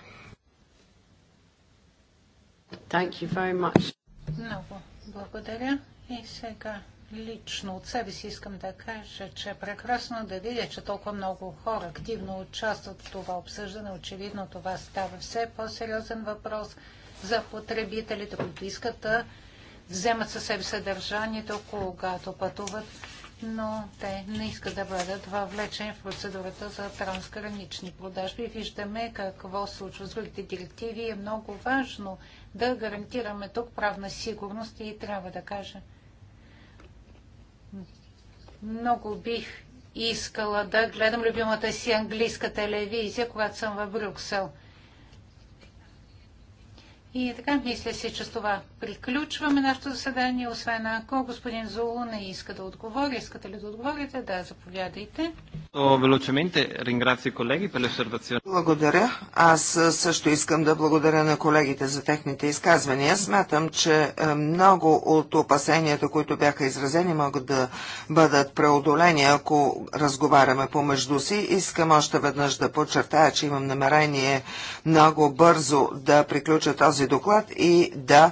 Speaker 1: Thank you very much. Много благодаря. И сега лично от себе си искам да кажа, че е прекрасно да видя, че толкова много хора активно участват в това обсъждане. Очевидно това става все по-сериозен въпрос за потребителите, които искат да вземат със себе съдържанието, когато пътуват, но те не искат да бъдат въвлечени в процедурата за трансгранични продажби. Виждаме какво случва с другите директиви. Е много важно да гарантираме тук правна сигурност и трябва да кажа – много бих искала да гледам любимата си английска телевизия, когато съм в Брюксел – и така, мисля си, че с това приключваме нашето заседание, освен ако господин Зулу не иска да отговори. Искате ли да отговорите? Да, заповядайте.
Speaker 3: Благодаря. Аз също искам да благодаря на колегите за техните изказвания. Смятам, че много от опасенията, които бяха изразени, могат да бъдат преодолени, ако разговаряме помежду си. Искам още веднъж да подчертая, че имам намерение много бързо да приключа този този доклад и да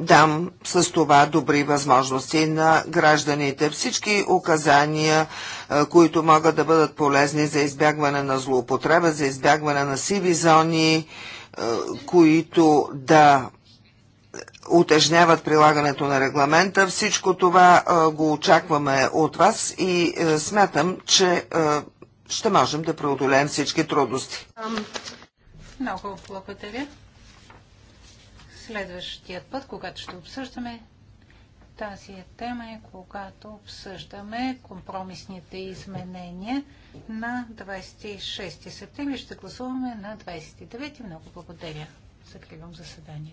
Speaker 3: дам с това добри възможности на гражданите. Всички указания, е, които могат да бъдат полезни за избягване на злоупотреба, за избягване на сиви зони, е, които да утежняват прилагането на регламента. Всичко това е, го очакваме от вас и смятам, че ще можем да преодолеем всички трудности.
Speaker 1: Много благодаря. Следващият път, когато ще обсъждаме тази тема е, когато обсъждаме компромисните изменения на 26 септември. Ще гласуваме на 29. Много благодаря. Закривам заседанието.